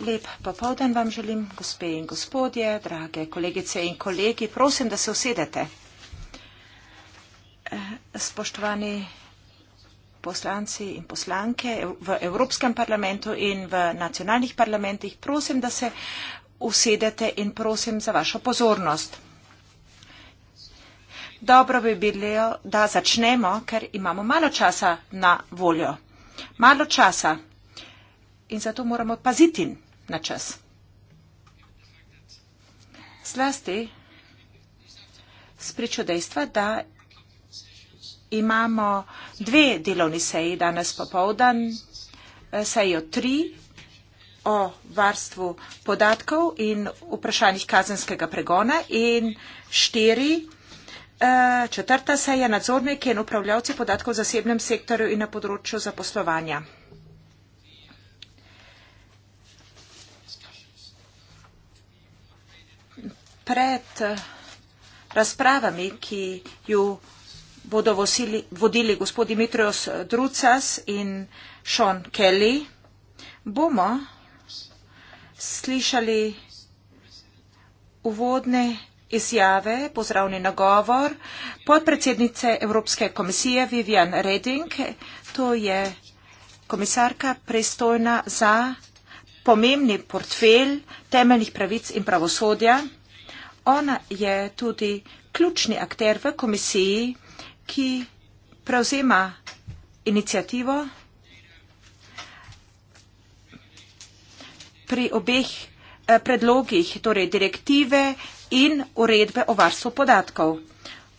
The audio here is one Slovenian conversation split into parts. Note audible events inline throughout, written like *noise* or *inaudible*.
Lep popovden vam želim, gospe in gospodje, drage kolegice in kolegi. Prosim, da se usedete. Eh, spoštovani poslanci in poslanke v Evropskem parlamentu in v nacionalnih parlamentih, prosim, da se usedete in prosim za vašo pozornost. Dobro bi bilo, da začnemo, ker imamo malo časa na voljo malo časa in zato moramo paziti na čas. Zlasti s pričo dejstva, da imamo dve delovni seji danes popovdan, eh, sejo tri o varstvu podatkov in vprašanjih kazenskega pregona in štiri o Eh, četrta seja nadzorniki in upravljavci podatkov v zasebnem sektorju in na področju zaposlovanja. Pred eh, razpravami, ki jo bodo vosili, vodili gospod Dimitrios Drucas in Sean Kelly, bomo slišali uvodne izjave, pozdravni nagovor podpredsednice Evropske komisije Vivian Reding. To je komisarka pristojna za pomembni portfelj temeljnih pravic in pravosodja. Ona je tudi ključni akter v komisiji, ki prevzema inicijativo pri obeh eh, predlogih, torej direktive in uredbe o varstvu podatkov,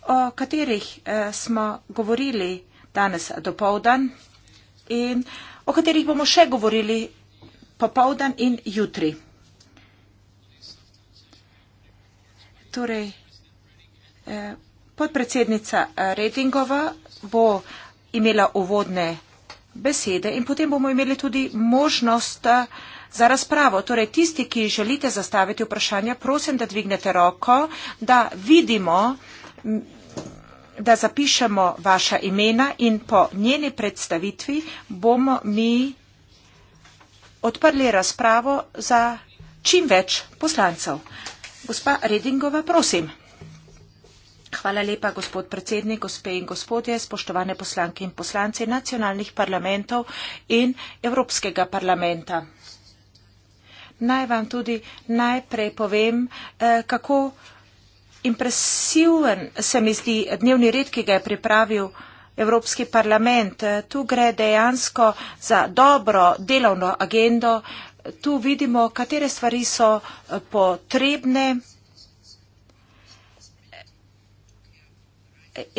o katerih eh, smo govorili danes dopovdan in o katerih bomo še govorili popovdan in jutri. Torej, eh, podpredsednica eh, Redingova bo imela uvodne besede in potem bomo imeli tudi možnost vsega, za razpravo. Torej, tisti, ki želite zastaviti vprašanja, prosim, da dvignete roko, da vidimo, da zapišemo vaša imena in po njeni predstavitvi bomo mi odprli razpravo za čim več poslancev. Gospa Redingova, prosim. Hvala lepa, gospod predsednik, gospe in gospodje, spoštovane poslanke in poslanci nacionalnih parlamentov in Evropskega parlamenta naj vam tudi najprej povem, eh, kako impresiven se mi zdi dnevni red, ki ga je pripravil Evropski parlament. Eh, tu gre dejansko za dobro delovno agendo. Tu vidimo, katere stvari so eh, potrebne.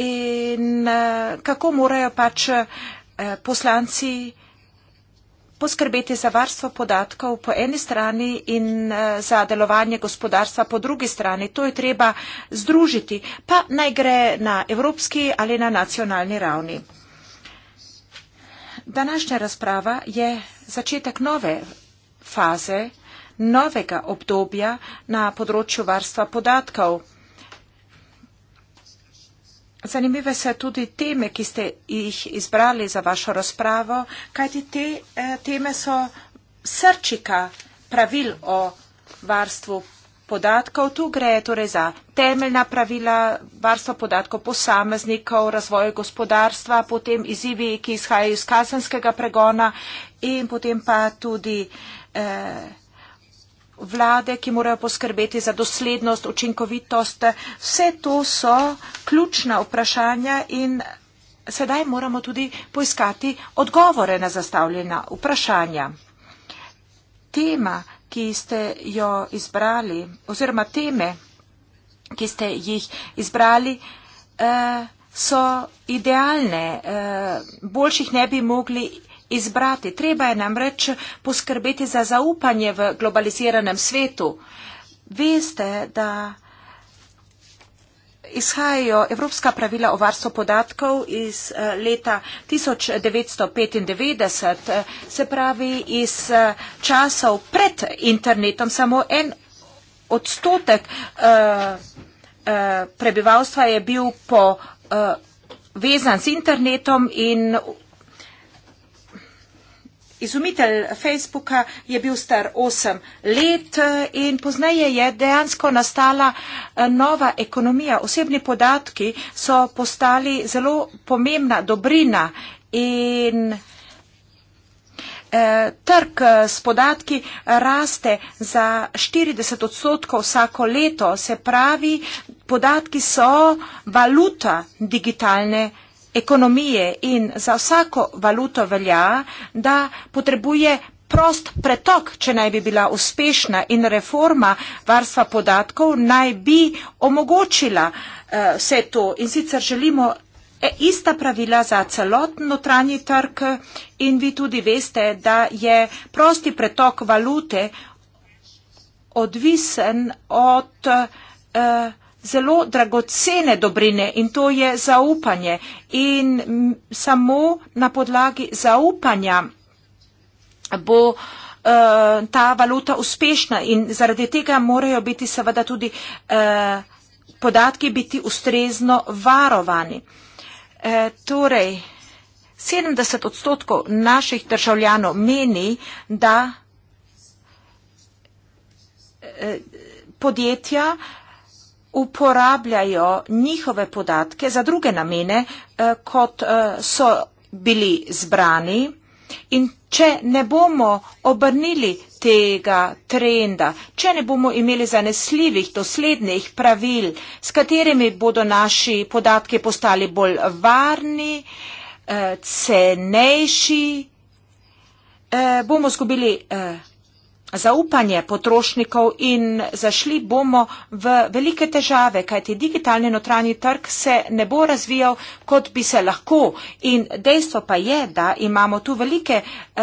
In kako morajo pač poslanci poskrbeti za varstvo podatkov po eni strani in eh, za delovanje gospodarstva po drugi strani. To je treba združiti, pa naj gre na evropski ali na nacionalni ravni. Današnja razprava je začetek nove faze, novega obdobja na področju varstva podatkov. Zanimive so tudi teme, ki ste jih izbrali za vašo razpravo, kajti te eh, teme so srčika pravil o varstvu podatkov. Tu gre torej za temeljna pravila varstva podatkov posameznikov, razvoj gospodarstva, potem izzivi, ki izhajajo iz kazanskega pregona in potem pa tudi. Eh, vlade, ki morajo poskrbeti za doslednost, učinkovitost. Vse to so ključna vprašanja in sedaj moramo tudi poiskati odgovore na zastavljena vprašanja. Tema, ki ste jo izbrali, oziroma teme, ki ste jih izbrali, eh, so idealne. Eh, boljših ne bi mogli izbrati. Treba je namreč poskrbeti za zaupanje v globaliziranem svetu. Veste, da izhajajo evropska pravila o varstvu podatkov iz eh, leta 1995, eh, se pravi iz eh, časov pred internetom. Samo en odstotek uh, uh, prebivalstva je bil po, uh, vezan z internetom in Izumitelj Facebooka je bil star osem let eh, in poznaje je dejansko nastala eh, nova ekonomija. Osebni podatki so postali zelo pomembna dobrina in eh, Trg s podatki raste za 40 odstotkov vsako leto, se pravi, podatki so valuta digitalne ekonomije ekonomije in za vsako valuto velja, da potrebuje prost pretok, če naj bi bila uspešna in reforma varstva podatkov naj bi omogočila uh, vse to. In sicer želimo eh, ista pravila za celotno notranji trg in vi tudi veste, da je prosti pretok valute odvisen od uh, zelo dragocene dobrine in to je zaupanje. In samo na podlagi zaupanja bo uh, ta valuta uspešna in zaradi tega morajo biti seveda tudi uh, podatki biti ustrezno varovani. E, torej, 70 odstotkov naših državljanov meni, da e, podjetja uporabljajo njihove podatke za druge namene, eh, kot eh, so bili zbrani. In če ne bomo obrnili tega trenda, če ne bomo imeli zanesljivih, doslednih pravil, s katerimi bodo naši podatki postali bolj varni, eh, cenejši, bomo zgubili zaupanje potrošnikov in zašli bomo v velike težave, kajti digitalni notranji trg se ne bo razvijal, kot bi se lahko. In dejstvo pa je, da imamo tu velike eh,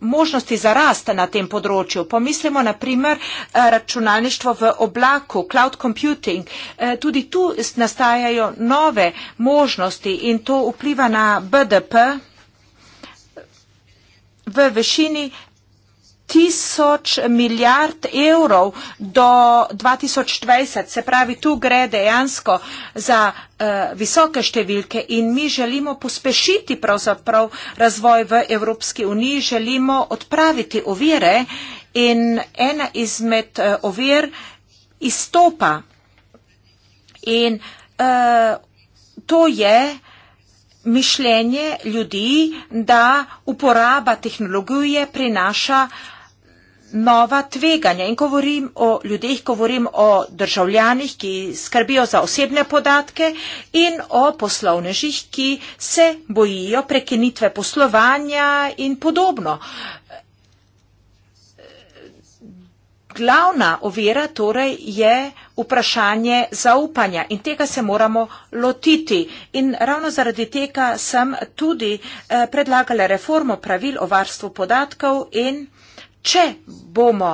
možnosti za rast na tem področju. Pomislimo na primer eh, računalništvo v oblaku, cloud computing. Eh, tudi tu nastajajo nove možnosti in to vpliva na BDP v višini tisoč milijard evrov do 2020. Se pravi, tu gre dejansko za uh, visoke številke in mi želimo pospešiti pravzaprav razvoj v Evropski uniji, želimo odpraviti ovire in ena izmed uh, ovir izstopa. In uh, to je uh, mišljenje ljudi, da uporaba tehnologije prinaša nova tveganja. In govorim o ljudeh, govorim o državljanih, ki skrbijo za osebne podatke in o poslovnežih, ki se bojijo prekinitve poslovanja in podobno. Glavna ovira torej je vprašanje zaupanja in tega se moramo lotiti. In ravno zaradi tega sem tudi eh, predlagala reformo pravil o varstvu podatkov in če bomo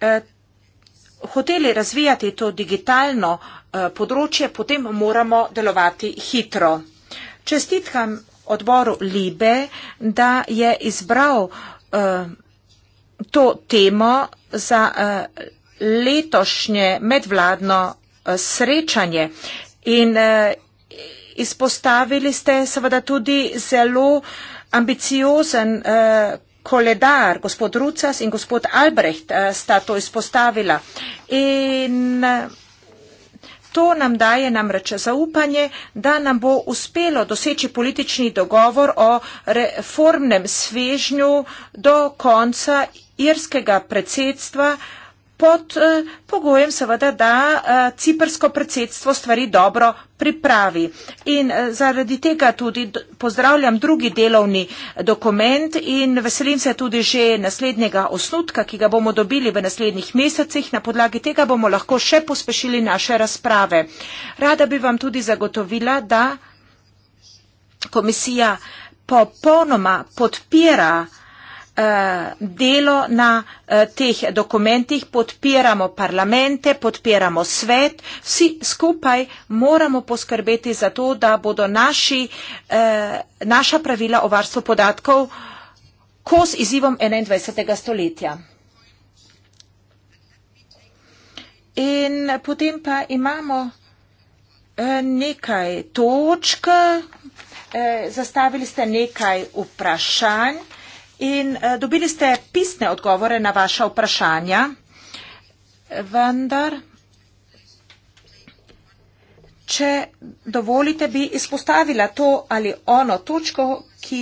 eh, hoteli razvijati to digitalno eh, področje, potem moramo delovati hitro. Čestitkam odboru Libe, da je izbral. Eh, to temo za eh, letošnje medvladno eh, srečanje in eh, izpostavili ste seveda tudi zelo ambiciozen koledar, gospod Rucas in gospod Albrecht sta to izpostavila in to nam daje namreč zaupanje, da nam bo uspelo doseči politični dogovor o reformnem svežnju do konca irskega predsedstva pod eh, pogojem seveda, da eh, ciprsko predsedstvo stvari dobro pripravi. In eh, zaradi tega tudi pozdravljam drugi delovni dokument in veselim se tudi že naslednjega osnutka, ki ga bomo dobili v naslednjih mesecih. Na podlagi tega bomo lahko še pospešili naše razprave. Rada bi vam tudi zagotovila, da komisija popolnoma podpira uh, Eh, delo na eh, teh dokumentih, podpiramo parlamente, podpiramo svet, vsi skupaj moramo poskrbeti za to, da bodo naši, eh, naša pravila o varstvu podatkov kos izzivom 21. stoletja. In potem pa imamo nekaj točk, zastavili ste nekaj vprašanj. In uh, dobili ste pisne odgovore na vaša vprašanja, vendar, če dovolite, bi izpostavila to ali ono točko, ki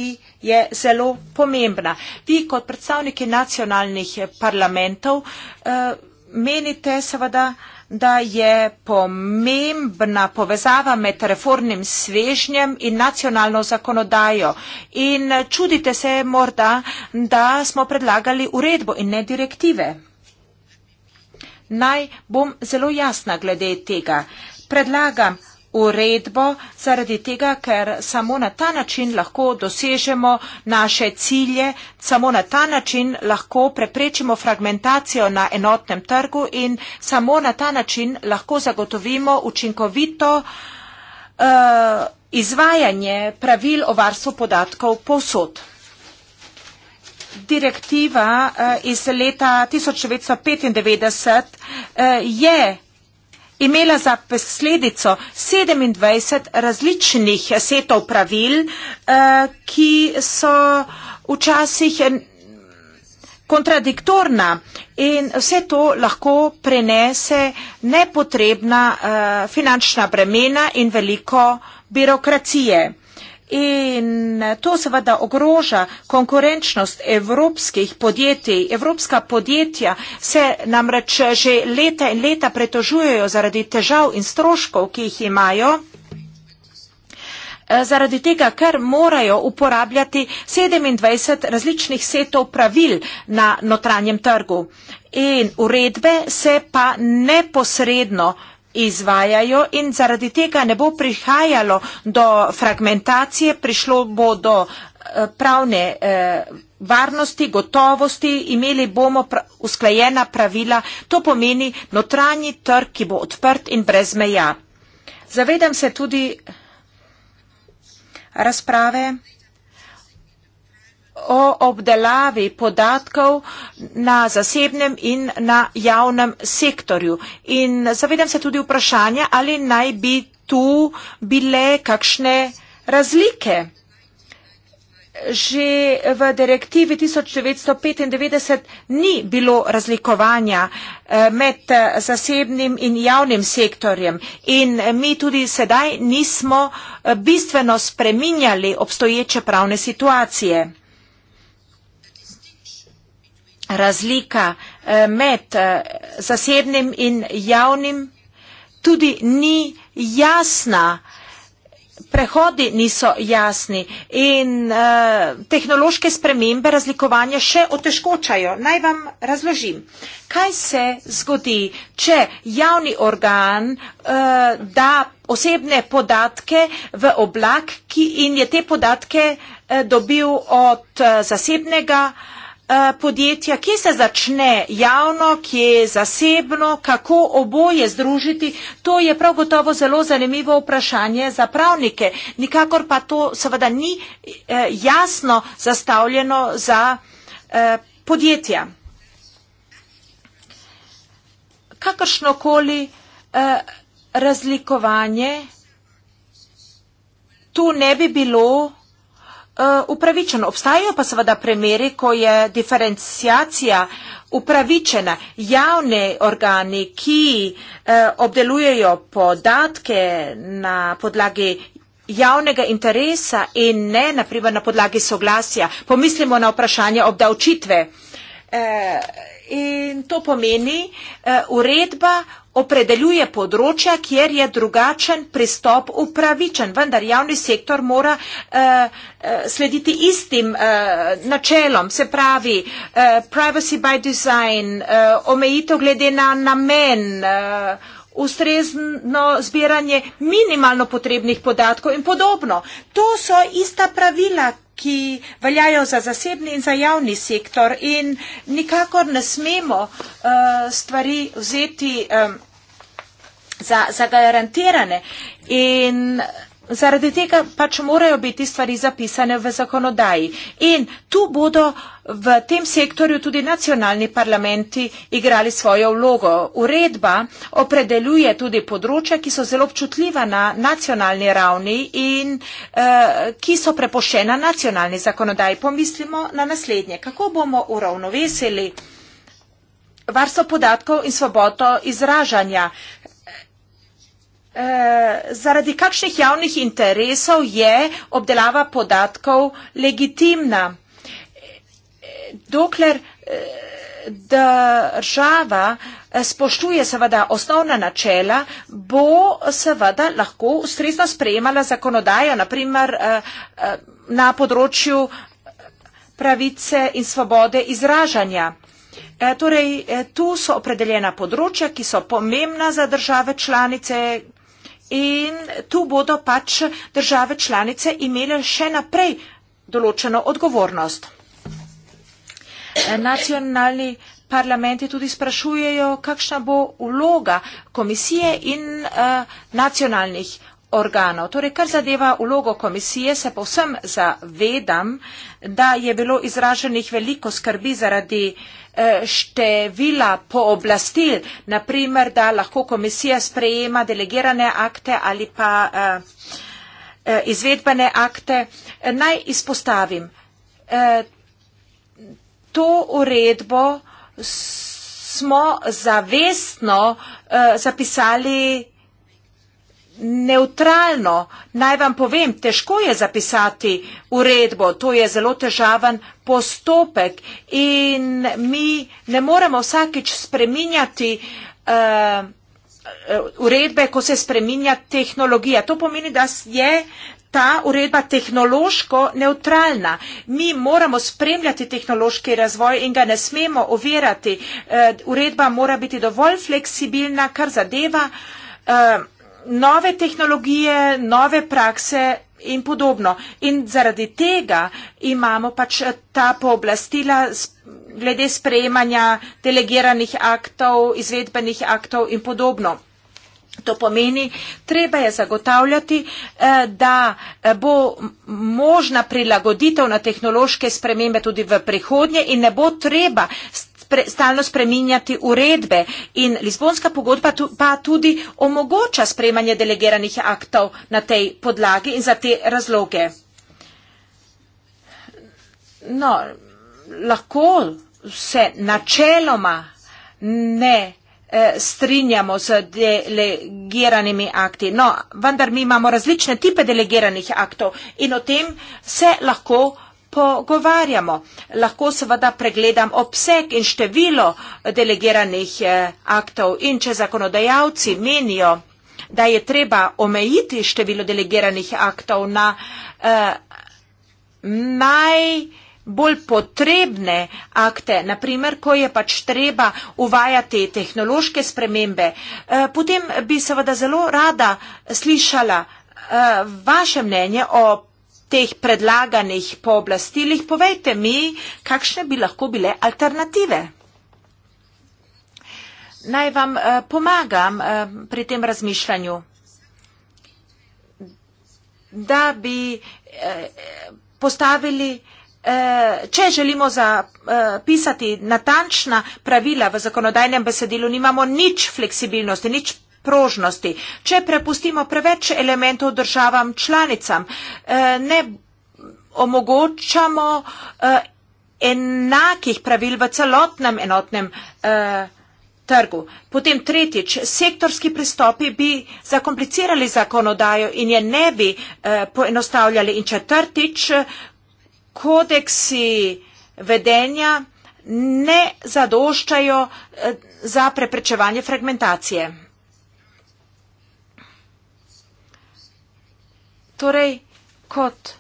je zelo pomembna. Vi kot predstavniki nacionalnih parlamentov uh, menite seveda, uh, da je pomembna povezava med reformnim svežnjem in nacionalno zakonodajo. In čudite se morda, da smo predlagali uredbo in ne direktive. Naj bom zelo jasna glede tega. Predlagam, uredbo, zaradi tega, ker samo na ta način lahko dosežemo naše cilje, samo na ta način lahko preprečimo fragmentacijo na enotnem trgu in samo na ta način lahko zagotovimo učinkovito uh, izvajanje pravil o varstvu podatkov povsod. Direktiva uh, iz leta 1995 uh, eh, je imela za posledico 27 različnih setov pravil, eh, ki so včasih kontradiktorna in vse to lahko prenese nepotrebna eh, finančna bremena in veliko birokracije. In to seveda ogroža konkurenčnost evropskih podjetij. Evropska podjetja se namreč že leta in leta pretožujejo zaradi težav in stroškov, ki jih imajo, eh, zaradi tega, ker morajo uporabljati 27 različnih setov pravil na notranjem trgu. In uredbe se pa neposredno izvajajo in zaradi tega ne bo prihajalo do fragmentacije, prišlo bo do eh, pravne eh, varnosti, gotovosti, imeli bomo usklajena pravila, to pomeni notranji trg, ki bo odprt in brez meja. Zavedam se tudi razprave, o obdelavi podatkov na zasebnem in na javnem sektorju. In zavedam se tudi vprašanja, ali naj bi tu bile kakšne razlike. Že v direktivi 1995 ni bilo razlikovanja eh, med eh, zasebnim in javnim sektorjem in eh, mi tudi sedaj nismo bistveno spreminjali obstoječe pravne situacije razlika eh, med eh, zasebnim in javnim tudi ni jasna. Prehodi niso jasni in eh, tehnološke spremembe razlikovanja še otežkočajo. Naj vam razložim, kaj se zgodi, če javni organ eh, da osebne podatke v oblak ki, in je te podatke eh, dobil od eh, zasebnega eh, Eh, podjetja, kje se začne javno, kje zasebno, kako oboje združiti, to je prav gotovo zelo zanimivo vprašanje za pravnike. Nikakor pa to seveda ni eh, jasno zastavljeno za eh, podjetja. Kakršnokoli razlikovanje tu ne bi bilo Eh, upravičeno. Obstajajo pa seveda primeri, ko je diferencijacija upravičena. Javni organi, ki eh, obdelujejo podatke na podlagi javnega interesa in ne naprimer na podlagi soglasja. Pomislimo na vprašanje obdavčitve. Eh, in to pomeni uredba opredeljuje področja, kjer je drugačen pristop upravičen, vendar javni sektor mora uh, slediti istim uh, načelom, se pravi uh, privacy by design, uh, omejitev glede na namen, uh, ustrezno zbiranje minimalno potrebnih podatkov in podobno. To so ista pravila, ki veljajo za zasebni in za javni sektor in nikakor ne smemo uh, stvari vzeti um, za, za garantirane. In, uh, Zaradi tega pač morajo biti stvari zapisane v zakonodaji. In tu bodo v tem sektorju tudi nacionalni parlamenti igrali svojo vlogo. Uredba opredeljuje tudi področja, ki so zelo občutljiva na nacionalni ravni in eh, ki so prepoščena nacionalni zakonodaji. Pomislimo na naslednje. Kako bomo uravnovesili varstvo podatkov in svoboto izražanja? Eh, Eh, zaradi kakšnih javnih interesov je obdelava podatkov legitimna. Dokler eh, država eh, spoštuje seveda osnovna načela, bo seveda lahko ustrezno sprejemala zakonodajo, naprimer na področju pravice in svobode izražanja. Torej, tu so opredeljena področja, ki so pomembna za države članice, in tu bodo pač države članice imele še naprej določeno odgovornost. Nacionalni parlamenti tudi sprašujejo, kakšna bo vloga komisije in uh, nacionalnih organov. Torej, kar zadeva vlogo komisije, se povsem zavedam, da je bilo izraženih veliko skrbi zaradi eh, števila pooblastil, naprimer, da lahko komisija sprejema delegirane akte ali pa eh, eh, izvedbene akte. Naj izpostavim, to uredbo smo zavestno zapisali neutralno, naj vam povem, težko je zapisati uredbo, to je zelo težaven postopek in mi ne moremo vsakič spreminjati uh, uredbe, ko se spreminja tehnologija. To pomeni, da je ta uredba tehnološko neutralna. Mi moramo spremljati tehnološki razvoj in ga ne smemo ovirati. Uh, uredba mora biti dovolj fleksibilna, kar zadeva uh, nove tehnologije, nove prakse in podobno. In zaradi tega imamo pač ta pooblastila glede sprejemanja delegiranih aktov, izvedbenih aktov in podobno. To pomeni, treba je zagotavljati, eh, da eh, bo možna prilagoditev na tehnološke spremembe tudi v prihodnje in ne bo treba s spre, stalno spreminjati uredbe in Lizbonska pogodba tu, pa tudi omogoča sprejmanje delegiranih aktov na tej podlagi in za te razloge. No, lahko se načeloma ne eh, strinjamo z delegiranimi akti. No, vendar mi imamo različne tipe delegiranih aktov in o tem se lahko pogovarjamo. Lahko seveda pregledam obseg in število delegiranih eh, aktov in če zakonodajalci menijo, da je treba omejiti število delegiranih aktov na eh, najbolj potrebne akte, naprimer, ko je pač treba uvajati tehnološke spremembe, eh, potem bi seveda zelo rada slišala eh, vaše mnenje o teh predlaganih pooblastilih, povejte mi, kakšne bi lahko bile alternative. Naj vam eh, pomagam eh, pri tem razmišljanju, da bi eh, postavili, če želimo zapisati natančna pravila v zakonodajnem besedilu, nimamo nič fleksibilnosti, nič pravila, prožnosti. Če prepustimo preveč elementov državam članicam, eh, ne omogočamo eh, enakih pravil v celotnem enotnem eh, trgu. Potem tretjič, sektorski pristopi bi zakomplicirali zakonodajo in je ne bi poenostavljali. In četrtič, kodeksi vedenja ne zadoščajo za preprečevanje fragmentacije. torej kot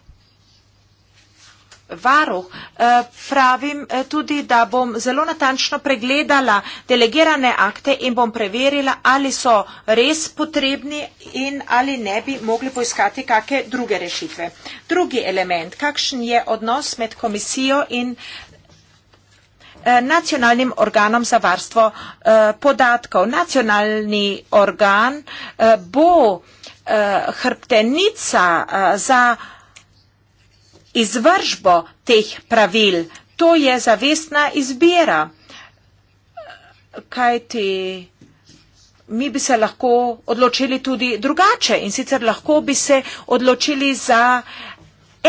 varuh eh, pravim eh, tudi, da bom zelo natančno pregledala delegirane akte in bom preverila, ali so res potrebni in ali ne bi mogli poiskati kakšne druge rešitve. Drugi element, kakšen je odnos med komisijo in eh, nacionalnim organom za varstvo podatkov. Nacionalni organ bo uh, hrbtenica uh, za izvržbo teh pravil. To je zavestna izbira. Kajti mi bi se lahko odločili tudi drugače in sicer lahko bi se odločili za uh,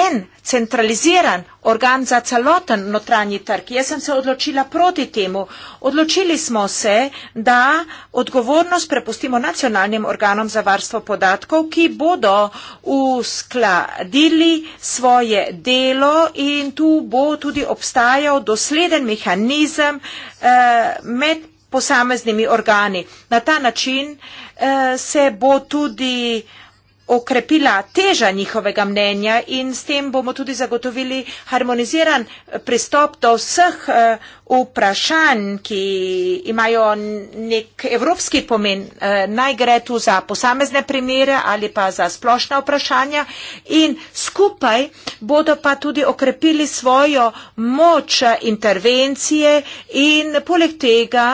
en centraliziran organ za celoten notranji trg. Jaz sem se odločila proti temu. Odločili smo se, da odgovornost prepustimo nacionalnim organom za varstvo podatkov, ki bodo uskladili svoje delo in tu bo tudi obstajal dosleden mehanizem eh, med posameznimi organi. Na ta način eh, se bo tudi eh, okrepila teža njihovega mnenja in s tem bomo tudi zagotovili harmoniziran eh, pristop do vseh eh, vprašanj, ki imajo nek evropski pomen, eh, naj gre tu za posamezne primere ali pa za splošna vprašanja in skupaj bodo pa tudi okrepili svojo moč intervencije in poleg tega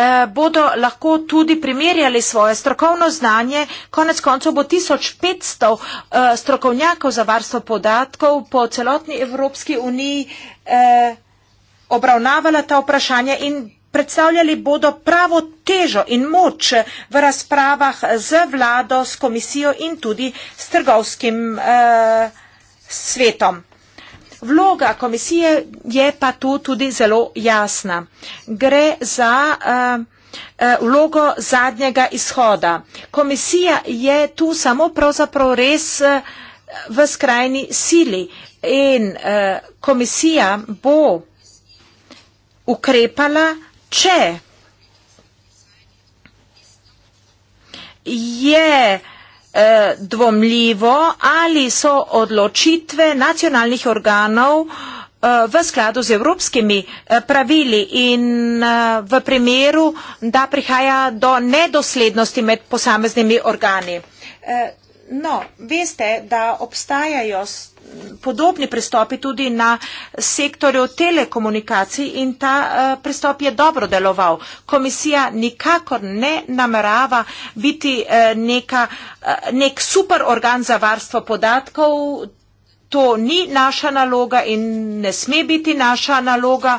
Eh, bodo lahko tudi primerjali svoje strokovno znanje. Konec koncev bo 1500 eh, strokovnjakov za varstvo podatkov po celotni Evropski uniji eh, obravnavala ta vprašanja in predstavljali bodo pravo težo in moč v razpravah z vlado, s komisijo in tudi s trgovskim svetom. Vloga komisije je pa tu tudi zelo jasna. Gre za eh, eh, vlogo zadnjega izhoda. Komisija je tu samo pravzaprav res eh, v skrajni sili in komisija bo ukrepala, če je vloga, Eh, dvomljivo, ali so odločitve nacionalnih organov eh, v skladu z evropskimi eh, pravili in v primeru, da prihaja do nedoslednosti med posameznimi organi. No, veste, da obstajajo podobni pristopi tudi na sektorju telekomunikacij in ta uh, pristop je dobro deloval. Komisija nikakor ne namerava biti uh, neka, uh, nek super organ za varstvo podatkov. To ni naša naloga in ne sme biti naša naloga.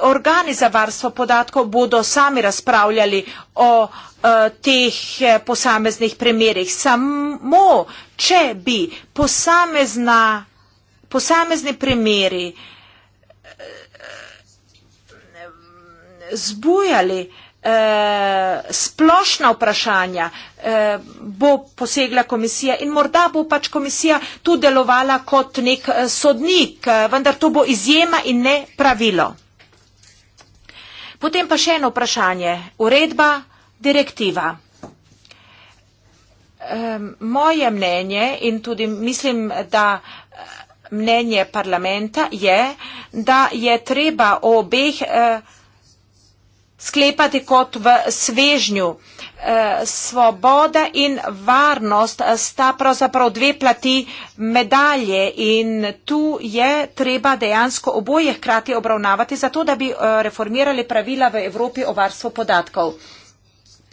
Organi za varstvo podatkov bodo sami razpravljali o uh, Eh, teh eh, posameznih primerih. Samo, če bi posamezna, posamezni primeri eh, zbujali splošna vprašanja, bo posegla komisija in morda bo pač komisija tu delovala kot nek sodnik, vendar to bo izjema in ne pravilo. Potem pa še eno vprašanje. Uredba Direktiva. Moje mnenje in tudi mislim, da eh, mnenje parlamenta je, da je treba obeh eh, sklepati kot v svežnju. Eh, svoboda in varnost sta pravzaprav dve plati medalje in tu je treba dejansko oboje hkrati obravnavati, zato da bi reformirali pravila v Evropi o varstvu podatkov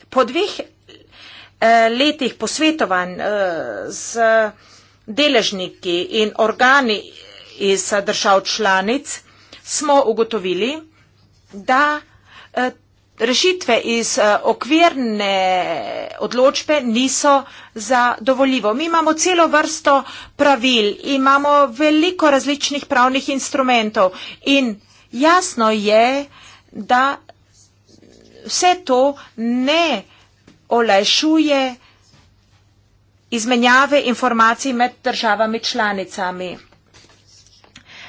po dveh eh, letih posvetovanj eh, z deležniki in organi iz eh, držav članic smo ugotovili, da rešitve iz okvirne odločbe niso zadovoljivo. Mi imamo celo vrsto pravil, imamo veliko različnih pravnih instrumentov in jasno je, da vse to ne olajšuje izmenjave informacij med državami članicami.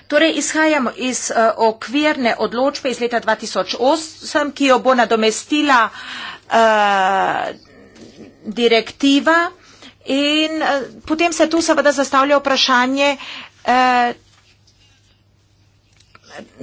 Torej, izhajamo iz uh, okvirne odločbe iz leta 2008, ki jo bo nadomestila uh, direktiva in uh, potem se tu seveda zastavlja vprašanje uh,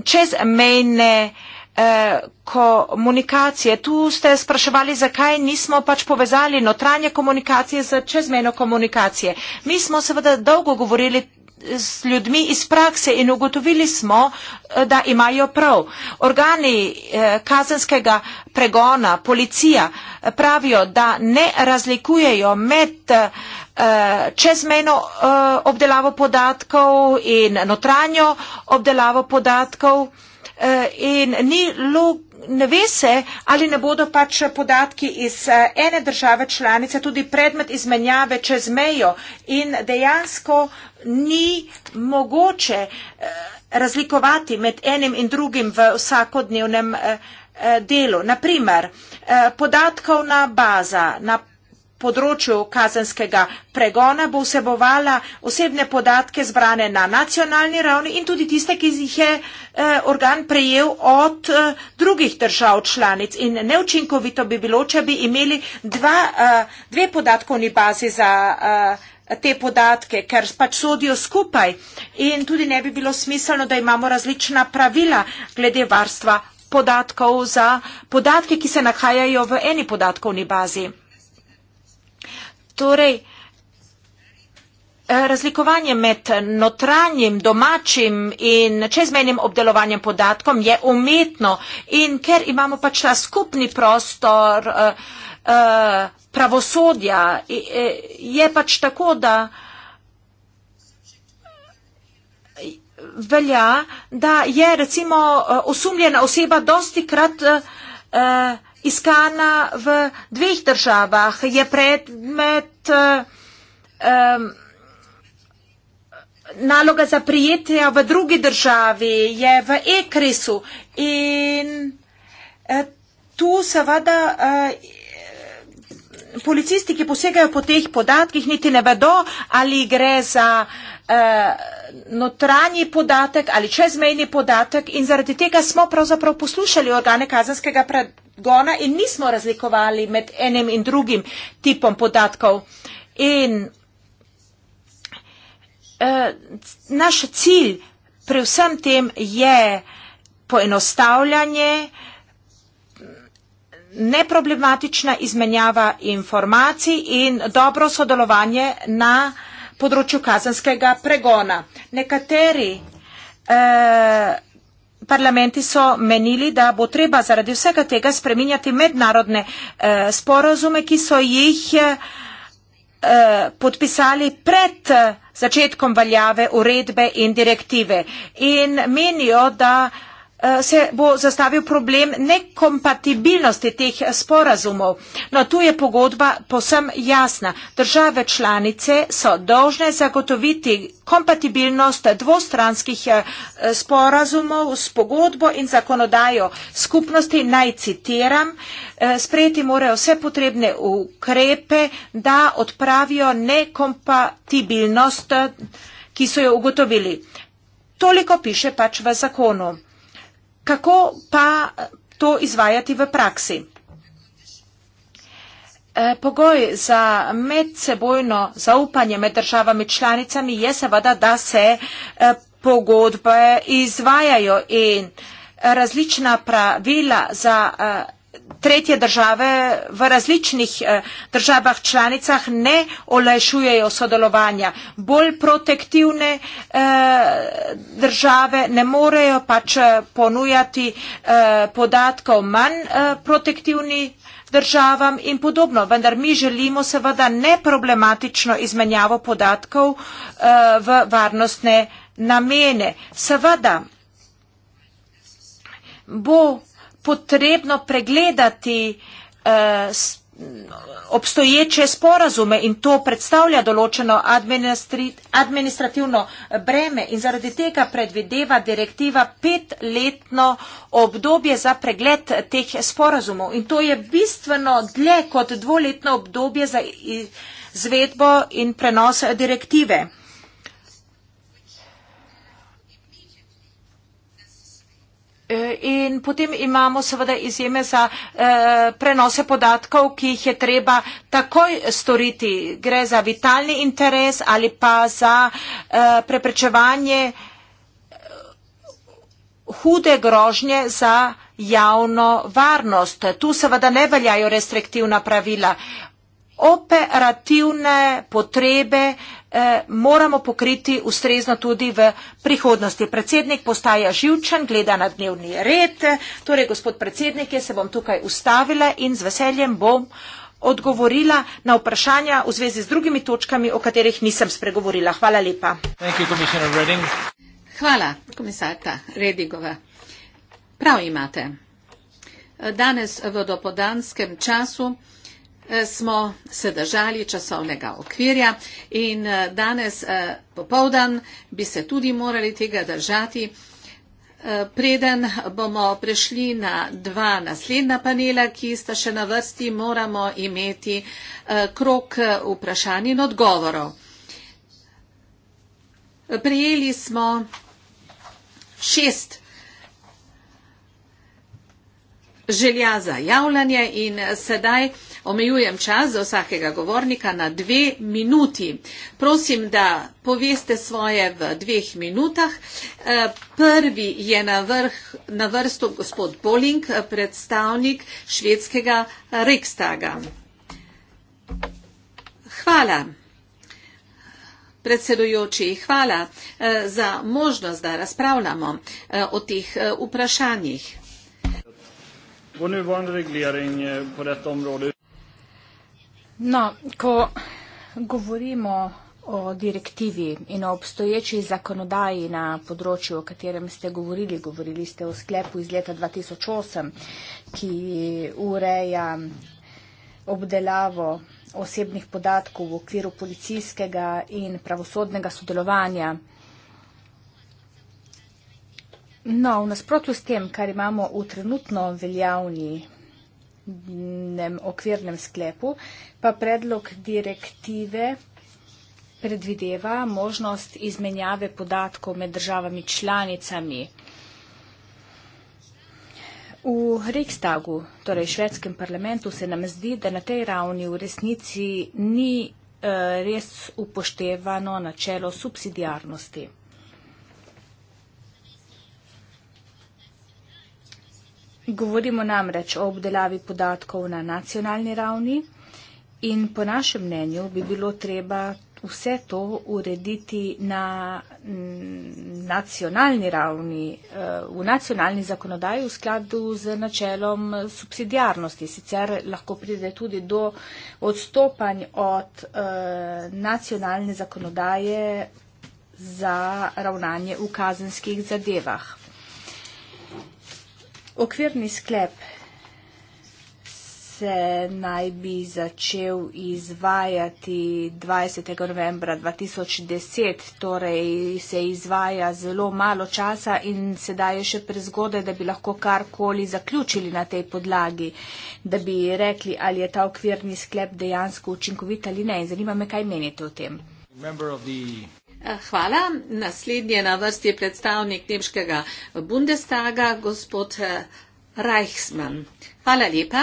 čezmejne uh, Eh, komunikacije. Tu ste spraševali, zakaj nismo pač povezali notranje komunikacije z čezmeno komunikacije. Mi smo seveda dolgo govorili s ljudmi iz prakse in ugotovili smo, eh, da imajo prav. Organi eh, kazenskega pregona, policija pravijo, da ne razlikujejo med čezmeno obdelavo podatkov in notranjo obdelavo podatkov. Eh, in ni log, ne ve se, ali ne bodo pač podatki iz eh, ene države članice tudi predmet izmenjave čez mejo in dejansko ni mogoče eh, razlikovati med enim in drugim v vsakodnevnem delu. Naprimer, podatkovna baza na področju kazenskega pregona bo vsebovala osebne podatke zbrane na nacionalni ravni in tudi tiste, ki jih je eh, organ prejel od eh, drugih držav članic. In neučinkovito bi bilo, če bi imeli dva, eh, dve podatkovni bazi za te podatke, ker pač sodijo skupaj in tudi ne bi bilo smiselno, da imamo različna pravila glede varstva podatkov za podatke, ki se nahajajo v eni podatkovni bazi. Torej, eh, razlikovanje med notranjim, domačim in čezmenjim obdelovanjem podatkom je umetno in ker imamo pač ta skupni prostor eh, eh, pravosodja, je pač tako, da velja, da je recimo osumljena oseba dosti krat vsega, iskana v dveh državah, je predmet um, naloga za prijetja v drugi državi, je v ekrisu in eh, tu seveda eh, policisti, ki posegajo po teh podatkih, niti ne vedo, ali gre za eh, notranji podatek ali čezmejni podatek in zaradi tega smo pravzaprav poslušali organe kazanskega pregona in nismo razlikovali med enim in drugim tipom podatkov. In eh, naš cilj pri vsem tem je poenostavljanje, eh, neproblematična izmenjava informacij in dobro sodelovanje na področju kazanskega pregona. Nekateri eh, parlamenti so menili, da bo treba zaradi vsega tega spreminjati mednarodne eh, sporazume, ki so jih eh, podpisali pred eh, začetkom valjave uredbe in direktive. In menijo, da eh, Eh, se bo zastavil problem nekompatibilnosti teh sporazumov. No, tu je pogodba posem jasna. Države članice so dožne zagotoviti kompatibilnost dvostranskih eh, sporazumov s pogodbo in zakonodajo skupnosti. Naj citiram, eh, sprejeti morajo vse potrebne ukrepe, da odpravijo nekompatibilnost, ki so jo ugotovili. Toliko piše pač v zakonu. Kako pa to izvajati v praksi? E, pogoj za medsebojno zaupanje med državami članicami je seveda, da se e, pogodbe izvajajo in različna pravila za e, tretje države v različnih eh, državah članicah ne olajšujejo sodelovanja. Bolj protektivne eh, države ne morejo pač eh, ponujati podatkov manj protektivni državam in podobno, vendar mi želimo seveda neproblematično izmenjavo podatkov v varnostne namene. Seveda bo potrebno pregledati eh, obstoječe sporazume in to predstavlja določeno administrativno breme in zaradi tega predvideva direktiva petletno obdobje za pregled teh sporazumov in to je bistveno dlje kot dvoletno obdobje za izvedbo in prenos direktive. Eh, in potem imamo seveda izjeme za eh, prenose podatkov, ki jih je treba takoj storiti. Gre za vitalni interes ali pa za eh, preprečevanje eh, hude grožnje za javno varnost. Tu seveda ne veljajo restriktivna pravila. Eh, operativne potrebe eh, moramo pokriti ustrezno tudi v prihodnosti. Predsednik postaja živčen, gleda na dnevni red, torej gospod predsednik, jaz se bom tukaj ustavila in z veseljem bom odgovorila na vprašanja v zvezi z drugimi točkami, o katerih nisem spregovorila. Hvala lepa. Hvala, komisarka Redigova. Prav imate. Danes v dopodanskem času Eh, smo se držali časovnega okvirja in eh, danes eh, popovdan bi se tudi morali tega držati. Preden bomo prešli na dva naslednja panela, ki sta še na vrsti, moramo imeti krok vprašanj in odgovorov. Prijeli smo šest želja za javljanje in sedaj vprašanje, Omejujem čas za vsakega govornika na dve minuti. Prosim, da poveste svoje v dveh minutah. Eh, prvi je na, vrh, na vrstu gospod Boling, predstavnik švedskega Rikstaga. Hvala. Predsedujoči, hvala eh, za možnost, da razpravljamo eh, o teh vprašanjih. Vår nuvarande reglering på detta område No, ko govorimo o direktivi in o obstoječi zakonodaji na področju, o katerem ste govorili, govorili ste o sklepu iz leta 2008, ki ureja obdelavo osebnih podatkov v okviru policijskega in pravosodnega sodelovanja. No, v nasprotju s tem, kar imamo v trenutno veljavni okvirnem sklepu, pa predlog direktive predvideva možnost izmenjave podatkov med državami članicami. V Riksdagu, torej švedskem parlamentu, se nam zdi, da na tej ravni v resnici ni eh, res upoštevano načelo subsidijarnosti. Govorimo namreč o obdelavi podatkov na nacionalni ravni in po našem mnenju bi bilo treba vse to urediti na mm, nacionalni ravni, eh, v nacionalni zakonodaji v skladu z načelom subsidijarnosti. Sicer lahko pride tudi do odstopanj od eh, nacionalne zakonodaje za ravnanje v kazenskih zadevah. Okvirni sklep se naj bi začel izvajati 20. novembra 2010, torej se izvaja zelo malo časa in sedaj je še prezgode, da bi lahko karkoli zaključili na tej podlagi, da bi rekli, ali je ta okvirni sklep dejansko učinkovit ali ne. Zanima me, kaj menite o tem. Eh, hvala. Naslednji na vrsti je predstavnik nemškega Bundestaga, gospod eh, Reichsmann. Hvala lepa.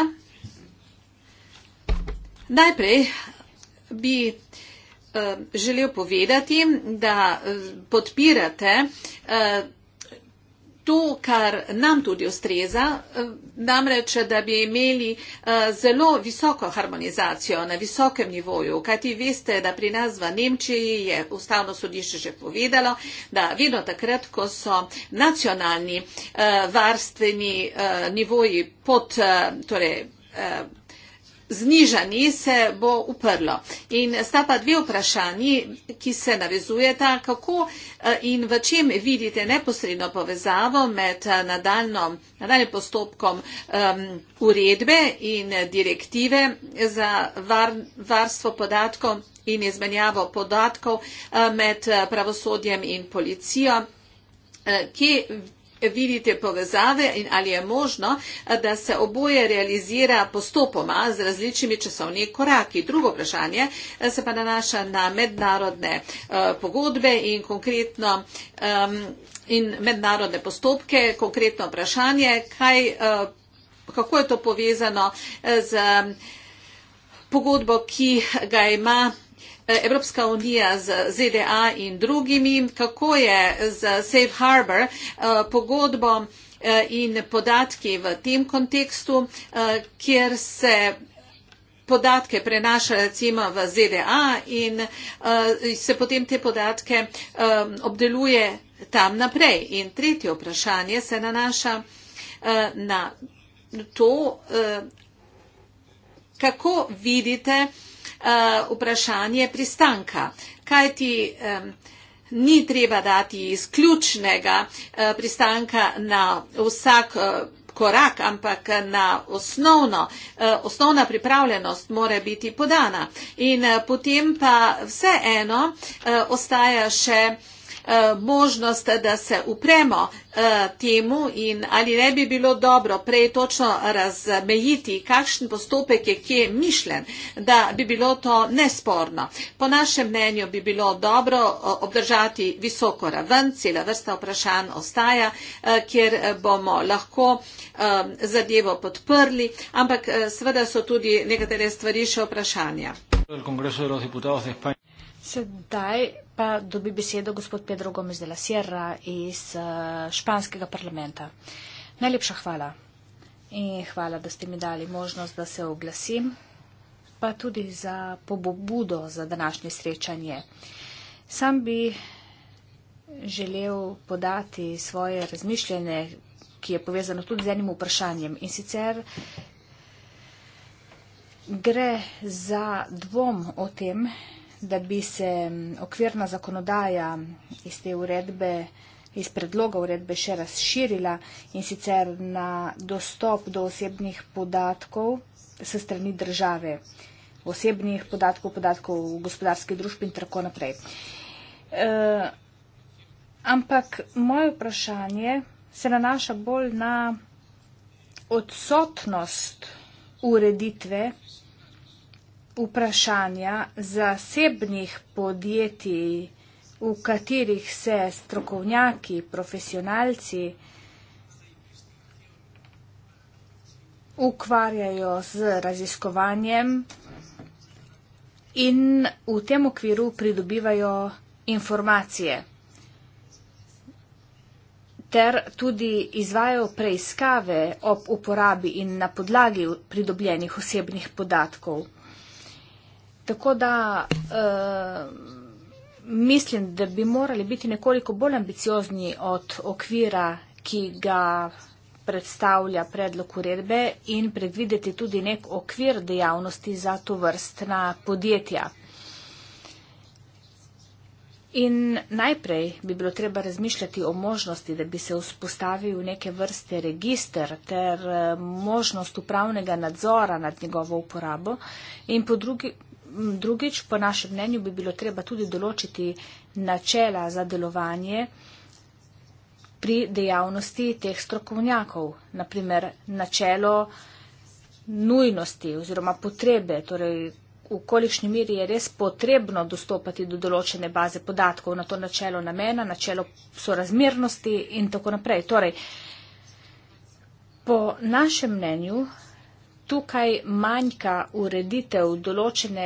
Najprej bi eh, želel povedati, da podpirate to, kar nam tudi ustreza, eh, namreč, da bi imeli eh, zelo visoko harmonizacijo na visokem nivoju, kajti veste, da pri nas v Nemčiji je ustavno sodišče že povedalo, da vedno takrat, ko so nacionalni eh, varstveni nivoji pod. Torej, znižani se bo uprlo. In sta pa dve vprašanji, ki se navezujeta, kako eh, in v čem vidite neposredno povezavo med eh, nadaljnim postopkom um, uredbe in direktive za var, varstvo podatkov in izmenjavo podatkov eh, med pravosodjem in policijo. Kje vidite povezave in ali je možno, da se oboje realizira postopoma z različnimi časovnimi koraki. Drugo vprašanje eh, se pa nanaša na mednarodne eh, pogodbe in konkretno in mednarodne postopke, konkretno vprašanje, kaj, eh, kako je to povezano z pogodbo, ki ga ima Eh, Evropska unija z ZDA in drugimi, kako je z Safe Harbor eh, pogodbo eh, in podatki v tem kontekstu, kjer se podatke prenaša recimo v ZDA in se potem te podatke obdeluje tam naprej. In tretje vprašanje se nanaša na to, kako vidite, Eh, vprašanje pristanka. Kaj ti um, ni treba dati izključnega uh, pristanka na vsak. Uh, korak, ampak na osnovno, osnovna pripravljenost mora biti podana. In potem pa vseeno ostaja še Eh, možnost, da se upremo eh, temu in ali ne bi bilo dobro prej točno razmejiti, kakšen postopek je kje mišljen, da bi bilo to nesporno. Po našem mnenju bi bilo dobro eh, obdržati visoko raven, cela vrsta vprašanj ostaja, kjer bomo lahko zadevo podprli, ampak seveda so tudi nekatere stvari še vprašanja. El Sedaj pa dobi besedo gospod Pedro Gomez de la Sierra iz eh, španskega parlamenta. Najlepša hvala in hvala, da ste mi dali možnost, da se oglasim, pa tudi za pobobudo za današnje srečanje. Sam bi želel podati svoje razmišljene, ki je povezano tudi z enim vprašanjem in sicer gre za dvom o tem, da bi se mm, okvirna zakonodaja iz te uredbe, iz predloga uredbe še razširila in sicer na dostop do osebnih podatkov s strani države, osebnih podatkov, podatkov v gospodarski družbi in tako naprej. E, ampak moje vprašanje se nanaša bolj na odsotnost ureditve vprašanja zasebnih podjetij, v katerih se strokovnjaki, profesionalci ukvarjajo z raziskovanjem in v tem okviru pridobivajo informacije ter tudi izvajo preiskave ob uporabi in na podlagi pridobljenih osebnih podatkov. Tako da uh, mislim, da bi morali biti nekoliko bolj ambiciozni od okvira, ki ga predstavlja predlog uredbe in predvideti tudi nek okvir dejavnosti za to vrstna podjetja. In najprej bi bilo treba razmišljati o možnosti, da bi se vzpostavil neke vrste register ter eh, možnost upravnega nadzora nad njegovo uporabo in po drugi, Mm, drugič, po našem mnenju, bi bilo treba tudi določiti načela za delovanje pri dejavnosti teh strokovnjakov. Naprimer, načelo nujnosti oziroma potrebe, torej v kolikšni meri je res potrebno dostopati do določene baze podatkov na to načelo namena, načelo sorazmernosti in tako naprej. Torej, po našem mnenju tukaj manjka ureditev določene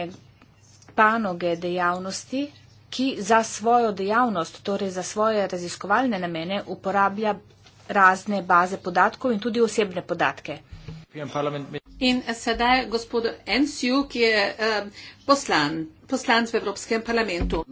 panoge dejavnosti, ki za svojo dejavnost, torej za svoje raziskovalne namene, uporablja razne baze podatkov in tudi osebne podatke. In sedaj gospod Ensju, ki je uh, poslan, poslanc v Evropskem parlamentu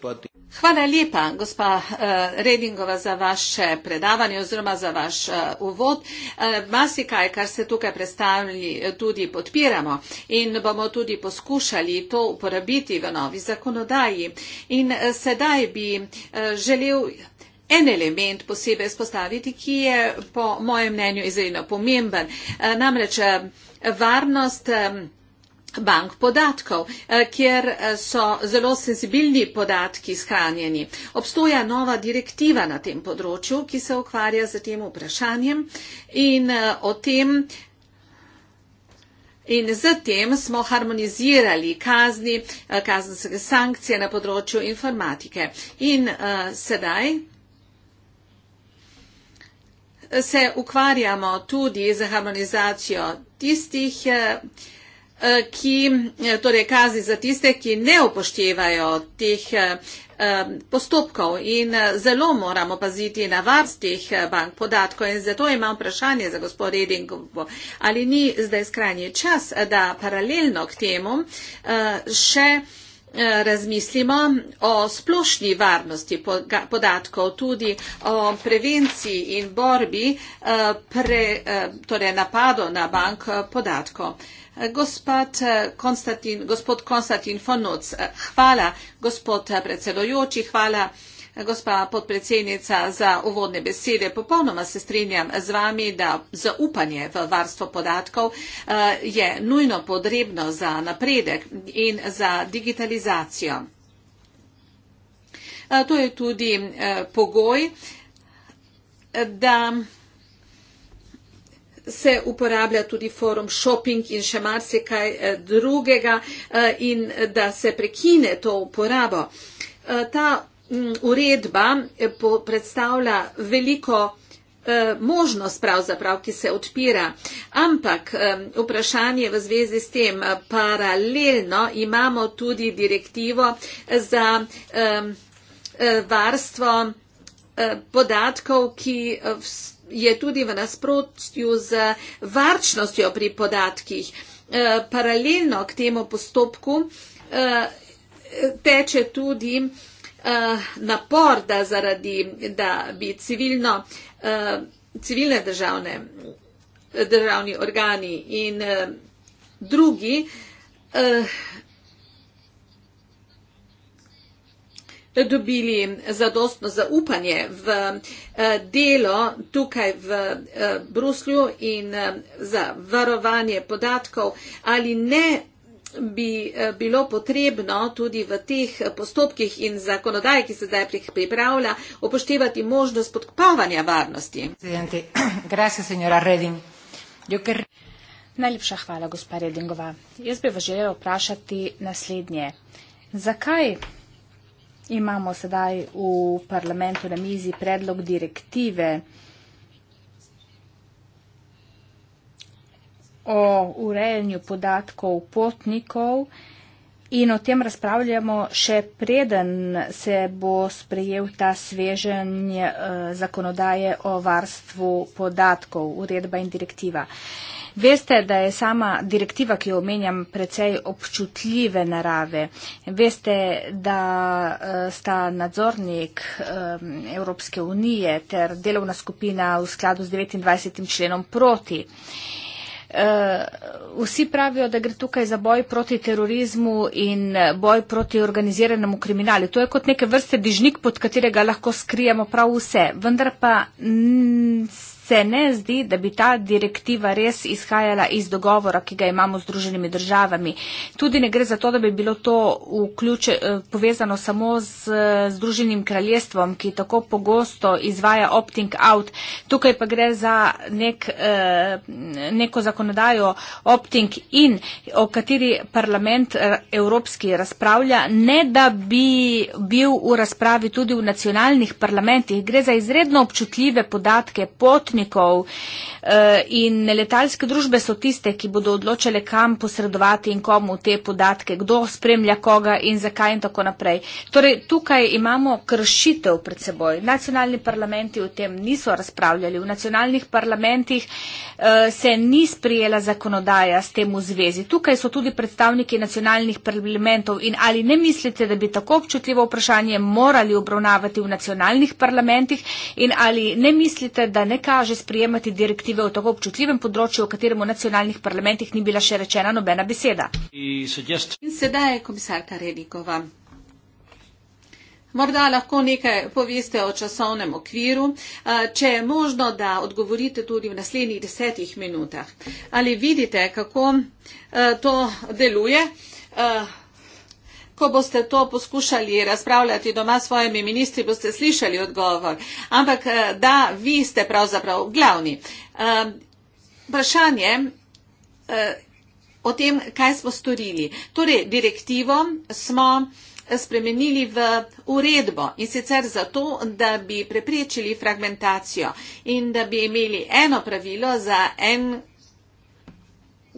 poti. Hvala lepa, gospa eh, Redingova, za vaše predavanje oziroma za vaš eh, uvod. Eh, Masi kaj, kar ste tukaj predstavili, tudi podpiramo in bomo tudi poskušali to uporabiti v novi zakonodaji. In sedaj bi želel. En element posebej izpostaviti, ki je po mojem mnenju izredno pomemben, namreč varnost bank podatkov, eh, kjer eh, so zelo senzibilni podatki shranjeni. Obstoja nova direktiva na tem področju, ki se ukvarja z tem vprašanjem in eh, o tem. In zatem smo harmonizirali kazni, kazenske sankcije na področju informatike. In uh, sedaj se ukvarjamo tudi z harmonizacijo tistih uh, Eh, ki, eh, torej kazni za tiste, ki ne upoštevajo teh eh, postopkov in zelo moramo paziti na varstih bank podatkov in zato imam vprašanje za gospod Reding, ali ni zdaj skrajni čas, da paralelno k temu še razmislimo o splošni varnosti podatkov, tudi o prevenciji in borbi pre, torej napado na bank podatkov. Gospod eh, Konstantin, gospod Konstantin Fonuc, eh, hvala, gospod eh, predsedojoči, hvala. Gospa podpredsednica, za uvodne besede popolnoma se strinjam z vami, da zaupanje v varstvo podatkov je nujno potrebno za napredek in za digitalizacijo. To je tudi pogoj, da se uporablja tudi forum shopping in še marsikaj eh, drugega eh, in da se prekine to uporabo. Eh, ta mm, uredba predstavlja veliko možnost pravzaprav, ki se odpira. Ampak vprašanje v zvezi s tem paralelno imamo tudi direktivo za varstvo podatkov, ki vstopajo je tudi v nasprotju z varčnostjo pri podatkih. E, paralelno k temu postopku e, teče tudi e, napor, da, zaradi, da bi civilno, civilne državne, državni organi in drugi dobili zadostno zaupanje v eh, delo tukaj v eh, Bruslju in eh, za varovanje podatkov ali ne bi bilo potrebno tudi v teh postopkih in zakonodaji, ki se zdaj pripravlja, upoštevati možnost podkopavanja varnosti. *clears throat* Najlepša hvala, gospa Redingova. Jaz bi vas želela vprašati naslednje. Zakaj Imamo sedaj v parlamentu na mizi predlog direktive o urejanju podatkov potnikov. In o tem razpravljamo še preden se bo sprejel ta sveženj eh, zakonodaje o varstvu podatkov, uredba in direktiva. Veste, da je sama direktiva, ki jo omenjam, precej občutljive narave. Veste, da eh, sta nadzornik eh, Evropske unije ter delovna skupina v skladu z 29. členom proti. Eh, vsi pravijo, da gre tukaj za boj proti terorizmu in eh, boj proti organiziranemu kriminalu. To je kot neke vrste dižnik, pod katerega lahko skrijemo prav vse. Vendar pa. Mm, se ne zdi, da bi ta direktiva res izhajala iz dogovora, ki ga imamo z druženimi državami. Tudi ne gre za to, da bi bilo to vključe, eh, povezano samo z eh, združenim kraljestvom, ki tako pogosto izvaja opting out. Tukaj pa gre za nek, eh, neko zakonodajo opting in o kateri parlament evropski razpravlja, ne da bi bil v razpravi tudi v nacionalnih parlamentih. Gre za izredno občutljive podatke potni potnikov e, in letalske družbe so tiste, ki bodo odločile, kam posredovati in komu te podatke, kdo spremlja koga in zakaj in tako naprej. Torej, tukaj imamo kršitev pred seboj. Nacionalni parlamenti o tem niso razpravljali. V nacionalnih parlamentih e, se ni sprijela zakonodaja s tem v zvezi. Tukaj so tudi predstavniki nacionalnih parlamentov in ali ne mislite, da bi tako občutljivo vprašanje morali obravnavati v nacionalnih parlamentih in ali ne mislite, da ne kaže, kaže sprijemati direktive o tako občutljivem področju, o katerem v nacionalnih parlamentih ni bila še rečena nobena beseda. In sedaj je komisarka Renikova. Morda lahko nekaj poveste o časovnem okviru, če je možno, da odgovorite tudi v naslednjih desetih minutah. Ali vidite, kako to deluje? Ko boste to poskušali razpravljati doma s svojimi ministri, boste slišali odgovor. Ampak eh, da, vi ste pravzaprav glavni. Ehm, vprašanje eh, o tem, kaj smo storili. Torej, direktivo smo eh, spremenili v uredbo in sicer zato, da bi preprečili fragmentacijo in da bi imeli eno pravilo za en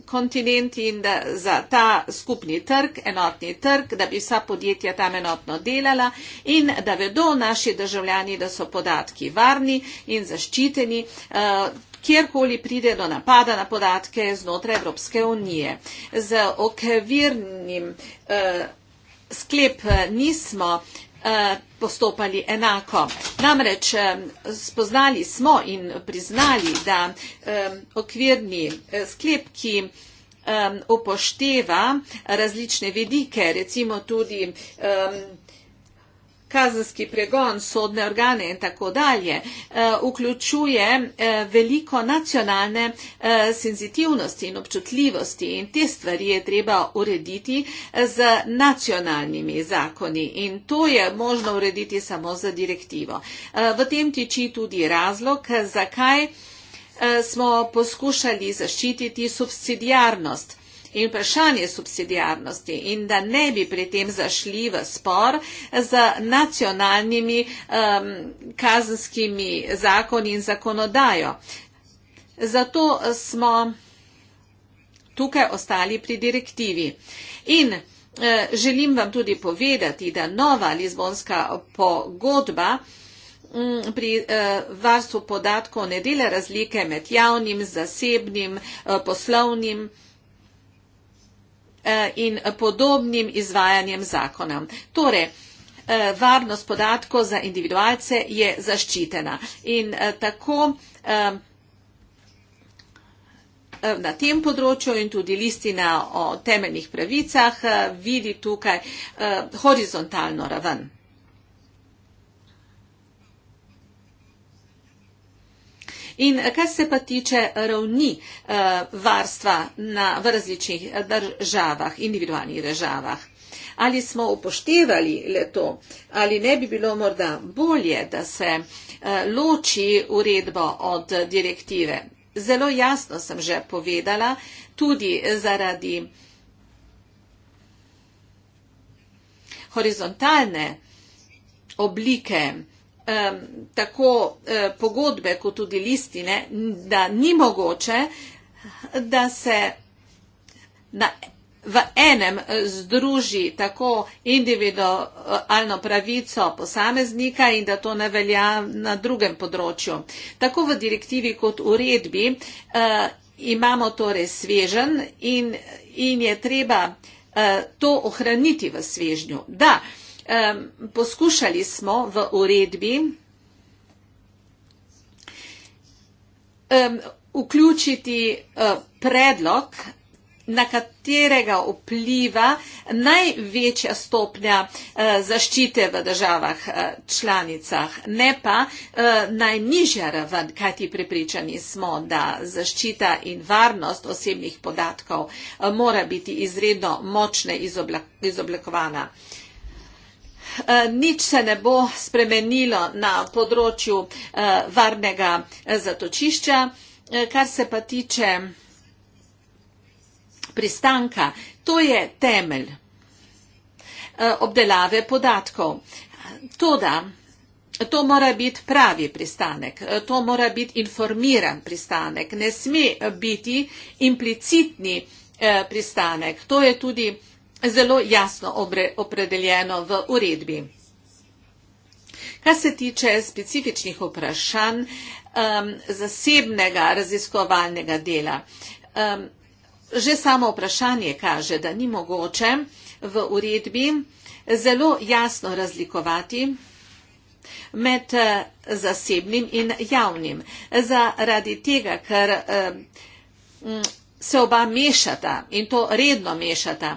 kontinent in da za ta skupni trg, enotni trg, da bi vsa podjetja tam enotno delala in da vedo naši državljani, da so podatki varni in zaščiteni. Uh, kjerkoli pride do napada na podatke znotraj Evropske unije. Z okvirnim eh, sklep eh, nismo Eh, postopali enako. Namreč eh, spoznali smo in priznali, da eh, okvirni sklep, ki upošteva različne vedike, recimo tudi vedike, kazenski pregon, sodne organe in tako dalje, eh, vključuje eh, veliko nacionalne eh, senzitivnosti in občutljivosti in te stvari je treba urediti z nacionalnimi zakoni in to je možno urediti samo z direktivo. V tem tiči tudi razlog, zakaj smo poskušali zaščititi subsidijarnost in vprašanje subsidijarnosti in da ne bi pri tem zašli v spor z nacionalnimi um, kazenskimi zakoni in zakonodajo. Zato smo tukaj ostali pri direktivi. In eh, Želim vam tudi povedati, da nova Lizbonska pogodba mm, pri eh, varstvu podatkov ne dela razlike med javnim, zasebnim, eh, poslovnim. Eh, in podobnim izvajanjem zakona. Torej, eh, varnost podatkov za individualce je zaščitena in eh, tako na tem področju in tudi listina o temeljnih pravicah vidi tukaj horizontalno raven. In eh, kar se pa tiče ravni eh, varstva na, v različnih eh, državah, individualnih državah. Ali smo upoštevali le to, ali ne bi bilo morda bolje, da se loči uredbo od direktive. Zelo jasno sem že povedala, tudi zaradi horizontalne oblike um, tako uh, pogodbe kot tudi listine, da ni mogoče, da se na, v enem eh, združi tako individualno pravico posameznika in da to ne velja na drugem področju. Tako v direktivi kot uredbi uh, imamo torej svežen in, in je treba uh, to ohraniti v svežnju. Da, uh, poskušali smo v uredbi vključiti e, predlog, na katerega vpliva največja stopnja e, zaščite v državah e, članicah, ne pa najnižja raven, kajti prepričani smo, da zaščita in varnost osebnih podatkov mora biti izredno močne izoblikovana. Izoblak Eh, nič se ne bo spremenilo na področju eh, varnega eh, zatočišča, kar se pa tiče pristanka. To je temelj obdelave podatkov. Toda, to mora biti pravi pristanek, to mora biti informiran pristanek, ne sme biti implicitni pristanek. To je tudi pristanek zelo jasno opredeljeno v uredbi. Kar se tiče specifičnih vprašanj um, zasebnega raziskovalnega dela, um, že samo vprašanje kaže, da ni mogoče v uredbi zelo jasno razlikovati med uh, zasebnim in javnim. Zaradi tega, ker um, se oba mešata in to redno mešata.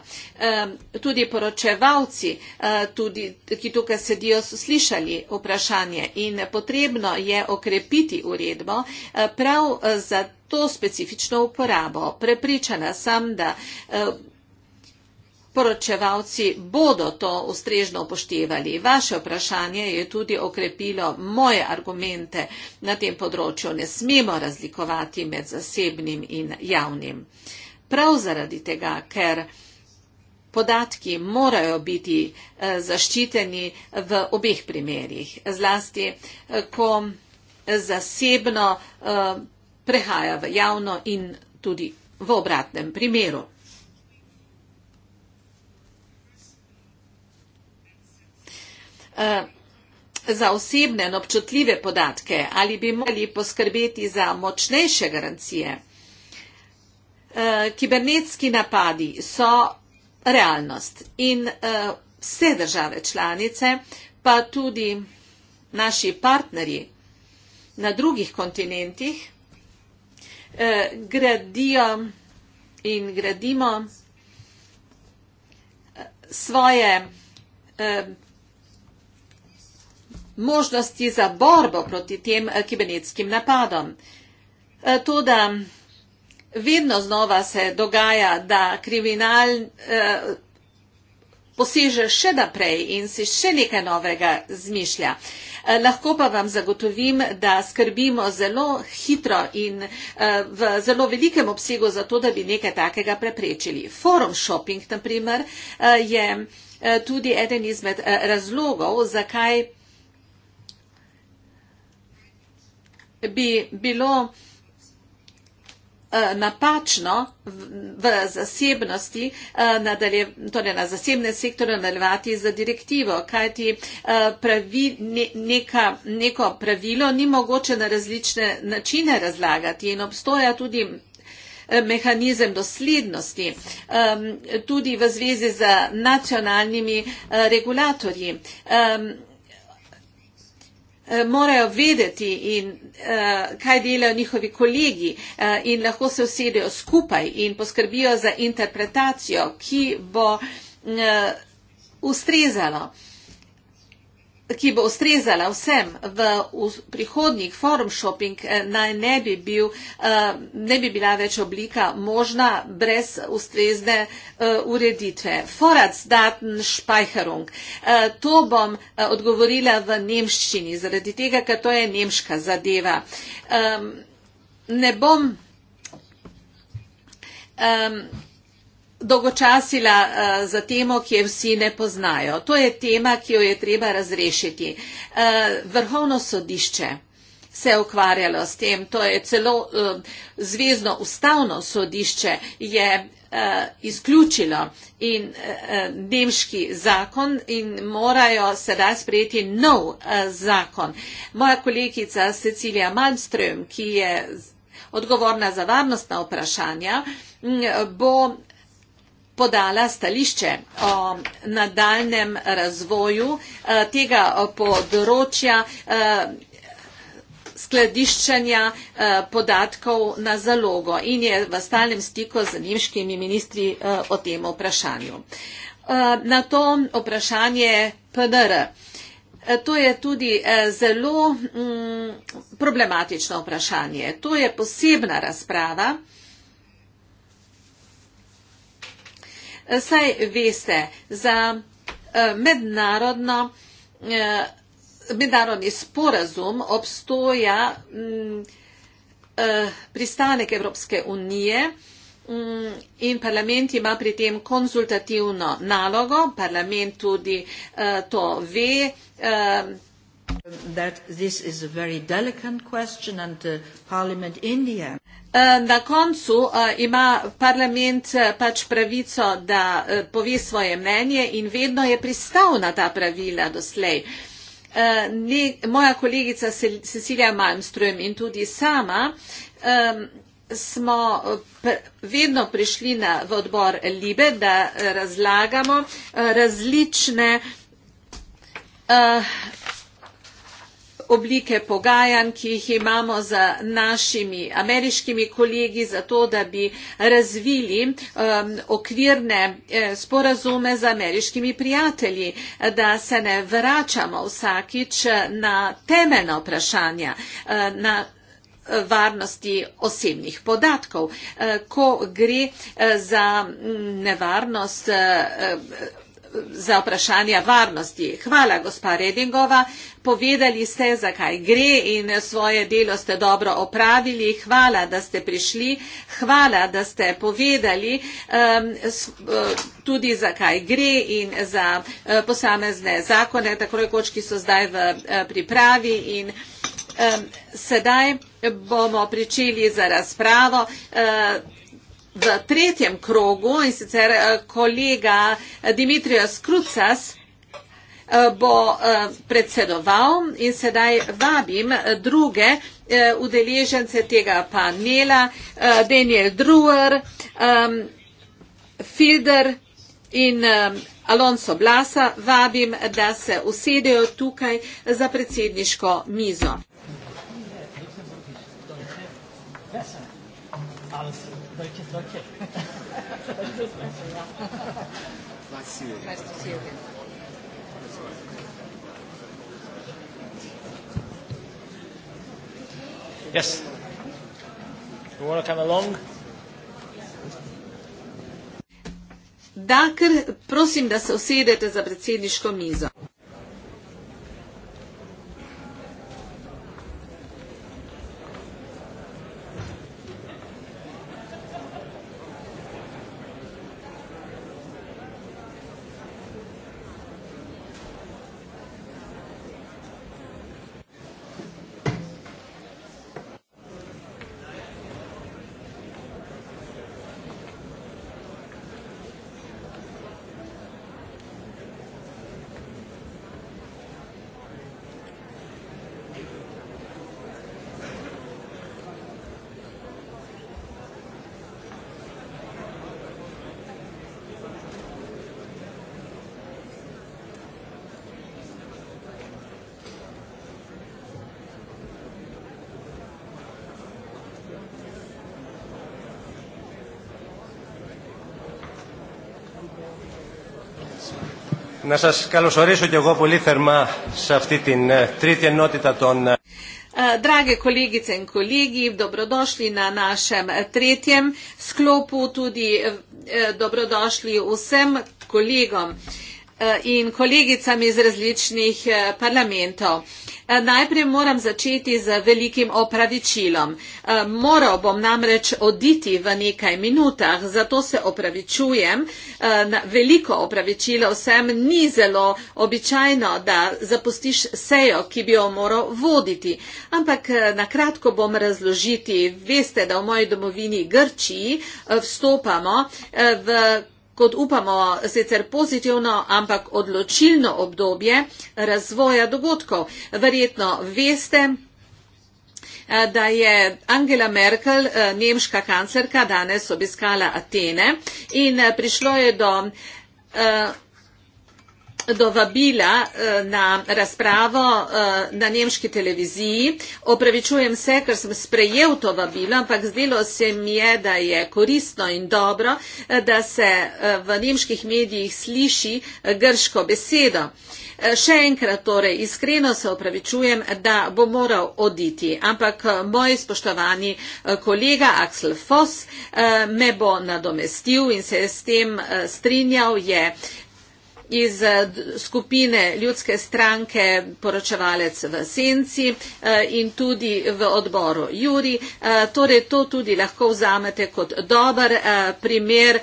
Tudi poročevalci, eh, tudi, ki tukaj sedijo, so slišali vprašanje in potrebno je okrepiti uredbo eh, prav za to specifično uporabo. Prepričana sem, da eh, poročevalci bodo to ustrežno upoštevali. Vaše vprašanje je tudi okrepilo moje argumente na tem področju. Ne smemo razlikovati med zasebnim in javnim. Prav zaradi tega, ker podatki morajo biti eh, zaščiteni v obeh primerjih, zlasti eh, ko zasebno eh, prehaja v javno in tudi v obratnem primeru. Eh, za osebne in občutljive podatke ali bi morali poskrbeti za močnejše garancije. Eh, kibernetski napadi so realnost in eh, vse države članice, pa tudi naši partnerji na drugih kontinentih gradijo in gradimo svoje možnosti za borbo proti tem eh, kibernetskim napadom. Eh, toda vedno znova se dogaja, da kriminal eh, poseže še naprej in si še nekaj novega zmišlja. Lahko pa vam zagotovim, da skrbimo zelo hitro in v zelo velikem obsegu za to, da bi nekaj takega preprečili. Forum shopping, na primer, je tudi eden izmed razlogov, zakaj bi bilo eh, napačno v zasebnosti, eh, torej na zasebne sektore nadaljevati za direktivo, kajti eh, neko pravilo ni mogoče na različne načine razlagati in obstoja tudi mehanizem doslednosti, ehm, tudi v zvezi z nacionalnimi regulatorji. Zdaj, ehm, Eh, morajo vedeti in uh, kaj delajo njihovi kolegi uh, in lahko se usedejo skupaj in poskrbijo za interpretacijo, ki bo uh, ustrezala. Uh, ki bo ustrezala vsem v prihodnjih forum shopping, eh, naj ne bi, bil, eh, ne bi bila več oblika možna brez ustrezne eh, ureditve. Foradsdaten špajherung. To bom odgovorila v nemščini, zaradi tega, ker to je nemška zadeva. Ehm, ne bom. Ehm, dolgočasila eh, za temo, ki je vsi ne poznajo. To je tema, ki jo je treba razrešiti. Eh, Vrhovno sodišče se je ukvarjalo s tem, to je celo eh, zvezdno ustavno sodišče je izključilo in nemški zakon in morajo sedaj sprejeti nov zakon. Moja kolegica Cecilija Malmström, ki je odgovorna za varnostna vprašanja, bo podala stališče o nadaljem razvoju eh, tega področja eh, skladiščanja eh, podatkov na zalogo in je v stalnem stiku z nemškimi ministri o tem vprašanju. Na to vprašanje PNR. To je tudi zelo mm, problematično vprašanje. To je posebna razprava. Eh, saj veste, za eh, mednarodno, eh, mednarodni sporazum obstoja mm, pristanek Evropske unije mm, in parlament ima pri tem konzultativno nalogo, parlament tudi to ve, Uh, eh, na koncu eh, ima parlament eh, pač pravico, da pove svoje mnenje in vedno je pristal na ta pravila doslej. Ne, moja kolegica Cecilija Malmström in tudi sama um, smo pr vedno prišli na, v odbor Libe, da razlagamo različne uh, oblike pogajanj, ki jih imamo z našimi ameriškimi kolegi, zato da bi razvili um, okvirne eh, sporazume z ameriškimi prijatelji, da se ne vračamo vsakič na temeljna vprašanja. Eh, na eh, varnosti osebnih podatkov, eh, ko gre eh, za mm, nevarnost za vprašanja varnosti. Hvala, gospa Redingova. Povedali ste, zakaj gre in svoje delo ste dobro opravili. Hvala, da ste prišli. Hvala, da ste povedali um, tudi, zakaj gre in za uh, posamezne zakone, tako rekoč, ki so zdaj v uh, pripravi. In, um, sedaj bomo pričeli za razpravo. Uh, v tretjem krogu in sicer eh, kolega eh, Dimitrios Krucas eh, bo predsedoval in sedaj vabim druge udeležence tega panela, Daniel Druer, Filder in Alonso Blasa, vabim, da se usedejo tukaj za predsedniško mizo. Dojče, dojče. Yes. You want to come along? Da, ker prosim, da se usedete za predsedniško mizo. Να σας καλωσορίσω και εγώ πολύ θερμά σε αυτή την τρίτη ενότητα των... Drage kolegice in kolegi, dobrodošli na našem tretjem sklopu, tudi dobrodošli vsem kolegom. Eh, in kolegicami iz različnih eh, parlamentov. Eh, najprej moram začeti z velikim opravičilom. Moral bom namreč oditi v nekaj minutah, zato se opravičujem. Veliko opravičilo vsem ni zelo običajno, da zapustiš sejo, ki bi jo moral voditi. Ampak nakratko bom razložiti. Veste, da v moji domovini Grčiji vstopamo v kot upamo, sicer pozitivno, ampak odločilno obdobje razvoja dogodkov. Verjetno veste, eh, da je Angela Merkel, eh, nemška kanclerka, danes obiskala Atene in eh, prišlo je do do vabila eh, na razpravo eh, na nemški televiziji. Opravičujem se, ker sem sprejel to vabilo, ampak zdelo se mi je, da je koristno in dobro, eh, da se v nemških medijih sliši grško besedo. Še enkrat torej, iskreno se opravičujem, da bo moral oditi, ampak moj spoštovani kolega Axel Foss me bo nadomestil in se je s tem strinjal, je iz eh, skupine ljudske stranke poročevalec v Senci eh, in tudi v odboru Juri. Eh, torej, to tudi lahko vzamete kot dober primer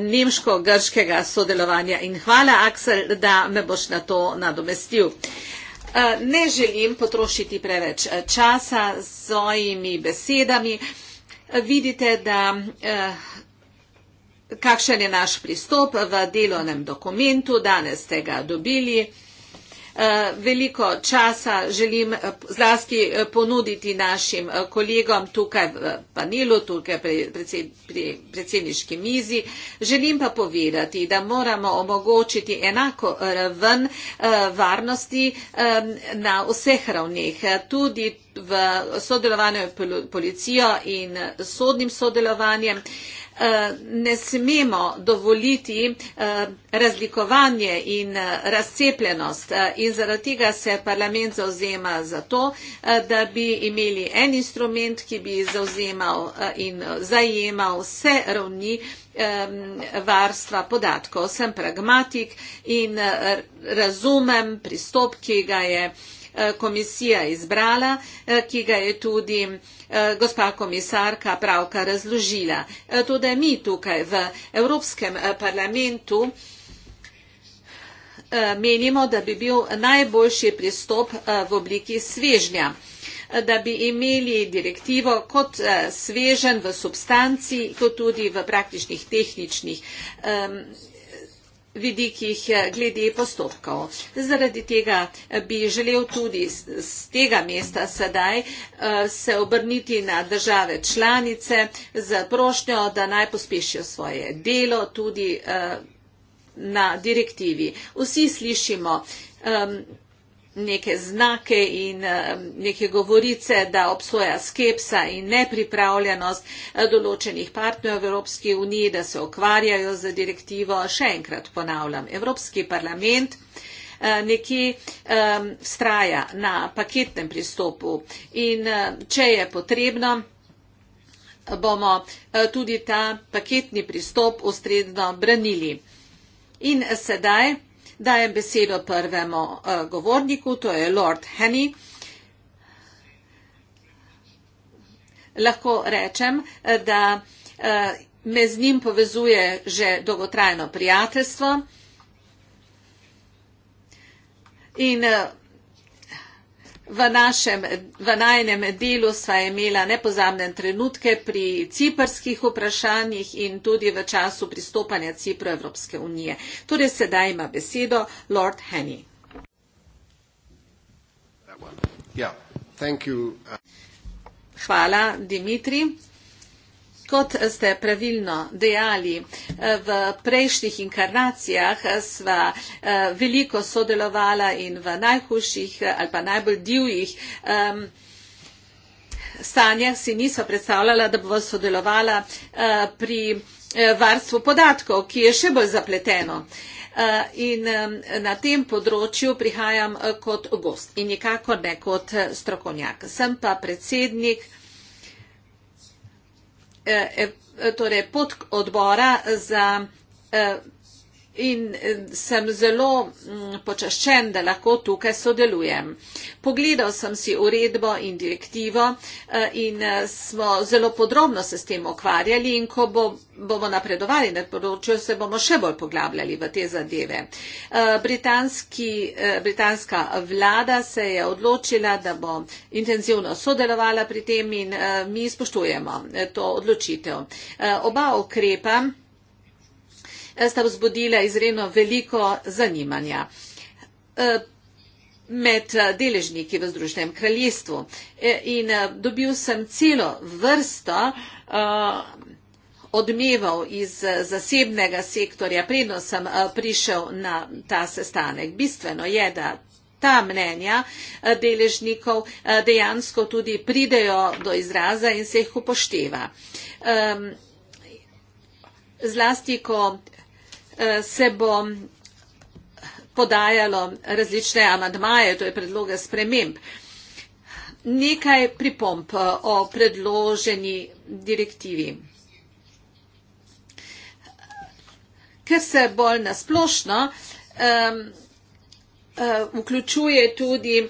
nemško-grškega sodelovanja. In hvala, Aksel, da me boš na to nadomestil. Ne želim potrošiti preveč časa s svojimi besedami. Vidite, da kakšen je naš pristop v delovnem dokumentu, danes ste ga dobili. Eh, veliko časa želim eh, zlasti eh, ponuditi našim kolegom tukaj v panelu, tukaj pri predsedniški mizi. Želim pa povedati, da moramo omogočiti enako raven varnosti na vseh ravneh, tudi v sodelovanju policijo in sodnim sodelovanjem. Eh, ne smemo dovoliti eh, razlikovanje in eh, razcepljenost. In zaradi tega se parlament zauzema za to, da bi imeli en instrument, ki bi zauzemal in zajemal vse ravni varstva podatkov. Sem pragmatik in razumem pristop, ki ga je Eh, komisija izbrala, eh, ki ga je tudi eh, gospa komisarka pravka razložila. Tudi mi tukaj v Evropskem parlamentu menimo, da bi bil najboljši pristop v obliki svežnja da bi imeli direktivo kot svežen v substanci, kot tudi v praktičnih tehničnih ehm, vidikih eh, glede postopkov. Zaradi tega eh, bi želel tudi z tega mesta sedaj eh, se obrniti na države članice z prošnjo, da naj pospešijo svoje delo tudi na direktivi. Vsi slišimo neke znake in eh, neke govorice, da obsoja skepsa in nepripravljenost eh, določenih partnerjev Evropske unije, da se okvarjajo z direktivo. Še enkrat ponavljam, Evropski parlament eh, nekje vztraja na paketnem pristopu in če je potrebno, bomo tudi ta paketni pristop ustredno branili. In sedaj Dajem besedo prvemu eh, govorniku, to je Lord Henny. Lahko rečem, eh, da eh, me z njim povezuje že dolgotrajno prijateljstvo. In V našem, v najnem delu sva imela nepozabne trenutke pri ciprskih vprašanjih in tudi v času pristopanja Cipru Evropske unije. Torej sedaj ima besedo Lord Henny. Yeah, Hvala, Dimitri. Kot ste pravilno dejali, v prejšnjih inkarnacijah sva eh, veliko sodelovala in v najhujših ali pa najbolj divjih um, stanjah si nisva predstavljala, da bova sodelovala uh, pri eh, varstvu podatkov, ki je še bolj zapleteno. In na tem področju prihajam kot gost in nikakor ne kot strokovnjak. Sem pa predsednik eh, eh, torej pod odbora za eh, in eh, sem zelo mm, počaščen, da lahko tukaj sodelujem. Pogledal sem si uredbo in direktivo eh, in eh, smo zelo podrobno se s tem okvarjali in ko bo, bomo napredovali na področju, se bomo še bolj poglabljali v te zadeve. Britanski, britanska vlada se je odločila, da bo intenzivno sodelovala pri tem in mi spoštujemo to odločitev. Oba ukrepa Eh, sta vzbudila izredno veliko zanimanja eh, med eh, deležniki v Združenem kraljestvu. In dobil sem celo vrsto odmeval iz zasebnega sektorja, predno sem prišel na ta sestanek. Bistveno je, da ta mnenja deležnikov dejansko tudi pridejo do izraza in se jih upošteva. Ehm, zlasti, ko Eh, se bo podajalo različne amadmaje, to je predloge sprememb. Nekaj pripomp eh, o predloženi direktivi. Ker se bolj nasplošno eh, vključuje tudi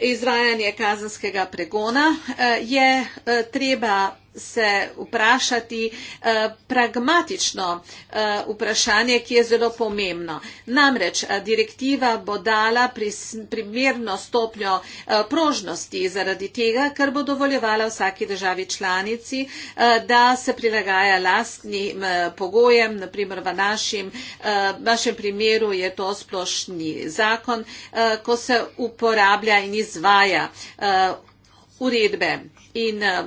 izvajanje kazanskega pregona, je treba se vprašati eh, pragmatično eh, vprašanje, ki je zelo pomembno. Namreč eh, direktiva bo dala pris, primerno stopnjo eh, prožnosti zaradi tega, ker bo dovoljevala vsaki državi članici, eh, da se prilagaja lastnim eh, pogojem, naprimer v našim, eh, našem primeru je to splošni zakon, eh, ko se uporablja in izvaja eh, uredbe in eh,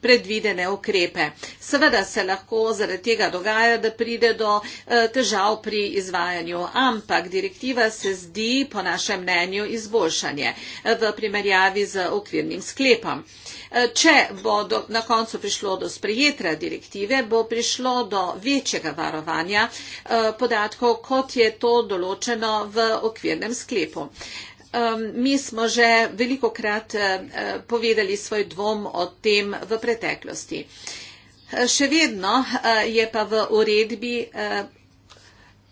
predvidene ukrepe. Seveda se lahko zaradi tega dogaja, da pride do eh, težav pri izvajanju, ampak direktiva se zdi po našem mnenju izboljšanje eh, v primerjavi z okvirnim sklepom. Eh, če bo do, na koncu prišlo do sprejetra direktive, bo prišlo do večjega varovanja podatkov, kot je to določeno v okvirnem sklepu. Um, mi smo že veliko krat uh, eh, povedali svoj dvom o tem v preteklosti. Eh, še vedno uh, je pa v uredbi uh,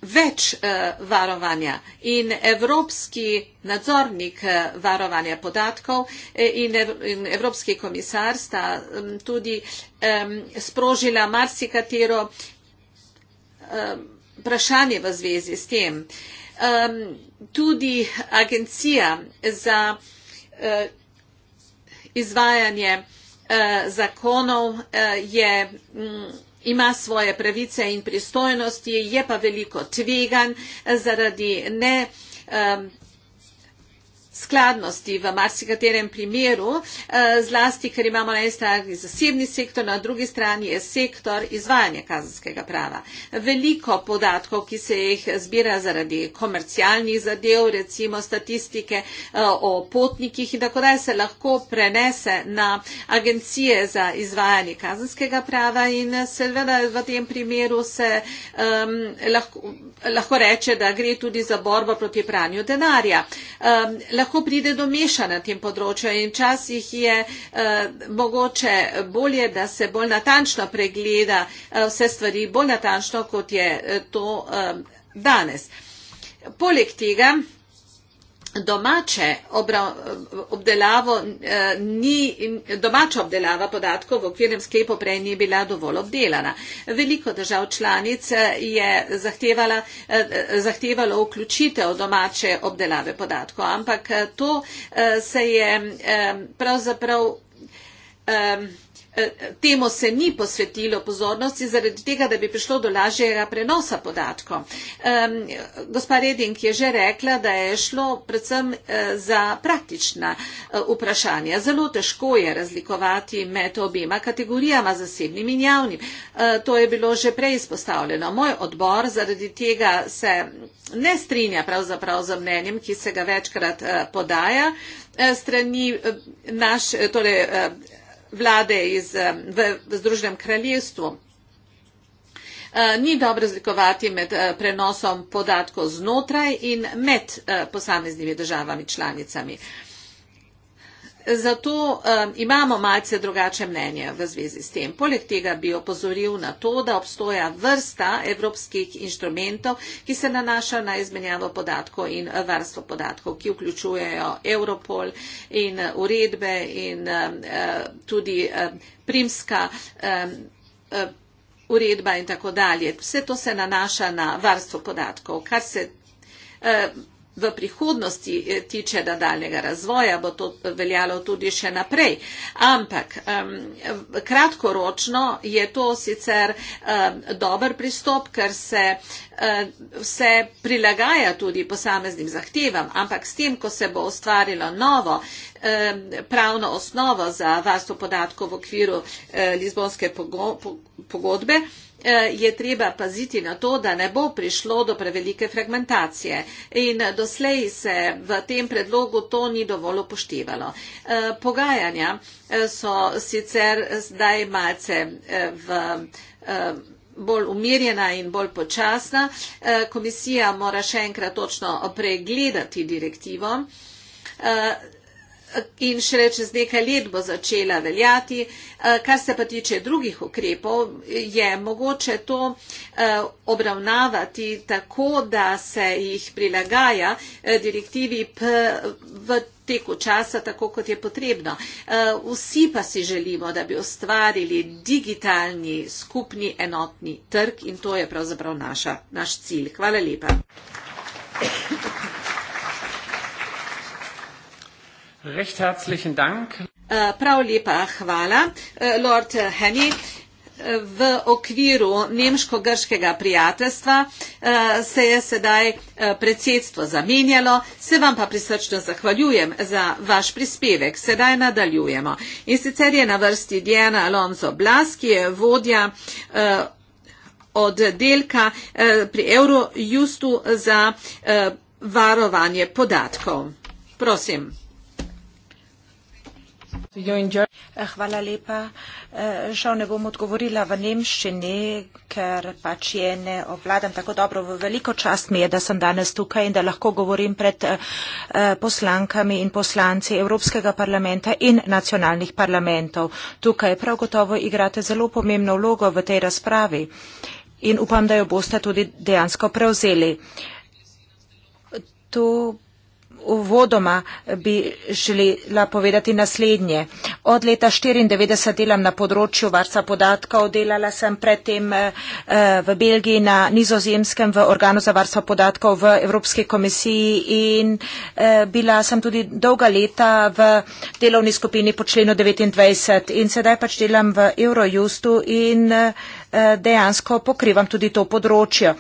več uh, varovanja in evropski nadzornik uh, varovanja podatkov in, ev in evropski komisar sta um, tudi um, sprožila marsikatero um, vprašanje v zvezi s tem. Uh, um, tudi agencija za uh, izvajanje uh, zakonov uh, je, um, ima svoje pravice in pristojnosti, je pa veliko tvegan zaradi ne. Um, skladnosti v marsikaterem primeru, eh, zlasti, ker imamo na eni strani zasebni sektor, na drugi strani je sektor izvajanja kazenskega prava. Veliko podatkov, ki se jih zbira zaradi komercialnih zadev, recimo statistike eh, o potnikih in tako dalje, se lahko prenese na agencije za izvajanje kazenskega prava in seveda v tem primeru se um, lahko, lahko reče, da gre tudi za borbo proti pranju denarja. Um, lahko pride do meša na tem področju in včasih je eh, mogoče bolje, da se bolj natančno pregleda eh, vse stvari, bolj natančno, kot je eh, to eh, danes. Poleg tega, domače obra, obdelavo eh, ni, domača obdelava podatkov v okvirnem sklepu prej ni bila dovolj obdelana. Veliko držav članic eh, je eh, zahtevalo vključitev domače obdelave podatkov, ampak to se je pravzaprav Eh, temu se ni posvetilo pozornosti zaradi tega, da bi prišlo do lažjega prenosa podatkov. Um, gospa Reding je že rekla, da je šlo predvsem eh, za praktična eh, vprašanja. Zelo težko je razlikovati med obema kategorijama, zasebnim in javnim. Uh, to je bilo že prej izpostavljeno. Moj odbor zaradi tega se ne strinja pravzaprav z mnenjem, ki se ga večkrat uh, podaja strani naš, torej, vlade iz, eh, v, v Združenem kraljestvu. Eh, ni dobro razlikovati med eh, prenosom podatkov znotraj in med posameznimi državami članicami. Zato uh, imamo malce drugače mnenje v zvezi s tem. Poleg tega bi opozoril na to, da obstoja vrsta evropskih inštrumentov, ki se nanašajo na izmenjavo podatkov in varstvo podatkov, ki vključujejo Europol in uh, uredbe in um, uh, tudi uh, primska. Uh, uh, uredba in tako dalje. Vse to se nanaša na varstvo podatkov. Kar se eh, v prihodnosti eh, tiče nadaljnega razvoja, bo to veljalo tudi še naprej. Ampak um, kratkoročno je to sicer um, dober pristop, ker se eh, se prilagaja tudi posameznim zahtevam, ampak s tem, ko se bo ustvarilo novo pravno osnovo za varstvo podatkov v okviru eh, Lizbonske pogodbe, Eh, je treba paziti na to, da ne bo prišlo do prevelike fragmentacije. In doslej se v tem predlogu to ni dovolj upoštevalo. Eh, pogajanja eh, so sicer zdaj malce v bolj umirjena in bolj počasna. Komisija mora še enkrat točno pregledati direktivo in šele čez nekaj let bo začela veljati. Eh, kar se pa tiče drugih ukrepov, je mogoče to eh, obravnavati tako, da se jih prilagaja eh, direktivi v teku časa, tako kot je potrebno. Vsi pa si želimo, da bi ustvarili digitalni skupni enotni trg in to je pravzaprav naš cilj. Hvala lepa. Thank you. Recht herzlichen Dank. Eh, prav lepa hvala, eh, Lord Henny. V okviru nemško-grškega prijateljstva eh, se je sedaj predsedstvo zamenjalo, se vam pa prisrčno zahvaljujem za vaš prispevek. Sedaj nadaljujemo. In sicer je na vrsti Diana Alonso Blas, ki je vodja oddelka pri Eurojustu za varovanje podatkov. Prosim. Hvala lepa. Eh, žal ne bom odgovorila v nemščini, ker pač je ne obvladam tako dobro. Veliko čast mi je, da sem danes tukaj in da lahko govorim pred eh, poslankami in poslanci Evropskega parlamenta in nacionalnih parlamentov. Tukaj prav gotovo igrate zelo pomembno vlogo v tej razpravi in upam, da jo boste tudi dejansko prevzeli. To Uvodoma bi želela povedati naslednje. Od leta 1994 delam na področju varca podatkov, delala sem predtem eh, v Belgiji, na nizozemskem, v organu za varca podatkov v Evropski komisiji in eh, bila sem tudi dolga leta v delovni skupini po členu 29 in sedaj pač delam v Eurojustu in eh, Eh, dejansko pokrivam tudi to področje.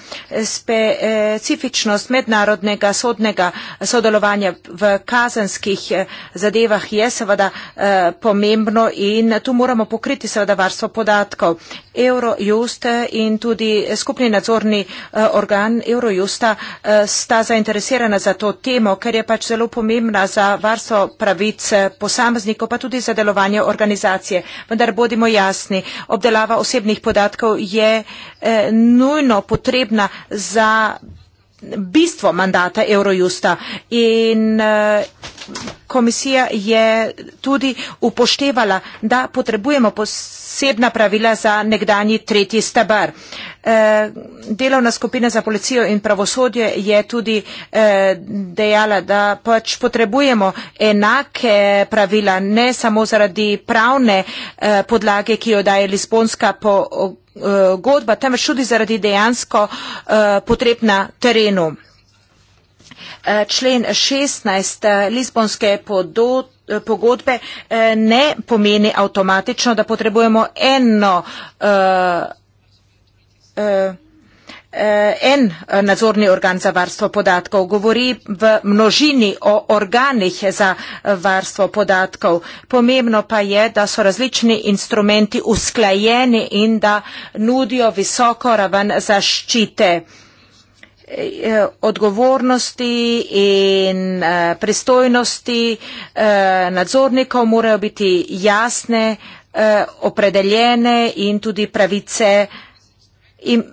Specifičnost mednarodnega sodnega sodelovanja v kazanskih eh, zadevah je seveda eh, pomembno in tu moramo pokriti seveda varstvo podatkov. Eurojust in tudi skupni nadzorni eh, organ Eurojusta eh, sta zainteresirana za to temo, ker je pač zelo pomembna za varstvo pravic eh, posameznikov, pa tudi za delovanje organizacije. Vendar bodimo jasni, obdelava osebnih podatkov je nujno potrebna za bistvo mandata Eurojusta in eh, komisija je tudi upoštevala, da potrebujemo posebna pravila za nekdani tretji stabar. Eh, delovna skupina za policijo in pravosodje je tudi eh, dejala, da pač potrebujemo enake pravila, ne samo zaradi pravne eh, podlage, ki jo daje Lisbonska pogodba, temveč tudi zaradi dejansko potreb na terenu. Člen 16 Lisbonske podotke pogodbe ne pomeni avtomatično, da potrebujemo eno uh, Eh, eh, en nadzorni organ za varstvo podatkov govori v množini o organih za eh, varstvo podatkov. Pomembno pa je, da so različni instrumenti usklajeni in da nudijo visoko raven zaščite odgovornosti in pristojnosti nadzornikov morajo biti jasne, opredeljene in tudi pravice in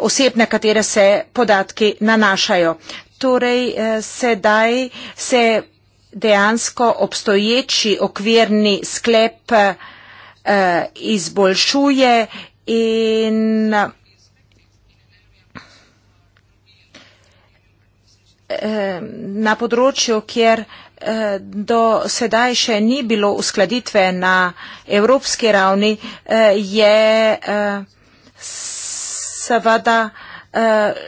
oseb, na katere se podatki nanašajo. Torej, eh, sedaj se dejansko obstoječi okvirni sklep eh, izboljšuje in eh, na področju, kjer do sedaj še ni bilo uskladitve na evropski ravni, je seveda eh,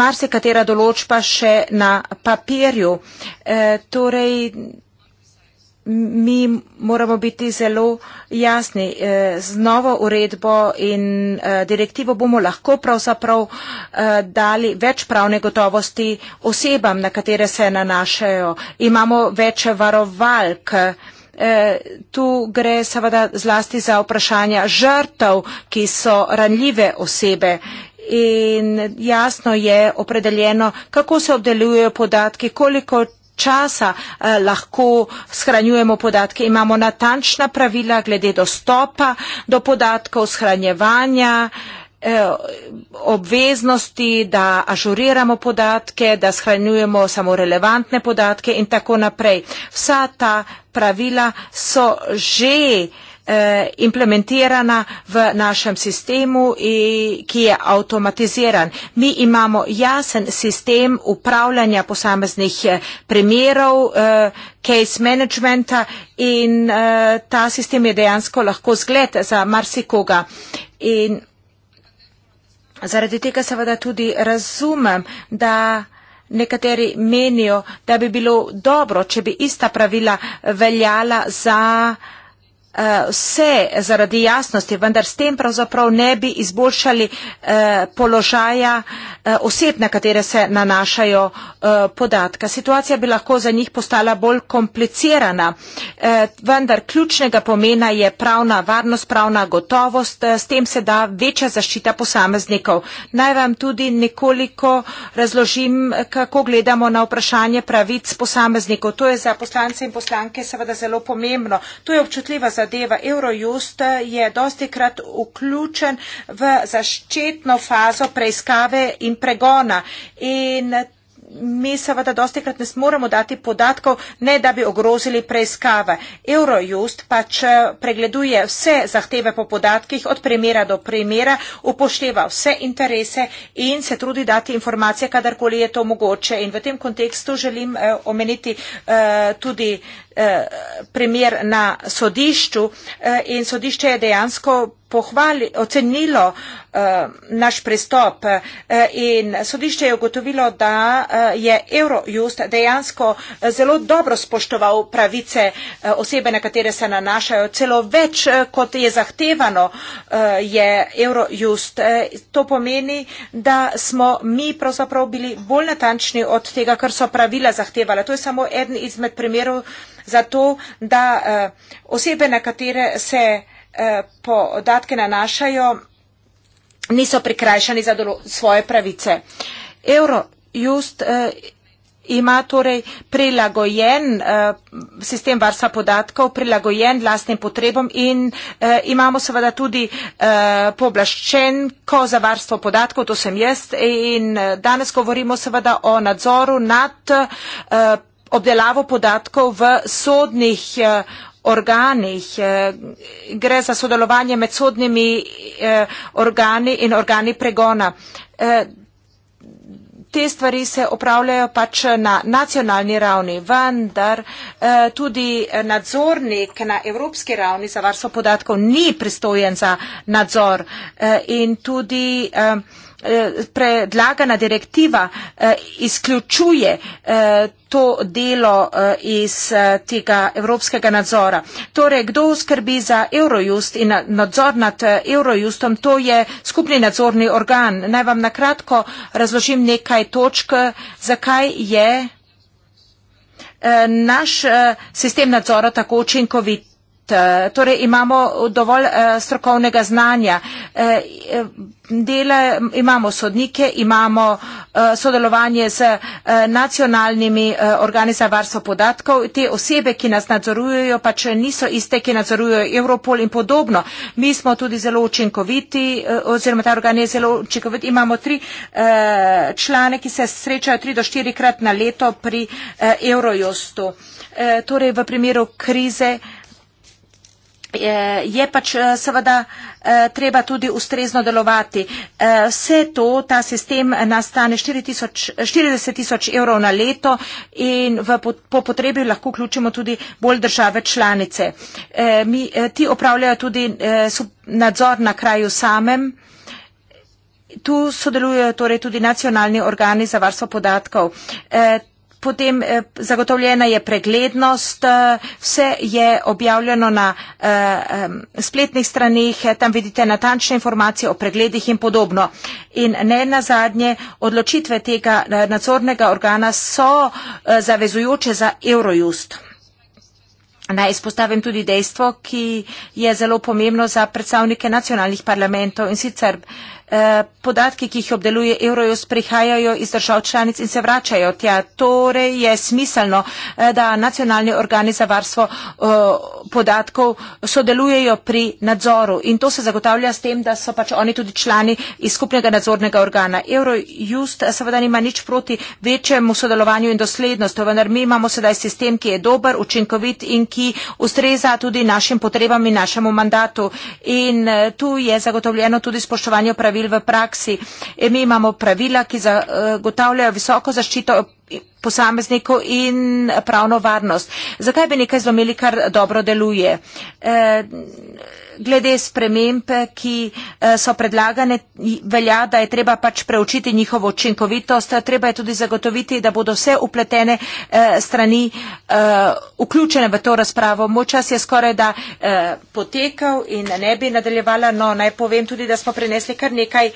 marsikatera določba še na papirju. Eh, torej, mi moramo biti zelo jasni. Eh, z novo uredbo in eh, direktivo bomo lahko pravzaprav eh, dali več pravne gotovosti osebam, na katere se nanašajo. Imamo več varovalk. Eh, Eh, tu gre seveda zlasti za vprašanja žrtev, ki so ranljive osebe. In jasno je opredeljeno, kako se obdelujejo podatki, koliko časa eh, lahko shranjujemo podatke. Imamo natančna pravila glede dostopa do podatkov, shranjevanja, eh, Eh, obveznosti, da ažuriramo podatke, da shranjujemo samo relevantne podatke in tako naprej. Vsa ta pravila so že eh, implementirana v našem sistemu, ki je avtomatiziran. Mi imamo jasen sistem upravljanja posameznih eh, primerov, case managementa in ta sistem je dejansko lahko zgled za marsikoga. In Zaradi tega seveda tudi razumem, da nekateri menijo, da bi bilo dobro, če bi ista pravila veljala za Eh, vse zaradi jasnosti, vendar s tem pravzaprav ne bi izboljšali eh, položaja eh, oseb, na katere se nanašajo podatka. Situacija bi lahko za njih postala bolj komplicirana, vendar ključnega pomena je pravna varnost, pravna gotovost, s tem se da večja zaščita posameznikov. Naj vam tudi nekoliko razložim, kako gledamo na vprašanje pravic posameznikov. To je za poslance in poslanke seveda zelo pomembno. To je občutljiva zadeva Eurojust, je dosti krat vključen v zaščitno fazo preiskave in pregona. In mi seveda dosti krat ne smemo dati podatkov, ne da bi ogrozili preiskave. Eurojust pač eh, pregleduje vse zahteve po podatkih od primera do primera, upošteva vse interese in se trudi dati informacije, kadarkoli je to mogoče. In v tem kontekstu želim eh, omeniti eh, tudi eh, Eh, primer na sodišču eh, in sodišče je dejansko pohvali, ocenilo eh, naš pristop in sodišče je ugotovilo, da je Eurojust dejansko zelo dobro spoštoval pravice osebe, na katere se nanašajo. Celo več, kot je zahtevano, je Eurojust. To pomeni, da smo mi pravzaprav bili bolj natančni od tega, kar so pravila zahtevala. To je samo eden izmed primerov za to, da uh, osebe, na katere se uh, podatke nanašajo, niso prikrajšani za svoje pravice. Eurojust uh, ima torej prilagojen uh, sistem varstva podatkov, prilagojen lastnim potrebom in uh, imamo seveda tudi uh, pooblaščenko za varstvo podatkov, to sem jaz, in uh, danes govorimo seveda o nadzoru nad uh, obdelavo podatkov v sodnih eh, organih. Eh, gre za sodelovanje med sodnimi eh, organi in organi pregona. Te stvari se opravljajo pač na nacionalni ravni, vendar tudi nadzornik na evropski ravni za varstvo podatkov ni pristojen za nadzor in tudi Eh, predlagana direktiva eh, izključuje eh, to delo iz tega evropskega nadzora. Torej, kdo skrbi za Eurojust in nadzor nad Eurojustom, to je skupni nadzorni organ. Naj vam nakratko razložim nekaj točk, zakaj je naš sistem nadzora tako učinkovit. Eh, torej imamo dovolj uh, strokovnega znanja. Uh, dele, imamo sodnike, imamo uh, sodelovanje z uh, nacionalnimi uh, organi za varstvo podatkov, te osebe, ki nas nadzorujejo, pač niso iste, ki nadzorujejo Europol in podobno. Mi smo tudi zelo učinkoviti, uh, oziroma ta organ je zelo učinkovit. Imamo tri uh, člane, ki se srečajo tri do štirikrat na leto pri uh, Eurojustu. Uh, torej v primeru krize uh, Eh, je pač eh, seveda eh, treba tudi ustrezno delovati. Vse to, ta sistem nastane 40 tisoč evrov na leto in v, po potrebi lahko vključimo tudi bolj države članice. Mi, ti opravljajo tudi nadzor na kraju samem. Tu sodelujejo torej tudi nacionalni organi za varstvo podatkov potem eh, zagotovljena je preglednost, eh, vse je objavljeno na eh, spletnih stranih, tam vidite natančne informacije o pregledih in podobno. In ne na zadnje, odločitve tega nadzornega organa so zavezujoče za Eurojust. Naj izpostavim tudi dejstvo, ki je zelo pomembno za predstavnike nacionalnih parlamentov in sicer Eh, podatki, ki jih obdeluje Eurojust, prihajajo iz držav članic in se vračajo tja. Torej je smiselno, eh, da nacionalni organi za varstvo eh, podatkov sodelujejo pri nadzoru in to se zagotavlja s tem, da so pač oni tudi člani iz skupnega nadzornega organa. Eurojust seveda nima nič proti večjemu sodelovanju in doslednosti, vendar mi imamo sedaj sistem, ki je dober, učinkovit in ki ustreza tudi našim potrebam in našemu mandatu. In tu je zagotovljeno tudi spoštovanje pravil pravil v praksi. E, mi imamo pravila, ki zagotavljajo visoko zaščito posameznikov in pravno varnost. Zakaj bi nekaj zlomili, kar dobro deluje? E, glede sprememb, ki eh, so predlagane, velja, da je treba pač preučiti njihovo učinkovitost. Treba je tudi zagotoviti, da bodo vse upletene eh, strani eh, vključene v to razpravo. Moj čas je skoraj da potekal in ne bi nadaljevala, no naj povem tudi, da smo prinesli kar nekaj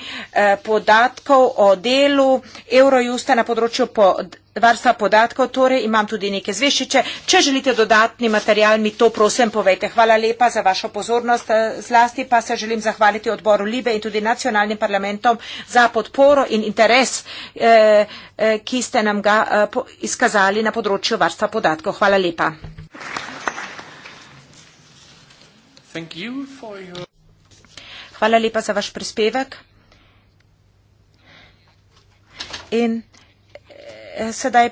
podatkov o delu Eurojusta na področju podatkov varstva podatkov, torej imam tudi neke zveščiče. Če želite dodatni material, mi to prosim povejte. Hvala lepa za vašo pozornost. Eh, zlasti pa se želim zahvaliti odboru Libe in tudi nacionalnim parlamentom za podporo in interes, eh, eh, ki ste nam ga izkazali na področju varstva podatkov. Hvala lepa. Hvala lepa za vaš prispevek. In sedaj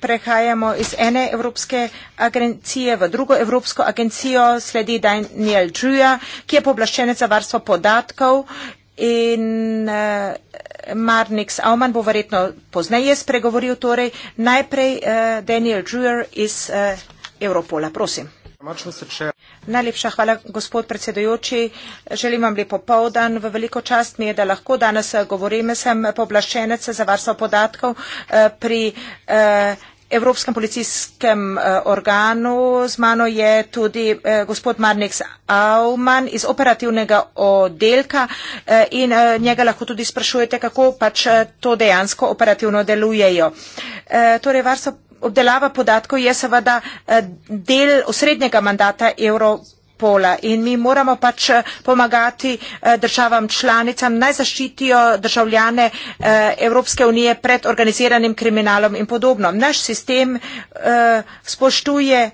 prehajamo iz ene evropske agencije v drugo evropsko agencijo, sledi Daniel Drewja, ki je poblaščenec za varstvo podatkov in uh, Marnix Auman bo verjetno pozneje spregovoril, torej najprej uh, Daniel Drewer iz uh, Europola. Prosim. Najlepša hvala, gospod predsedujoči. Želim vam lepo povdan. V veliko čast mi je, da lahko danes eh, govorim. Sem poblaščenec za varstvo podatkov eh, pri eh, Evropskem policijskem organu. Z mano je tudi gospod Marnix Auman iz operativnega oddelka in njega lahko tudi sprašujete, kako pač to dejansko operativno delujejo. Torej, varstvo obdelava podatkov je seveda eh, del osrednjega mandata Europola in mi moramo pač eh, pomagati eh, državam članicam naj zaščitijo državljane Evropske unije pred organiziranim kriminalom in podobno. Naš sistem spoštuje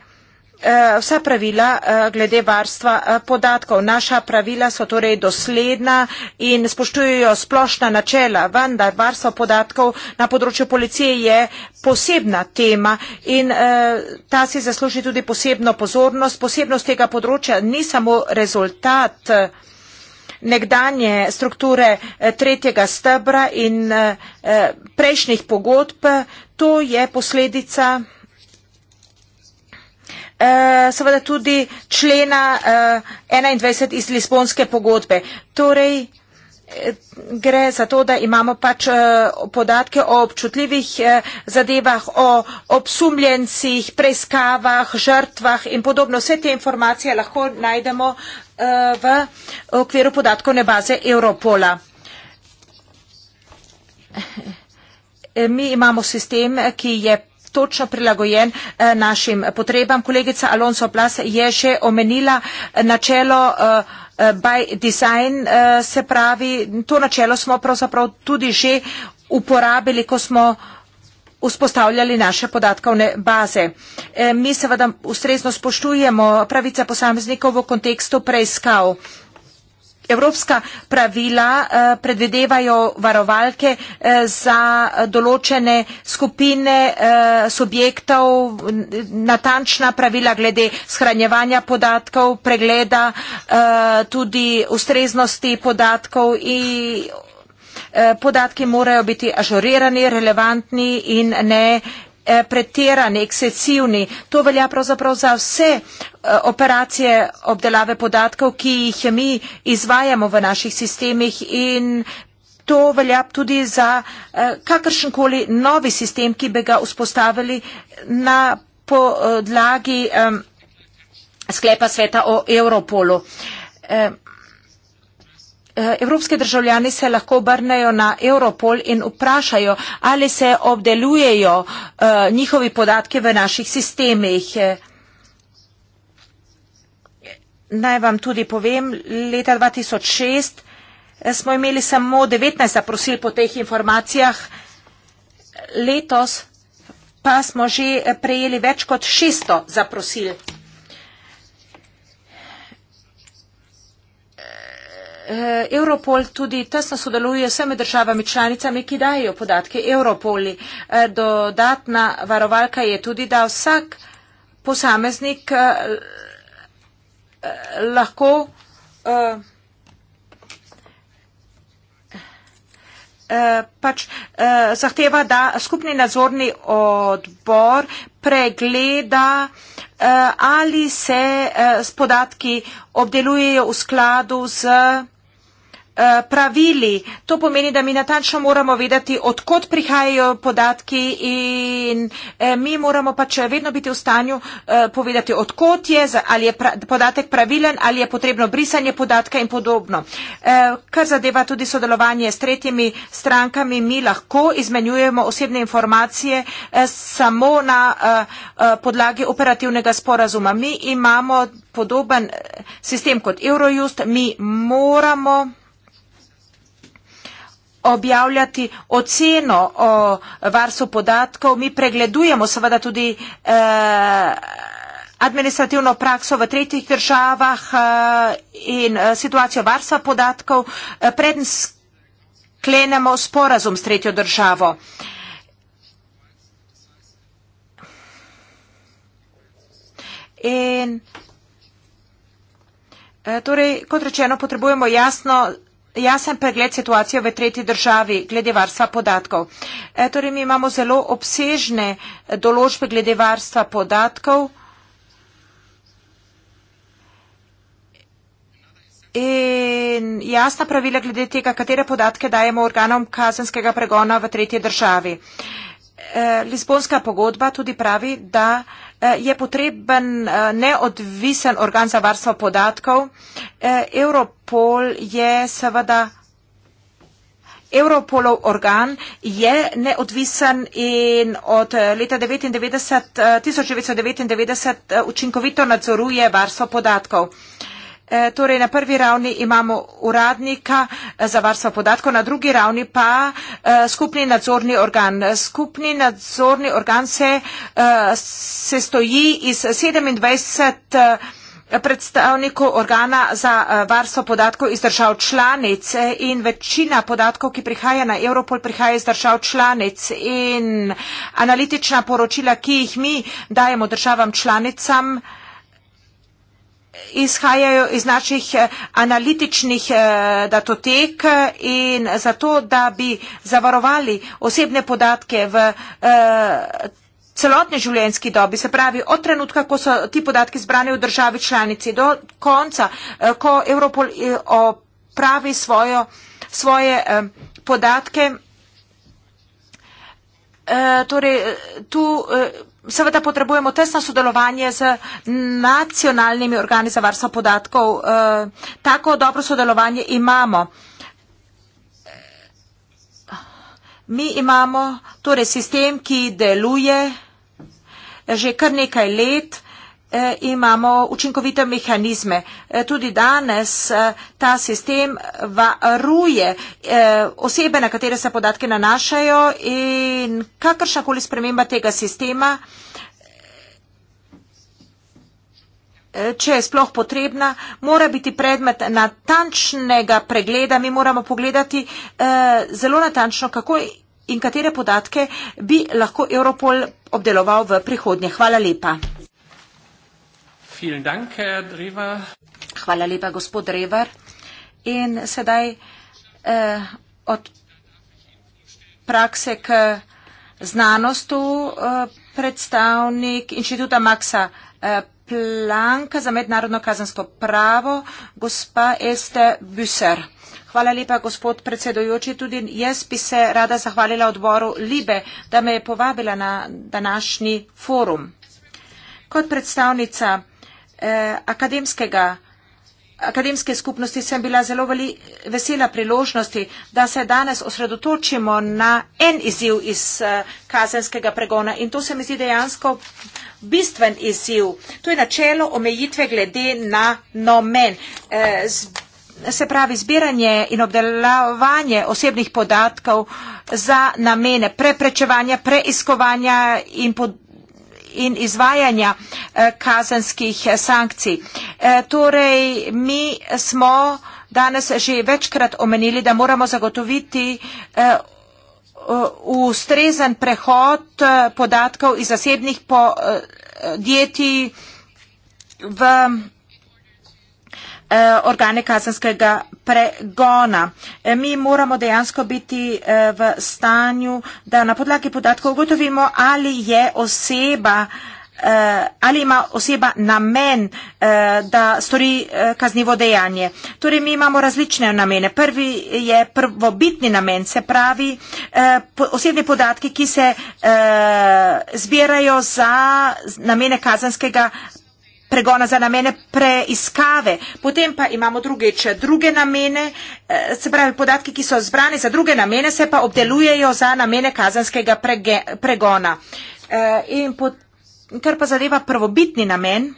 Eh, vsa pravila eh, glede varstva eh, podatkov. Naša pravila so torej dosledna in spoštujejo splošna načela, vendar varstvo podatkov na področju policije je posebna tema in ta si zasluži tudi posebno pozornost. Posebnost tega področja ni samo rezultat nekdanje strukture tretjega stebra in prejšnjih pogodb, to je posledica eh, seveda tudi člena eh, 21 iz Lisbonske pogodbe. Torej, eh, Gre za to, da imamo pač eh, podatke o občutljivih eh, zadevah, o obsumljencih, preiskavah, žrtvah in podobno. Vse te informacije lahko najdemo v okviru podatkovne baze Europola. Mi imamo sistem, ki je točno prilagojen eh, našim potrebam. Kolegica Alonso Plas je že omenila eh, načelo eh, by design, se pravi, to načelo smo pravzaprav tudi že uporabili, ko smo vzpostavljali naše podatkovne baze. Mi seveda ustrezno spoštujemo pravice posameznikov v kontekstu preiskav evropska pravila eh, predvidevajo varovalke eh, za določene skupine eh, subjektov, natančna pravila glede shranjevanja podatkov, pregleda tudi ustreznosti podatkov in podatki morajo biti ažurirani, relevantni in ne Eh, pretirani, ekscesivni. To velja pravzaprav za vse eh, operacije obdelave podatkov, ki jih mi izvajamo v naših sistemih in to velja tudi za eh, kakršenkoli novi sistem, ki bi ga vzpostavili na podlagi sklepa sveta o Europolu. Eh, evropske državljani se lahko obrnejo na Europol in vprašajo, ali se obdelujejo eh, njihovi podatki v naših sistemih. Eh, naj vam tudi povem, leta 2006 smo imeli samo 19 zaprosil po teh informacijah, letos pa smo že prejeli več kot 600 zaprosil. Eh, Europol tudi tesno sodeluje s vsemi državami članicami, ki dajo podatke Europoli. Eh, dodatna varovalka je tudi, da vsak posameznik eh, lahko pač zahteva, da skupni nadzorni odbor pregleda, ali se s podatki obdelujejo v skladu z Eh, pravili. To pomeni, da mi natančno moramo vedeti, odkot prihajajo podatki in eh, mi moramo pač vedno biti v stanju eh, povedati, odkot je, ali je podatek pravilen, ali je potrebno brisanje podatka in podobno. Kar zadeva tudi sodelovanje s tretjimi strankami, mi lahko izmenjujemo osebne informacije samo na podlagi operativnega sporazuma. Mi imamo podoben sistem kot Eurojust, mi moramo objavljati oceno o varstvu podatkov. Mi pregledujemo seveda tudi eh, administrativno prakso v tretjih državah eh, in eh, situacijo varstva podatkov, preden sklenemo sporazum s tretjo državo. In, torej, kot rečeno, potrebujemo jasno jasen pregled situacije v tretji državi glede varstva podatkov. E, torej, mi imamo zelo obsežne določbe glede varstva podatkov. In jasna pravila glede tega, katere podatke dajemo organom kazenskega pregona v tretji državi. E, Lizbonska pogodba tudi pravi, da Eh, je potreben eh, neodvisen organ za varstvo podatkov. Eh, Europol je seveda Europolov organ je neodvisen in od leta 99, 1999 učinkovito nadzoruje varstvo podatkov. E, torej, na prvi ravni imamo uradnika e, za varstvo podatkov, na drugi ravni pa e, skupni nadzorni organ. Skupni nadzorni organ se, se stoji iz 27 predstavnikov organa za varstvo podatkov iz držav članic in večina podatkov, ki prihaja na Europol, prihaja iz držav članic in analitična poročila, ki jih mi dajemo državam članicam, izhajajo iz naših eh, analitičnih eh, datotek eh, in zato, da bi zavarovali osebne podatke v celotni življenjski dobi, se pravi od trenutka, ko so ti podatki zbrani v državi članici do konca, ko Evropol opravi svojo, svoje podatke. Torej, tu Seveda potrebujemo tesno sodelovanje z nacionalnimi organi za varstvo podatkov. Eh, tako dobro sodelovanje imamo. Mi imamo torej sistem, ki deluje že kar nekaj let. E, imamo učinkovite mehanizme. E, tudi danes e, ta sistem varuje osebe, na katere se podatke nanašajo in kakršnakoli sprememba tega sistema, če je sploh potrebna, mora biti predmet natančnega pregleda. Mi moramo pogledati zelo natančno, kako in katere podatke bi lahko Europol obdeloval v prihodnje. Hvala lepa vielen Dank, Herr Drever. Hvala lepa, gospod Drever. In sedaj eh, od prakse k znanostu eh, predstavnik inštituta Maxa eh, Planka za mednarodno kazansko pravo, gospa Este Büser. Hvala lepa, gospod predsedojoči. Tudi jaz bi se rada zahvalila odboru Libe, da me je povabila na današnji forum. Kot predstavnica eh, akademskega, akademske skupnosti sem bila zelo veli, vesela priložnosti, da se danes osredotočimo na en izziv iz eh, kazenskega pregona in to se mi zdi dejansko bistven izziv. To je načelo omejitve glede na nomen. Eh, z, se pravi zbiranje in obdelovanje osebnih podatkov za namene preprečevanja, preiskovanja in podobno in izvajanja eh, kazanskih eh, sankcij. Eh, torej, mi smo danes že večkrat omenili, da moramo zagotoviti ustrezen prehod podatkov iz zasebnih podjetij v Eh, organe kazanskega pregona. Eh, mi moramo dejansko biti eh, v stanju, da na podlagi podatkov ugotovimo, ali je oseba ali ima oseba namen, da stori kaznivo dejanje. Torej, mi imamo različne namene. Prvi je prvobitni namen, se pravi osebni podatki, ki se zbirajo za namene kazanskega pregona za namene preiskave, potem pa imamo drugič druge namene, eh, se pravi podatki, ki so zbrani za druge namene, se pa obdelujejo za namene kazanskega prege, pregona. Eh, in po, kar pa zadeva prvobitni namen,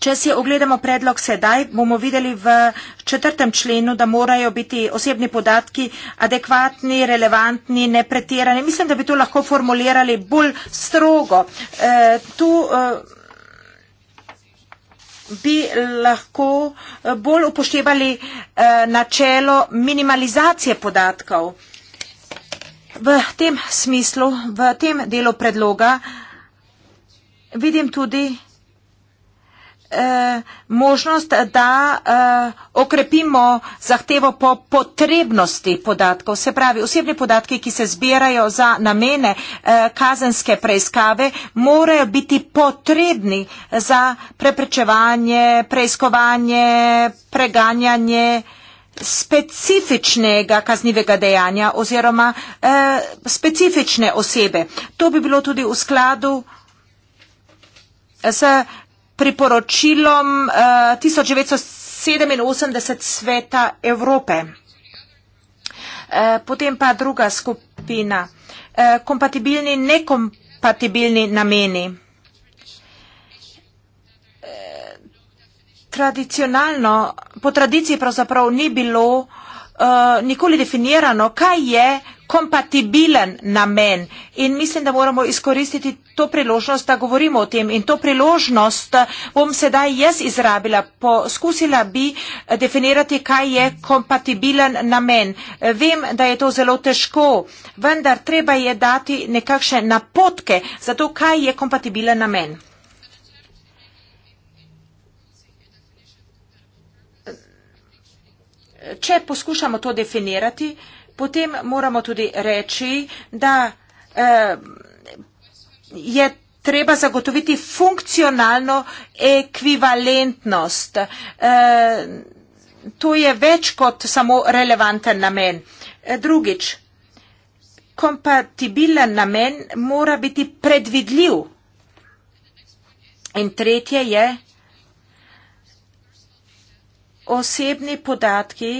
Če si ogledamo predlog sedaj, bomo videli v četrtem členu, da morajo biti osebni podatki adekvatni, relevantni, nepretirani. Mislim, da bi to lahko formulirali bolj strogo. E, tu, e, bi lahko eh, bolj upoštevali eh, načelo minimalizacije podatkov. V tem smislu, v tem delu predloga vidim tudi Eh, možnost, da eh, okrepimo zahtevo po potrebnosti podatkov. Se pravi, osebni podatki, ki se zbirajo za namene eh, kazenske preiskave, morajo biti potrebni za preprečevanje, preiskovanje, preganjanje specifičnega kaznivega dejanja oziroma specifične osebe. To bi bilo tudi v skladu z priporočilom uh, eh, 1987 sveta Evrope. Uh, potem pa druga skupina. Uh, kompatibilni, nekompatibilni nameni. Tradicionalno, po tradiciji pravzaprav ni bilo uh, Eh, nikoli definirano, kaj je kompatibilen namen. In mislim, da moramo izkoristiti to priložnost, da govorimo o tem. In to priložnost eh, bom sedaj jaz izrabila. Poskusila bi eh, definirati, kaj je kompatibilen namen. Vem, da je to zelo težko, vendar treba je dati nekakšne napotke za to, kaj je kompatibilen namen. če poskušamo to definirati, potem moramo tudi reči, da eh, je treba zagotoviti funkcionalno ekvivalentnost. Eh, to je več kot samo relevanten namen. Eh, drugič, kompatibilen namen mora biti predvidljiv. In tretje je, osebni podatki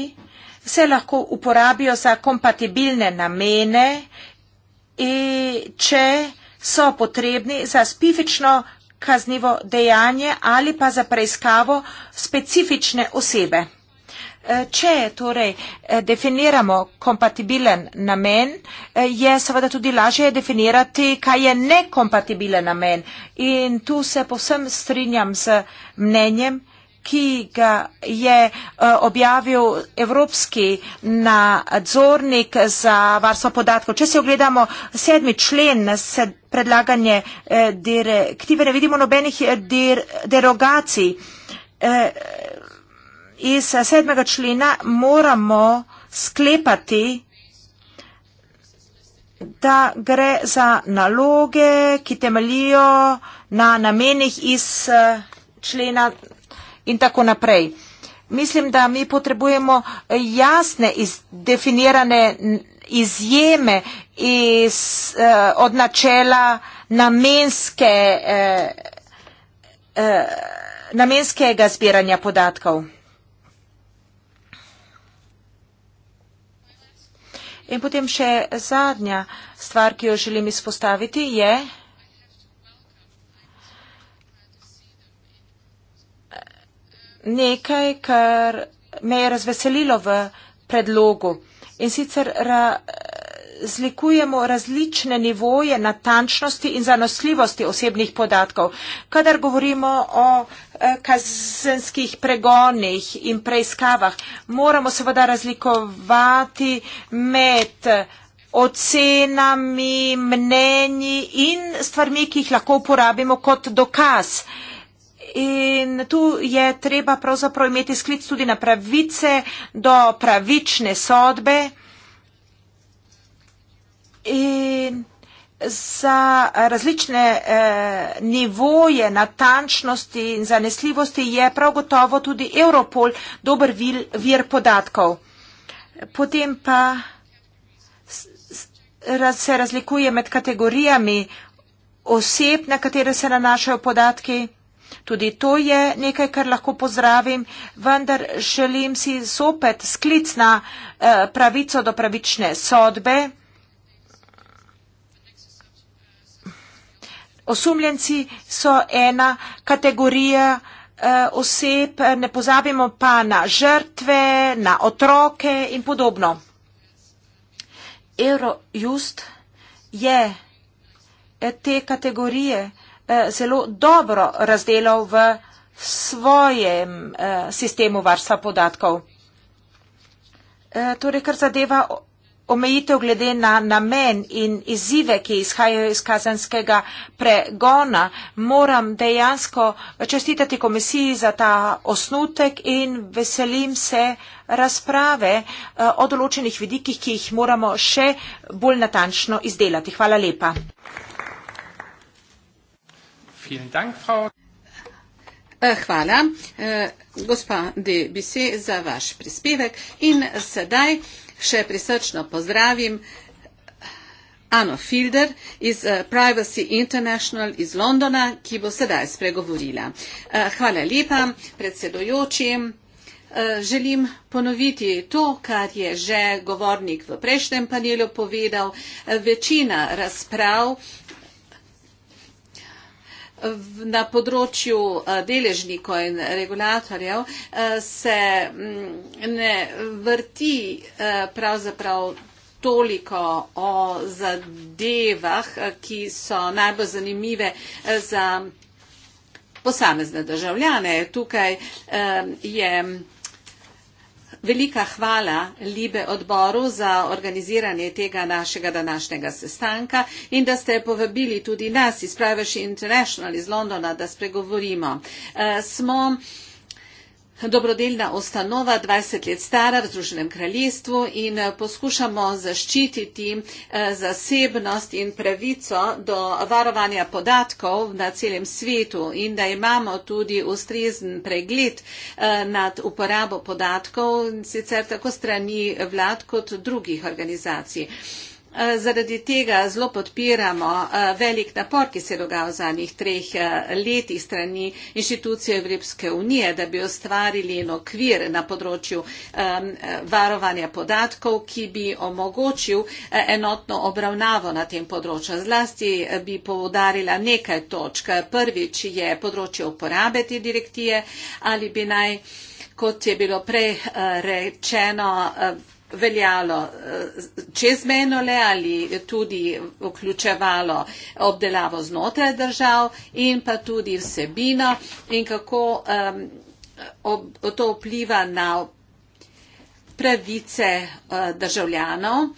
se lahko uporabijo za kompatibilne namene, če so potrebni za specifično kaznivo dejanje ali pa za preiskavo specifične osebe. E, če torej e, definiramo kompatibilen namen, e, je seveda tudi lažje definirati, kaj je nekompatibilen namen. In tu se povsem strinjam z mnenjem, ki ga je e, objavil Evropski nadzornik za varstvo podatkov. Če si ogledamo sedmi člen predlaganje e, direktive, ne vidimo nobenih e, derogacij. Iz sedmega člena moramo sklepati, da gre za naloge, ki temeljijo na namenih iz člena in tako naprej. Mislim, da mi potrebujemo jasne definirane izjeme iz, eh, od načela namenske, eh, eh, namenskega zbiranja podatkov. In potem še zadnja stvar, ki jo želim izpostaviti, je. nekaj, kar me je razveselilo v predlogu. In sicer razlikujemo različne nivoje natančnosti in zanosljivosti osebnih podatkov. Kadar govorimo o eh, kazenskih pregonih in preiskavah, moramo seveda razlikovati med eh, ocenami, mnenji in stvarmi, ki jih lahko uporabimo kot dokaz. Uh, In tu je treba pravzaprav imeti sklic tudi na pravice do pravične sodbe. In za različne eh, nivoje natančnosti in zanesljivosti je prav gotovo tudi Europol dober vir, vir podatkov. Potem pa se razlikuje med kategorijami oseb, na katere se nanašajo podatki. Tudi to je nekaj, kar lahko pozdravim, vendar želim si zopet sklic na eh, pravico do pravične sodbe. Osumljenci so ena kategorija eh, oseb, ne pozabimo pa na žrtve, na otroke in podobno. Eurojust je eh, te kategorije vsega, Eh, zelo dobro razdelal v svojem eh, sistemu varstva podatkov. Eh, torej, kar zadeva omejitev glede na namen in izzive, ki izhajajo iz kazanskega pregona, moram dejansko čestitati komisiji za ta osnutek in veselim se razprave o določenih vidikih, ki jih moramo še bolj natančno izdelati. Hvala lepa. Vielen Dank, Frau. Eh, hvala, eh, gospa De Bisse, za vaš prispevek. In sedaj še prisrčno pozdravim eh, Ano Filder iz Privacy International iz Londona, ki bo sedaj spregovorila. Hvala lepa, predsedojoči. Želim ponoviti to, kar je že govornik v prejšnjem panelu povedal. Večina razprav na področju eh, deležnikov in regulatorjev eh, se mm, ne vrti eh, pravzaprav toliko o zadevah, ki so najbolj zanimive za posamezne državljane. Tukaj je Velika hvala Libe odboru za organiziranje tega našega današnjega sestanka in da ste povabili tudi nas iz Privacy International iz Londona, da spregovorimo. Uh, smo uh, dobrodelna ustanova, 20 let stara v Združenem kraljestvu in eh, poskušamo zaščititi eh, zasebnost in pravico do varovanja podatkov na celem svetu in da imamo tudi ustrezen pregled eh, nad uporabo podatkov, sicer tako strani vlad kot drugih organizacij. Eh, zaradi tega zelo podpiramo eh, velik napor, ki se je dogajal v zadnjih treh eh, letih strani inštitucije Evropske unije, da bi ustvarili en okvir na področju varovanja podatkov, ki bi omogočil enotno obravnavo na tem področju. Zlasti bi povdarila nekaj točk. Prvič je področje uporabe te direktive ali bi naj, kot je bilo prej rečeno, veljalo eh, čezmeno le ali tudi vključevalo obdelavo znotraj držav in pa tudi vsebino in kako um, ob, to vpliva na pravice uh, državljanov. Uh,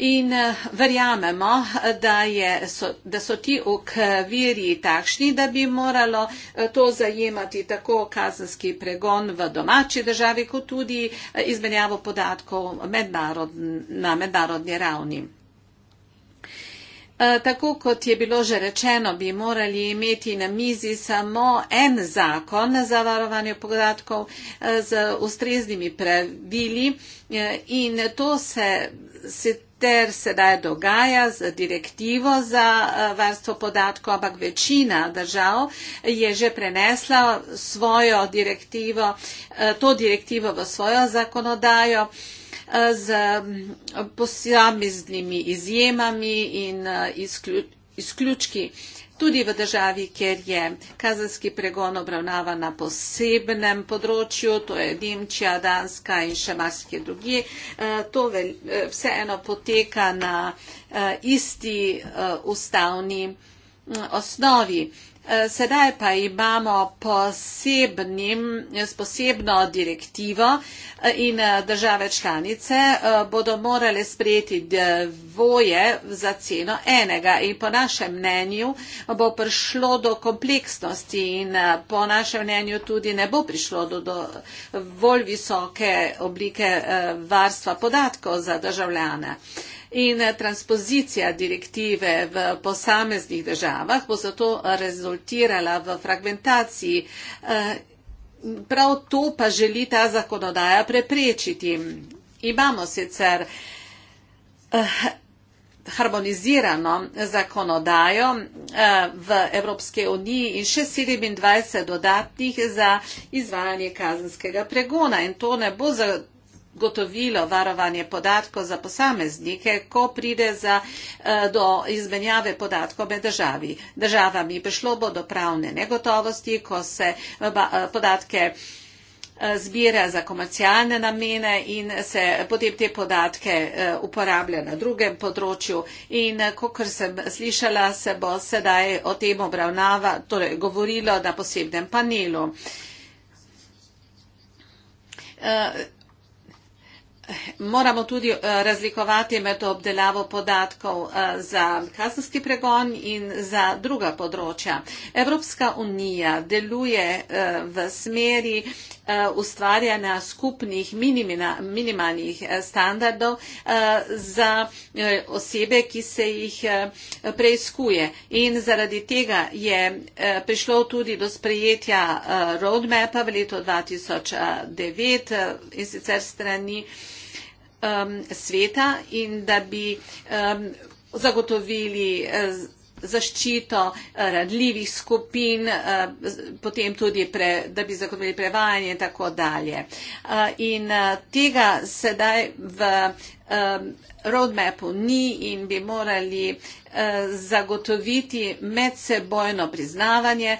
In eh, verjamemo, da, je, so, da so ti okviri takšni, da bi moralo eh, to zajemati tako kazenski pregon v domači državi, kot tudi eh, izmenjavo podatkov mednarod, na mednarodni ravni. Eh, tako kot je bilo že rečeno, bi morali imeti na mizi samo en zakon za varovanje podatkov eh, z ustreznimi pravili eh, in to se sicer sedaj dogaja z direktivo za varstvo podatkov, ampak večina držav je že prenesla svojo direktivo, to direktivo v svojo zakonodajo z eh, posameznimi izjemami in eh, izključki. Tudi v državi, kjer je kazenski pregon obravnava na posebnem področju, to je Nemčija, Danska in še marsikje drugi, eh, to vseeno poteka na isti ustavni mm, osnovi. Eh, sedaj pa imamo posebnim, s posebno direktivo eh, in eh, države članice bodo morale sprejeti dvoje za ceno enega in po našem mnenju bo prišlo do kompleksnosti in po našem mnenju tudi ne bo prišlo do dovolj visoke oblike varstva podatkov za državljane in eh, transpozicija direktive v posameznih državah bo zato rezultirala v fragmentaciji. Eh, prav to pa želi ta zakonodaja preprečiti. Imamo sicer eh, harmonizirano zakonodajo v Evropske uniji in še 27 dodatnih za izvajanje kazenskega pregona in to ne bo zagotovljeno gotovilo varovanje podatkov za posameznike, ko pride za, eh, do izmenjave podatkov med državi. državami. Prišlo bo do pravne negotovosti, ko se eh, eh, podatke zbira za komercialne namene in se potem te podatke uporablja na drugem področju. In kakor sem slišala, se bo sedaj o tem obravnava, torej govorilo na posebnem panelu. Moramo tudi eh, razlikovati med obdelavo podatkov eh, za kazenski pregon in za druga področja. Evropska unija deluje eh, v smeri ustvarjanja skupnih minimalnih standardov za osebe, ki se jih preizkuje. In zaradi tega je prišlo tudi do sprejetja roadmapa v letu 2009 in sicer strani Um, sveta in da bi um, zagotovili eh, zaščito eh, radljivih skupin, eh, potem tudi, pre, da bi zagotovili prevajanje in tako dalje. Eh, in tega sedaj v roadmapu ni in bi morali zagotoviti medsebojno priznavanje.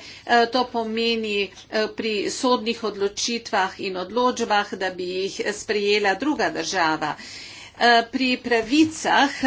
To pomeni pri sodnih odločitvah in odločbah, da bi jih sprejela druga država. Pri pravicah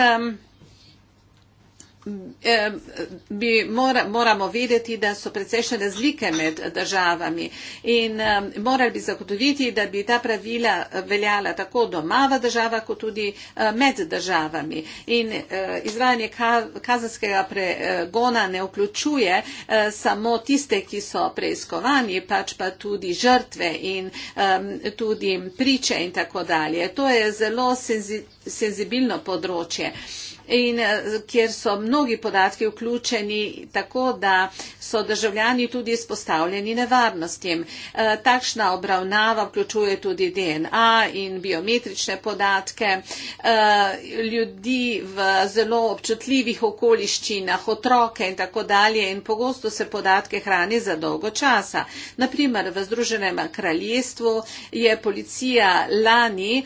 bi mora, moramo vedeti, da so precejšnje razlike med državami in um, morali bi zagotoviti, da bi ta pravila eh, veljala tako doma v država, kot tudi uh, med državami. In uh, izvajanje ka, kazanskega pregona ne vključuje uh, samo tiste, ki so preiskovani, pač pa tudi žrtve in um, tudi priče in tako dalje. To je zelo senzi, senzibilno področje. Uh, in eh, kjer so mnogi podatki vključeni, tako da so državljani tudi izpostavljeni nevarnostim. Eh, takšna obravnava vključuje tudi DNA in biometrične podatke eh, ljudi v zelo občutljivih okoliščinah, otroke in tako dalje in pogosto se podatke hrani za dolgo časa. Naprimer, v Združenem kraljestvu je policija lani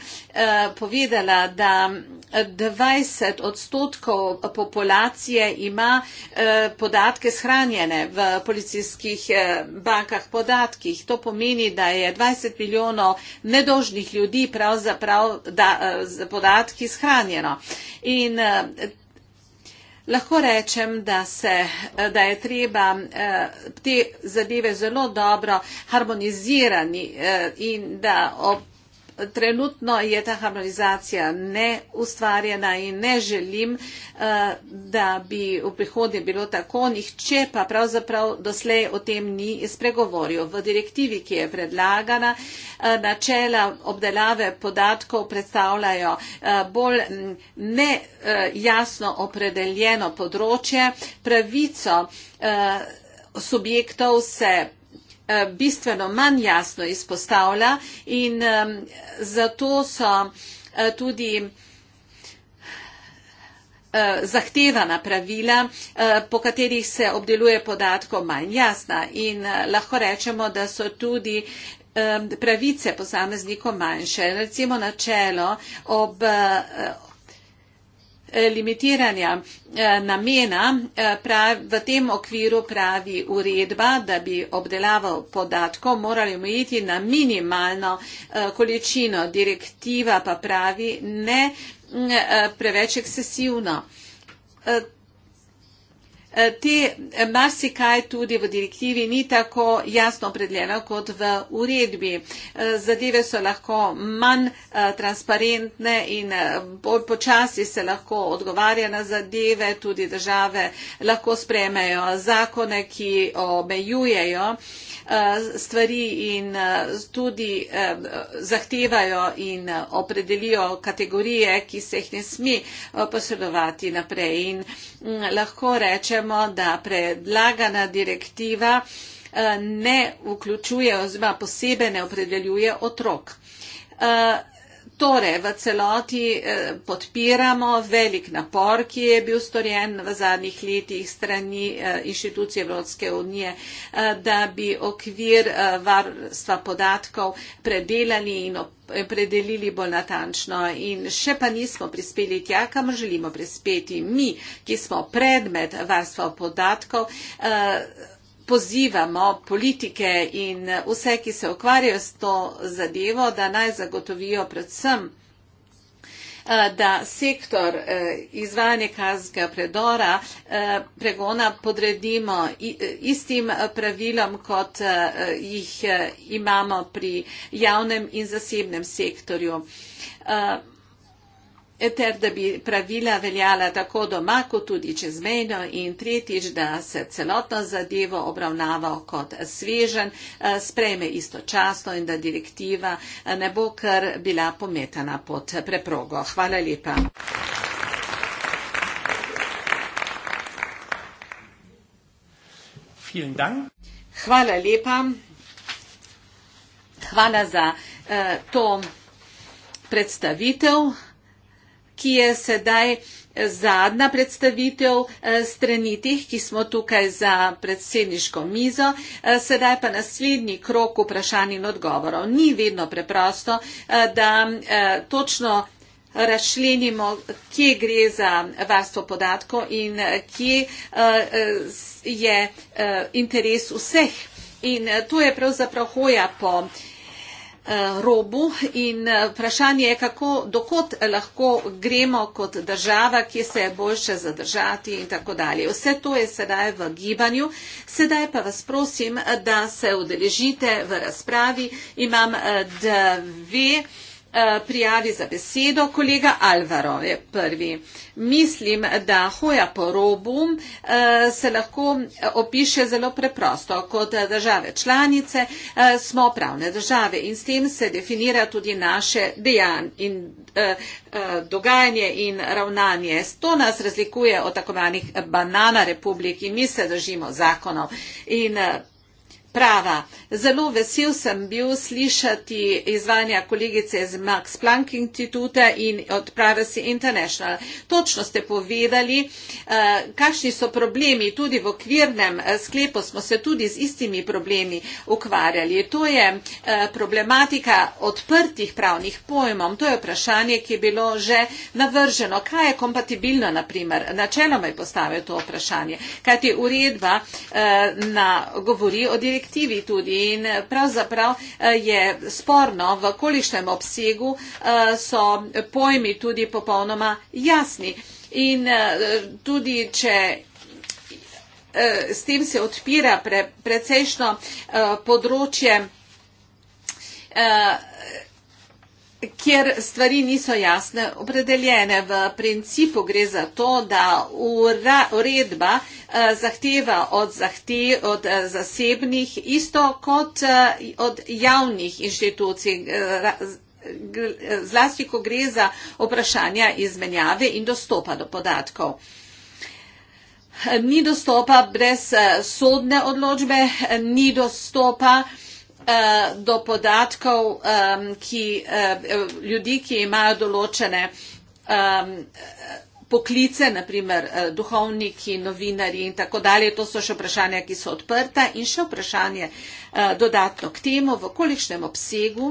povedala, da 20 odstotkov odstotkov populacije ima eh, podatke shranjene v policijskih eh, bankah podatkih. To pomeni, da je 20 milijonov nedožnih ljudi pravzaprav za eh, podatki shranjeno. In Lahko rečem, da, se, da je treba te zadeve zelo dobro harmonizirati in da ob trenutno je ta harmonizacija neustvarjena in ne želim, eh, da bi v prihodnje bilo tako. Nihče pa pravzaprav doslej o tem ni spregovoril. V direktivi, ki je predlagana, eh, načela obdelave podatkov predstavljajo eh, bolj nejasno opredeljeno področje. Pravico subjektov se Eh, bistveno manj jasno izpostavlja in zato so eh, tudi eh, zahtevana pravila, po katerih se obdeluje podatkov manj jasna in lahko rečemo, da so tudi pravice posameznikov manjše. Recimo načelo ob limitiranja eh, namena, eh, prav, v tem okviru pravi uredba, da bi obdelavo podatkov morali omejiti na minimalno eh, količino. Direktiva pa pravi ne mm, preveč ekscesivno te marsikaj tudi v direktivi ni tako jasno opredeljeno kot v uredbi. Zadeve so lahko manj eh, transparentne in eh, bolj počasi se lahko odgovarja na zadeve, tudi države lahko spremejo zakone, ki omejujejo Eh, stvari in eh, tudi eh, zahtevajo in opredelijo kategorije, ki se jih ne smi posredovati naprej. In mm, lahko rečemo, da predlagana direktiva ne vključuje oziroma posebej ne opredeljuje otrok. Torej, v celoti eh, podpiramo velik napor, ki je bil storjen v zadnjih letih strani eh, inštitucije Evropske unije, eh, da bi okvir varstva podatkov predelali in predelili bolj natančno. In še pa nismo prispeli tja, kam želimo prispeti mi, ki smo predmet varstva podatkov pozivamo politike in vse, ki se ukvarjajo s to zadevo, da naj zagotovijo predvsem, eh, da sektor eh, izvajanja kazenskega predora eh, pregona podredimo istim pravilom, kot jih imamo pri javnem in zasebnem sektorju. E ter da bi pravila veljala tako doma, kot tudi čezmejno in tretjič, da se celotno zadevo obravnava kot svežen, eh, sprejme istočasno in da direktiva eh, ne bo kar bila pometana pod preprogo. Hvala lepa. Hvala lepa. Hvala za eh, to predstavitev ki je sedaj zadnja predstavitev eh, stranitih, ki smo tukaj za predsedniško mizo. Eh, sedaj pa naslednji krok vprašanj in odgovorov. Ni vedno preprosto, eh, da točno rašlenimo, kje gre za varstvo podatkov in kje je interes vseh. In to je pravzaprav hoja po uh, Eh, robu in eh, vprašanje je, kako dokot lahko gremo kot država, ki se je boljše zadržati in tako dalje. Vse to je sedaj v gibanju. Sedaj pa vas prosim, da se udeležite v razpravi. Imam eh, dve. Eh, prijavi za besedo. Kolega Alvaro je prvi. Mislim, da hoja po robu eh, se lahko opiše zelo preprosto. Kot države članice eh, smo pravne države in s tem se definira tudi naše dejanje in dogajanje in ravnanje. To nas razlikuje od tako manjih banana republik in mi se držimo zakonov. In prava. Zelo vesel sem bil slišati izvanja kolegice iz Max Planck instituta in od Privacy International. Točno ste povedali, eh, kakšni so problemi. Tudi v okvirnem eh, sklepu smo se tudi z istimi problemi ukvarjali. To je eh, problematika odprtih pravnih pojmov. To je vprašanje, ki je bilo že navrženo. Kaj je kompatibilno, naprimer? Načeloma je postavil to vprašanje. Kaj ti uredba na, govori o direktivi? direktivi tudi in pravzaprav eh, je sporno, v kolikšnem obsegu eh, so pojmi tudi popolnoma jasni. In eh, tudi če s tem se odpira pre, precejšno področje kjer stvari niso jasne opredeljene. V principu gre za to, da ura, uredba eh, zahteva od, zahte, od eh, zasebnih isto kot eh, od javnih inštitucij. Eh, eh zlasti, ko gre za vprašanja izmenjave in dostopa do podatkov. Ni dostopa brez eh, sodne odločbe, ni dostopa eh, Eh, do podatkov um, ki, uh, ljudi, ki imajo določene um, poklice, naprimer uh, eh, duhovniki, novinari in tako dalje. To so še vprašanja, ki so odprta in še vprašanje uh, dodatno k temu, v kolikšnem obsegu.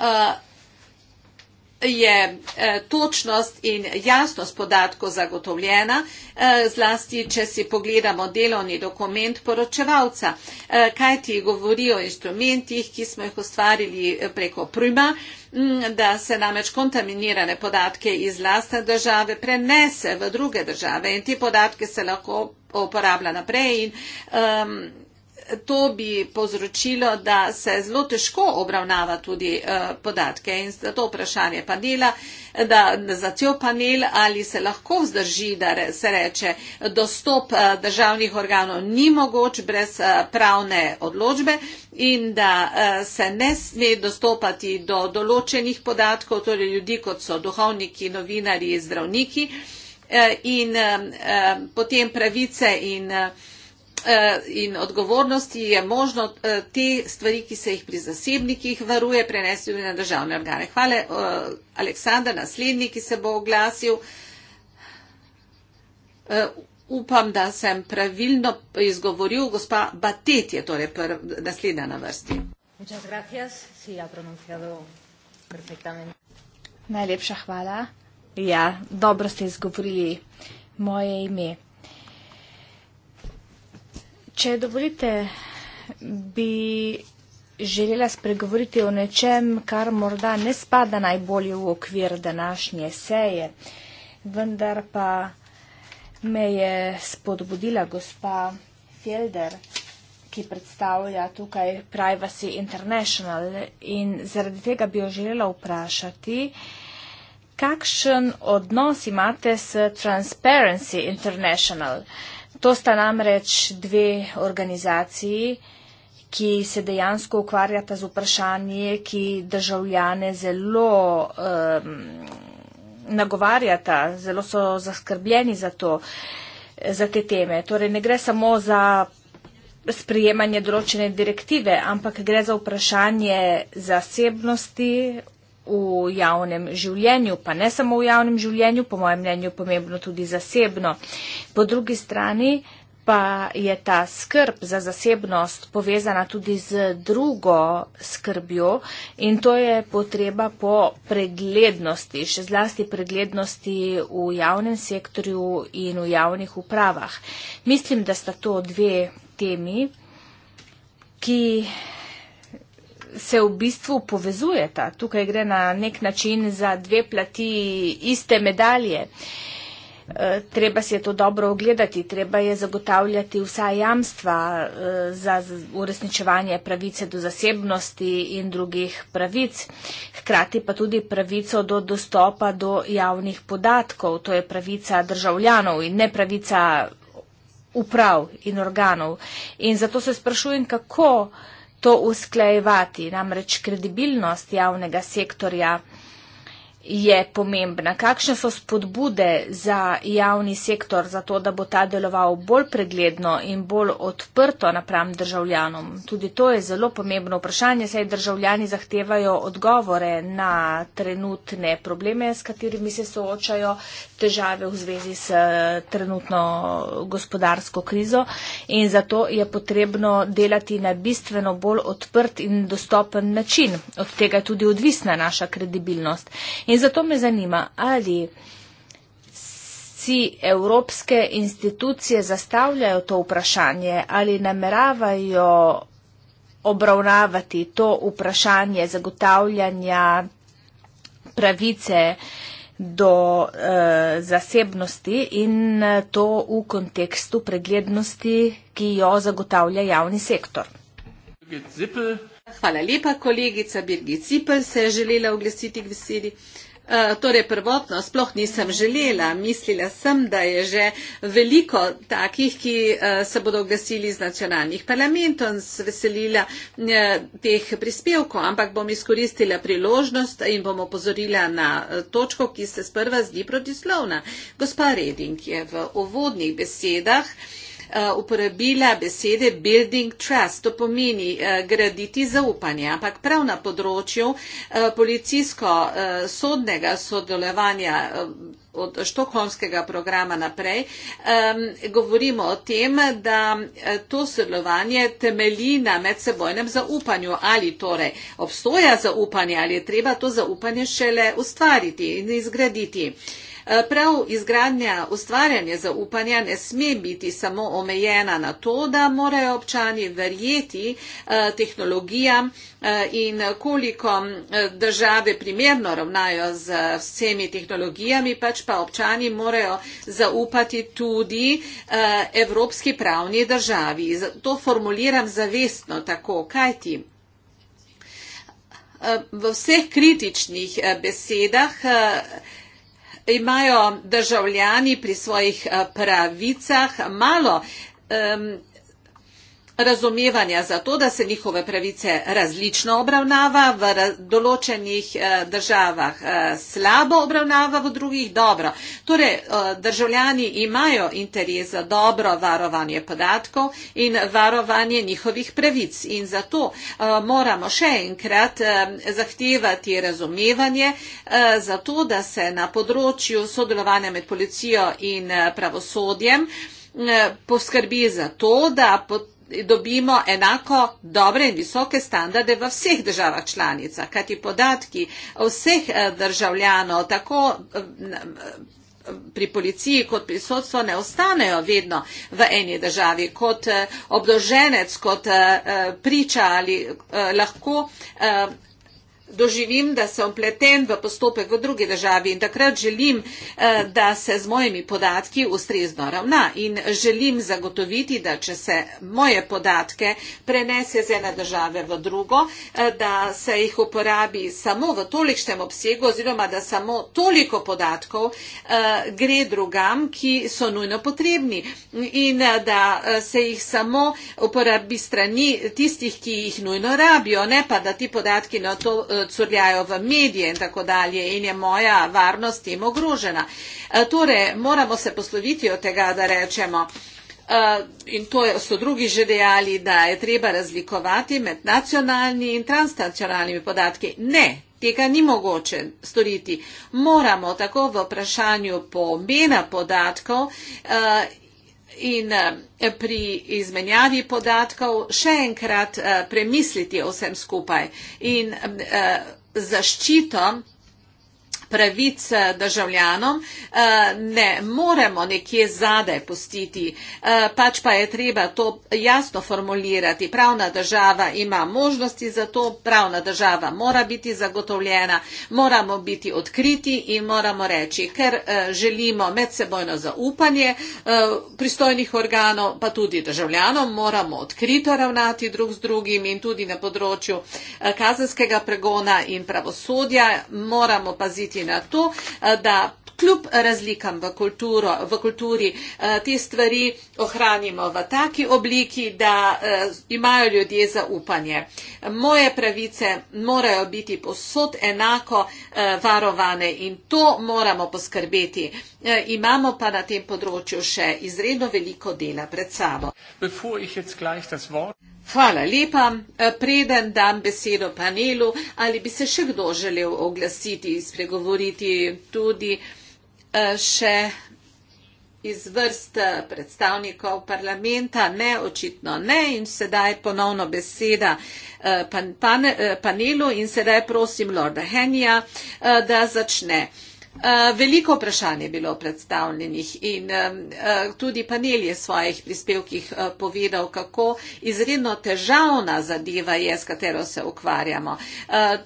Uh, je e, točnost in jasnost podatkov zagotovljena, e, zlasti, če si pogledamo delovni dokument poročevalca. E, Kaj ti govori o instrumentih, ki smo jih ustvarili preko prima, da se namreč kontaminirane podatke iz lastne države prenese v druge države in ti podatke se lahko uporablja naprej in um, to bi povzročilo, da se zelo težko obravnava tudi eh, podatke in zato vprašanje panela, da za cel panel ali se lahko vzdrži, da se reče, dostop eh, državnih organov ni mogoč brez eh, pravne odločbe in da se ne sme dostopati do določenih podatkov, torej ljudi kot so duhovniki, novinari, zdravniki in potem pravice in pravice Eh, in odgovornosti je možno eh, te stvari, ki se jih pri zasebnikih varuje, prenesti tudi na državne organe. Hvala, eh, Aleksandar, naslednji, ki se bo oglasil. Upam, da sem pravilno izgovoril, gospa Batet je torej prv, naslednja na vrsti. Najlepša hvala. Ja, dobro ste izgovorili moje ime. Če dovolite, bi želela spregovoriti o nečem, kar morda ne spada najbolje v okvir današnje seje, vendar pa me je spodbudila gospa Felder, ki predstavlja tukaj Privacy International in zaradi tega bi jo želela vprašati, kakšen odnos imate s Transparency International. Uh, To sta namreč dve organizaciji, ki se dejansko ukvarjata z vprašanje, ki državljane zelo um, nagovarjata, zelo so zaskrbljeni za, to, za te teme. Torej ne gre samo za sprijemanje določene direktive, ampak gre za vprašanje zasebnosti v javnem življenju, pa ne samo v javnem življenju, po mojem mnenju pomembno tudi zasebno. Po drugi strani pa je ta skrb za zasebnost povezana tudi z drugo skrbjo in to je potreba po preglednosti, še zlasti preglednosti v javnem sektorju in v javnih upravah. Mislim, da sta to dve temi, ki se v bistvu povezujeta. Tukaj gre na nek način za dve plati iste medalje. E, treba si je to dobro ogledati, treba je zagotavljati vsa jamstva e, za uresničevanje pravice do zasebnosti in drugih pravic, hkrati pa tudi pravico do dostopa do javnih podatkov. To je pravica državljanov in ne pravica uprav in organov. In zato se sprašujem, kako to usklejevati. Namreč kredibilnost javnega sektorja je pomembna? Kakšne so spodbude za javni sektor, za to, da bo ta deloval bolj pregledno in bolj odprto napram državljanom? Tudi to je zelo pomembno vprašanje, saj državljani zahtevajo odgovore na trenutne probleme, s katerimi se soočajo težave v zvezi s eh, trenutno gospodarsko krizo in zato je potrebno delati na bistveno bolj odprt in dostopen način. Od tega je tudi odvisna naša kredibilnost. In zato me zanima, ali si evropske institucije zastavljajo to vprašanje, ali nameravajo obravnavati to vprašanje zagotavljanja pravice do eh, zasebnosti in eh, to v kontekstu preglednosti, ki jo zagotavlja javni sektor. Zippel, Hvala lepa, kolegica Birgit Cipel se je želela oglesiti k besedi. E, torej, prvotno sploh nisem želela, mislila sem, da je že veliko takih, ki e, se bodo oglasili iz nacionalnih parlamentov in se veselila e, teh prispevkov, ampak bom izkoristila priložnost in bom opozorila na točko, ki se sprva zdi protislovna. Gospa Reding je v uvodnih besedah Eh, uporabila besede building trust, to pomeni eh, graditi zaupanje, ampak prav na področju eh, policijsko-sodnega sodelovanja od štokholmskega programa naprej, um, govorimo o tem, da to sodelovanje temelji na medsebojnem zaupanju ali torej obstoja zaupanja ali je treba to zaupanje šele ustvariti in izgraditi. Uh, Eh, prav izgradnja ustvarjanja zaupanja ne sme biti samo omejena na to, da morajo občani verjeti eh, tehnologijam eh, in koliko države primerno ravnajo z vsemi tehnologijami, pač pa občani morajo zaupati tudi evropski pravni državi. To formuliram zavestno tako, kaj ti. V vseh kritičnih besedah imajo državljani pri svojih eh, pravicah malo razumevanja za to, da se njihove pravice različno obravnava, v določenih eh, državah eh, slabo obravnava, v drugih dobro. Torej, eh, državljani imajo interes za dobro varovanje podatkov in varovanje njihovih pravic in zato moramo še enkrat zahtevati razumevanje za to, da se na področju sodelovanja med policijo in pravosodjem poskrbi za to, da dobimo enako dobre in visoke standarde v vseh državah članica, kajti podatki vseh eh, državljanov tako eh, pri policiji kot pri sodstvu ne ostanejo vedno v eni državi. Kot eh, obdoženec, kot priča ali lahko doživim, da sem pleten v postopek v drugi državi in takrat želim, eh, da se z mojimi podatki ustrezno ravna in želim zagotoviti, da če se moje podatke prenese z ene države v drugo, eh, da se jih uporabi samo v tolikšnem obsegu oziroma da samo toliko podatkov eh, gre drugam, ki so nujno potrebni in da se jih samo uporabi strani tistih, ki jih nujno rabijo, ne pa da ti podatki na to curljajo v medije in tako dalje in je moja varnost tem ogrožena. E, torej, moramo se posloviti od tega, da rečemo. E, in to so drugi že dejali, da je treba razlikovati med nacionalnimi in transnacionalnimi podatki. Ne, tega ni mogoče storiti. Moramo tako v vprašanju pomena podatkov e, in eh, pri izmenjavi podatkov še enkrat eh, premisliti o vsem skupaj in eh, zaščito pravic eh, državljanom, eh, ne moremo nekje zadaj pustiti, eh, pač pa je treba to jasno formulirati. Pravna država ima možnosti za to, pravna država mora biti zagotovljena, moramo biti odkriti in moramo reči, ker želimo medsebojno zaupanje pristojnih organov, pa tudi državljanom, moramo odkrito ravnati drug z drugim in tudi na področju kazenskega pregona in pravosodja moramo paziti ponosni na to, eh, da kljub razlikam v, kulturo, v kulturi eh, te stvari ohranimo v taki obliki, da eh, imajo ljudje zaupanje. Moje pravice morajo biti posod enako varovane in to moramo poskrbeti. Imamo pa na tem področju še izredno veliko dela pred sabo. Before ich jetzt gleich das Wort... Hvala lepa. E, preden dam besedo panelu, ali bi se še kdo želel oglasiti in spregovoriti tudi e, še iz vrst predstavnikov parlamenta? Ne, očitno ne. In sedaj ponovno beseda e, panelu in sedaj prosim Lorda Henija, da začne. Eh, veliko vprašanj je bilo predstavljenih in eh, tudi panel je svojih prispevkih eh, povedal, kako izredno težavna zadeva je, s katero se ukvarjamo.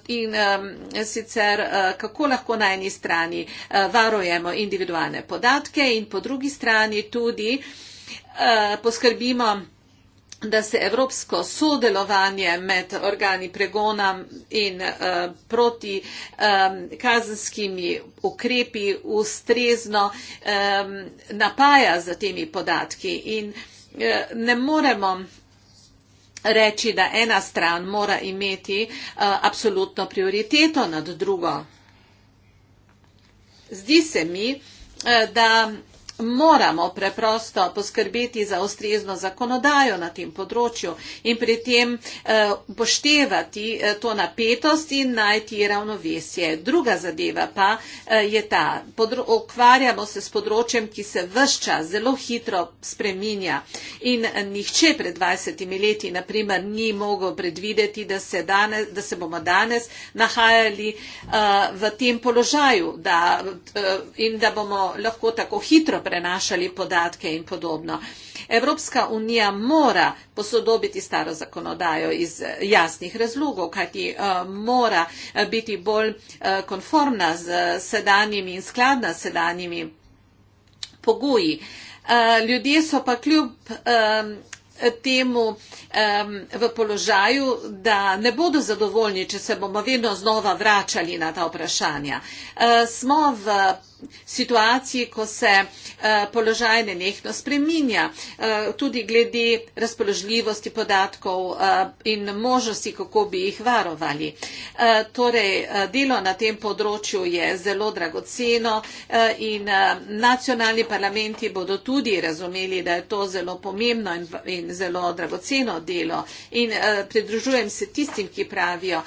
In sicer, kako lahko na eni strani varujemo individualne podatke in po drugi strani tudi poskrbimo da se evropsko sodelovanje med organi pregona in uh, proti um, kazenskimi ukrepi ustrezno um, napaja za temi podatki in uh, ne moremo reči, da ena stran mora imeti uh, absolutno prioriteto nad drugo. Zdi se mi, uh, da moramo preprosto poskrbeti za ustrezno zakonodajo na tem področju in pri tem eh, upoštevati eh, to napetost in najti ravnovesje. Druga zadeva pa eh, je ta, okvarjamo se s področjem, ki se vse čas zelo hitro spreminja in nihče pred 20 leti, naprimer, ni mogel predvideti, da se, danes, da se bomo danes nahajali v tem položaju da, in da bomo lahko tako hitro prenašali podatke in podobno. Evropska unija mora posodobiti staro zakonodajo iz eh, jasnih razlogov, kajti uh, mora eh, biti bolj uh, konformna z sedanjimi in skladna s sedanjimi pogoji. Uh, ljudje so pa kljub um, temu um, v položaju, da ne bodo zadovoljni, če se bomo vedno znova vračali na ta vprašanja. Uh, smo v situaciji, ko se eh, položaj nenehno spreminja, eh, tudi glede razpoložljivosti podatkov eh, in možnosti, kako bi jih varovali. Torej, delo na tem področju je zelo dragoceno in nacionalni parlamenti bodo tudi razumeli, da je to zelo pomembno in zelo dragoceno delo. In pridružujem se tistim, ki pravijo,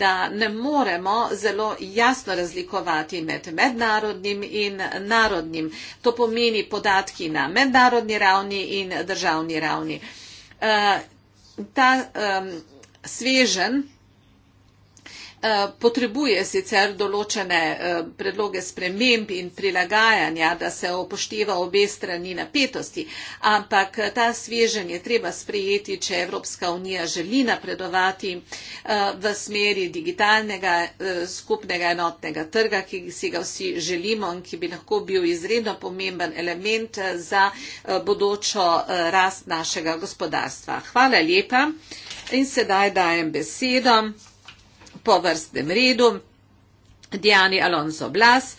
da ne moremo zelo jasno razlikovati med mednarodnimi in narodnim. To pomeni podatki na mednarodni ravni in državni ravni. Eh, ta um, svežen Eh, potrebuje sicer določene eh, predloge sprememb in prilagajanja, da se upošteva obe strani napetosti, ampak eh, ta svežen je treba sprejeti, če Evropska unija želi napredovati v smeri digitalnega skupnega enotnega trga, ki si ga vsi želimo in ki bi lahko bil izredno pomemben element za bodočo rast našega gospodarstva. Hvala lepa in sedaj dajem besedo po vrstnem redu. Diani Alonso Blas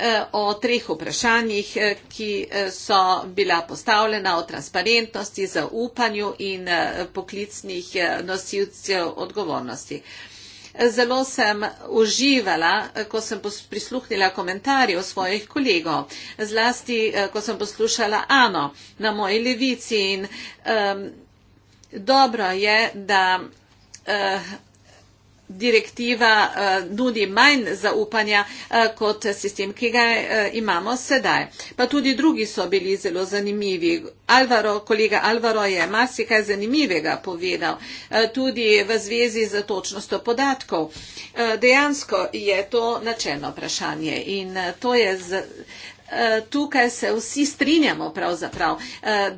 eh, o treh vprašanjih, eh, ki eh, so bila postavljena o transparentnosti, zaupanju in poklicnih nosilcev odgovornosti. Zelo sem uživala, ko sem prisluhnila komentarje o svojih kolegov, zlasti, ko sem poslušala Ano na moji levici in um, dobro je, da uh, direktiva uh, nudi manj zaupanja uh, kot sistem, ki ga uh, imamo sedaj. Pa tudi drugi so bili zelo zanimivi. Alvaro, kolega Alvaro je marsikaj zanimivega povedal, uh, tudi v zvezi z točnostjo podatkov. Uh, dejansko je to načelno vprašanje in uh, to je. Z, Tukaj se vsi strinjamo pravzaprav,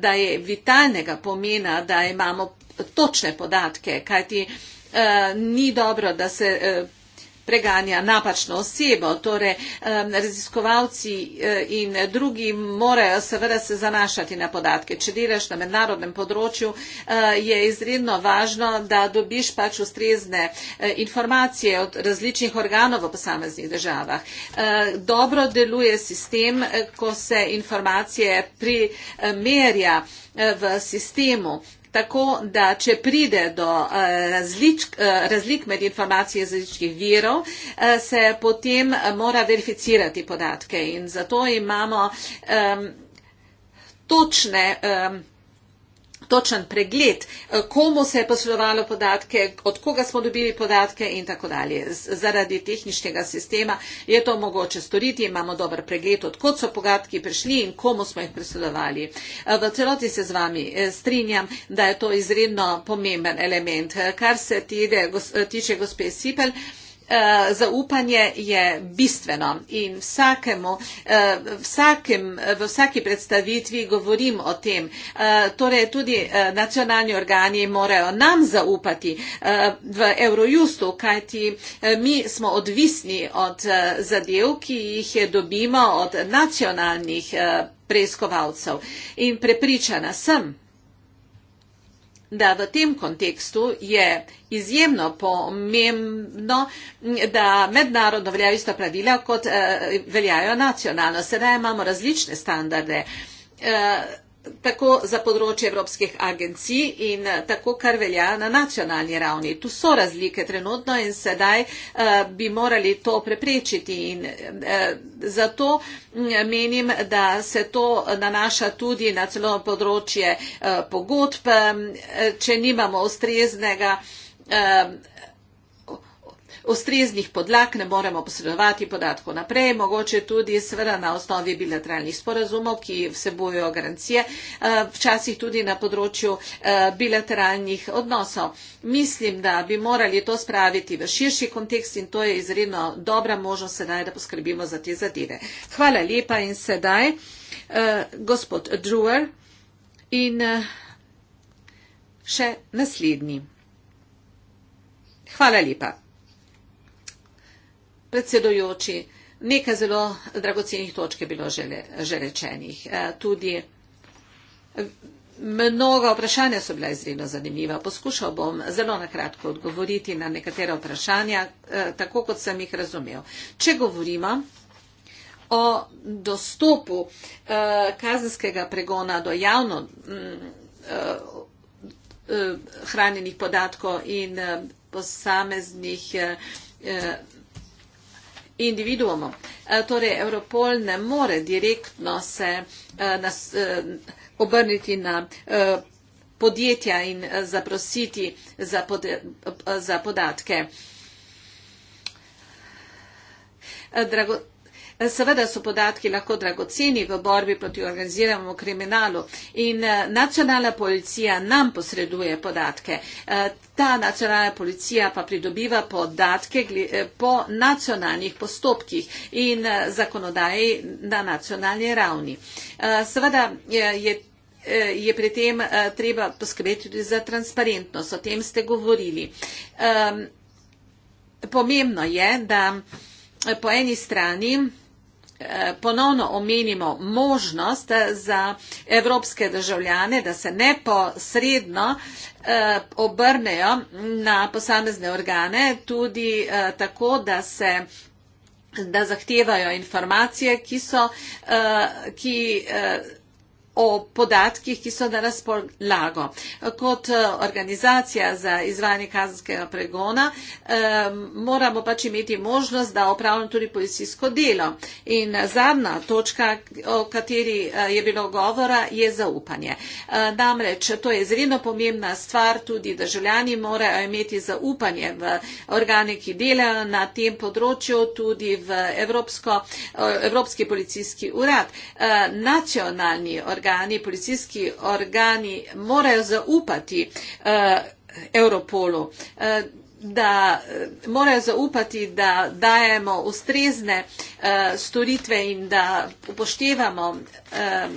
da je vitalnega pomena, da imamo točne podatke, kajti uh, Eh, ni dobro, da se eh, preganja napačno osebo. Torej, raziskovalci eh, in drugi morajo seveda se zanašati na podatke. Če delaš na mednarodnem področju, je izredno važno, da dobiš pač ustrezne informacije od različnih organov v posameznih državah. Dobro deluje sistem, ko se informacije primerja v sistemu, tako da če pride do eh, različk, eh, razlik med informacijami iz različnih virov, eh, se potem mora verificirati podatke in zato imamo um, točne um, točen pregled, eh, komu se je posredovalo podatke, od koga smo dobili podatke in tako dalje. Zaradi tehničnega sistema je to mogoče storiti, imamo dober pregled, odkot so podatki prišli in komu smo jih posredovali. Eh, v celoti se z vami eh, strinjam, da je to izredno pomemben element. Kar se tide, tiče gospe Sipel, Eh, zaupanje je bistveno in vsakemu, eh, vsakem, v vsaki predstavitvi govorim o tem. Eh, torej tudi nacionalni organi morajo nam zaupati v Eurojustu, kajti mi smo odvisni od zadev, ki jih dobimo od nacionalnih preiskovalcev. In prepričana sem, da v tem kontekstu je izjemno pomembno, da mednarodno veljajo ista pravila, kot eh, veljajo nacionalno. Sedaj imamo različne standarde. Eh, tako za področje evropskih agencij in eh, tako, kar velja na nacionalni ravni. Tu so razlike trenutno in sedaj uh, bi morali to preprečiti. In, uh, zato mm, menim, da se to nanaša tudi na celo področje uh, pogodb, če nimamo ustreznega. Uh, ustreznih podlag ne moremo posredovati podatkov naprej, mogoče tudi sveda na osnovi bilateralnih sporazumov, ki vsebojo garancije, eh, včasih tudi na področju eh, bilateralnih odnosov. Mislim, da bi morali to spraviti v širši kontekst in to je izredno dobra možnost sedaj, da poskrbimo za te zadeve. Hvala lepa in sedaj eh, gospod Drewer in še naslednji. Hvala lepa predsedujoči, nekaj zelo dragocenih točk je bilo že rečenih. E, tudi e, mnoga vprašanja so bila izredno zanimiva. Poskušal bom zelo nakratko odgovoriti na nekatera vprašanja, e, tako kot sem jih razumel. Če govorimo o dostopu kazenskega pregona do javno hranjenih podatkov in posameznih individuumom. E, torej, Europol ne more direktno se e, nas, e, obrniti na podjetja in zaprositi za, pod, za podatke. Drago, Seveda so podatki lahko dragoceni v borbi proti organiziranemu kriminalu in eh, nacionalna policija nam posreduje podatke. Eh, ta nacionalna policija pa pridobiva podatke eh, po nacionalnih postopkih in zakonodaji na nacionalni ravni. Seveda je je pri tem treba poskrbeti tudi za transparentnost. O tem ste govorili. Pomembno je, da po eni strani Eh, ponovno omenimo možnost eh, za evropske državljane, da se neposredno eh, obrnejo na posamezne organe, tudi tako, da se da zahtevajo informacije, ki so, ki o podatkih, ki so na razpolago. Kot eh, organizacija za izvajanje kazenskega pregona moramo pač imeti možnost, da opravljamo tudi policijsko delo. In zadnja točka, o kateri eh, je bilo govora, je zaupanje. Eh, namreč to je izredno pomembna stvar, tudi državljani morajo imeti zaupanje v organe, ki delajo na tem področju, tudi v Evropsko, Evropski policijski urad. Nacionalni organ organi, policijski organi morajo zaupati uh, Europolu, uh, da eh, morajo zaupati, da dajemo ustrezne uh, storitve in da upoštevamo. Uh,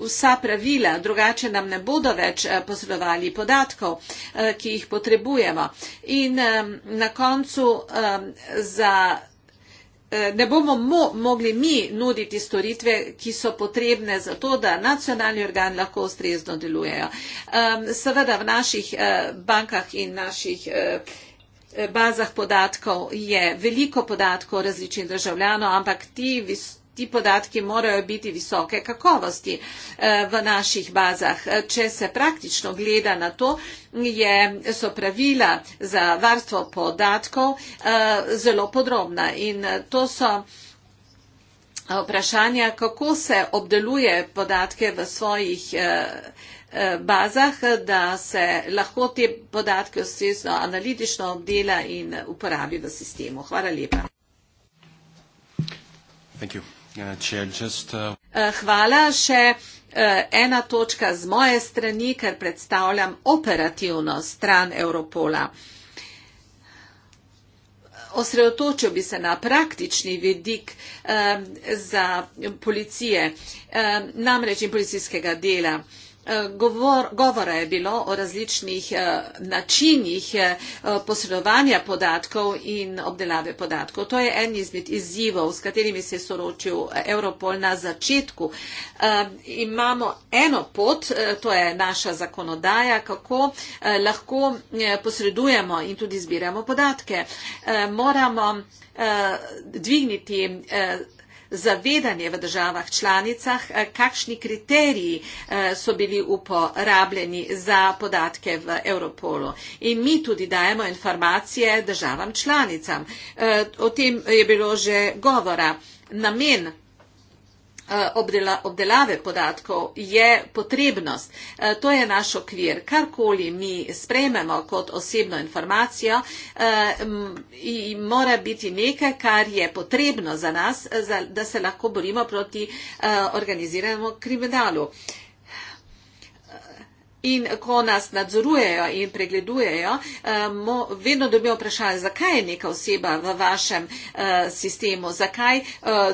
vsa pravila, drugače nam ne bodo več posredovali podatkov, ki jih potrebujemo. In na koncu za Eh, ne bomo mo mogli mi nuditi storitve, ki so potrebne za to, da nacionalni organ lahko ustrezno delujejo. Seveda v naših eh, bankah in naših eh, bazah podatkov je veliko podatkov različnih državljanov, ampak ti visoki ti podatki morajo biti visoke kakovosti eh, v naših bazah. Eh, če se praktično gleda na to, je, so pravila za varstvo podatkov eh, zelo podrobna in to so vprašanja, kako se obdeluje podatke v svojih bazah, da se lahko te podatke ustrezno analitično obdela in uporabi v sistemu. Hvala lepa. Thank you. Uh, uh, eh, hvala. Še eh, ena točka z moje strani, ker predstavljam operativno stran Europola. Osredotočil bi se na praktični vidik eh, za policije, namreč in policijskega dela. Eh, govor, govora je bilo o različnih eh, načinih eh, posredovanja podatkov in obdelave podatkov. To je en izmed izzivov, s katerimi se je soročil Europol na začetku. Imamo eno pot, to je naša zakonodaja, kako lahko posredujemo in tudi zbiramo podatke. Moramo dvigniti zavedanje v državah članicah, eh, kakšni kriteriji eh, so bili uporabljeni za podatke v Europolu. In mi tudi dajemo informacije državam članicam. Eh, o tem je bilo že govora. Namen Eh, obdela, obdelave podatkov je potrebnost. Eh, to je naš okvir. Karkoli mi sprejmemo kot osebno informacijo, eh, mora biti nekaj, kar je potrebno za nas, da se lahko borimo proti organiziranemu kriminalu. In ko nas nadzorujejo in pregledujejo, eh, mo, vedno dobijo vprašanje, zakaj je neka oseba v vašem uh, sistemu, zakaj uh,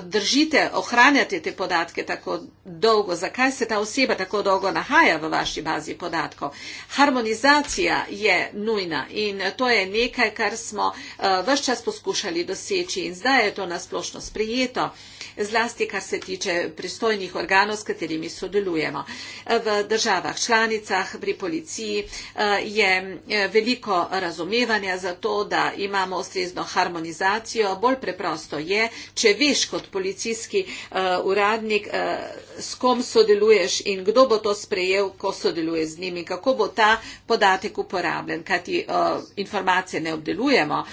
držite, ohranjate te podatke tako dolgo, zakaj se ta oseba tako dolgo nahaja v vaši bazi podatkov. Harmonizacija je nujna in to je nekaj, kar smo uh, vse čas poskušali doseči in zdaj je to nasplošno sprejeto. Uh, zlasti kar se tiče pristojnih organov, s katerimi sodelujemo. V državah članicah pri policiji eh, je eh, veliko razumevanja za to, da imamo ustrezno harmonizacijo. Bolj preprosto je, če veš kot policijski eh, uradnik, s kom sodeluješ in kdo bo to sprejel, ko sodeluješ z njimi, kako bo ta podatek uporabljen, kajti informacije ne obdelujemo.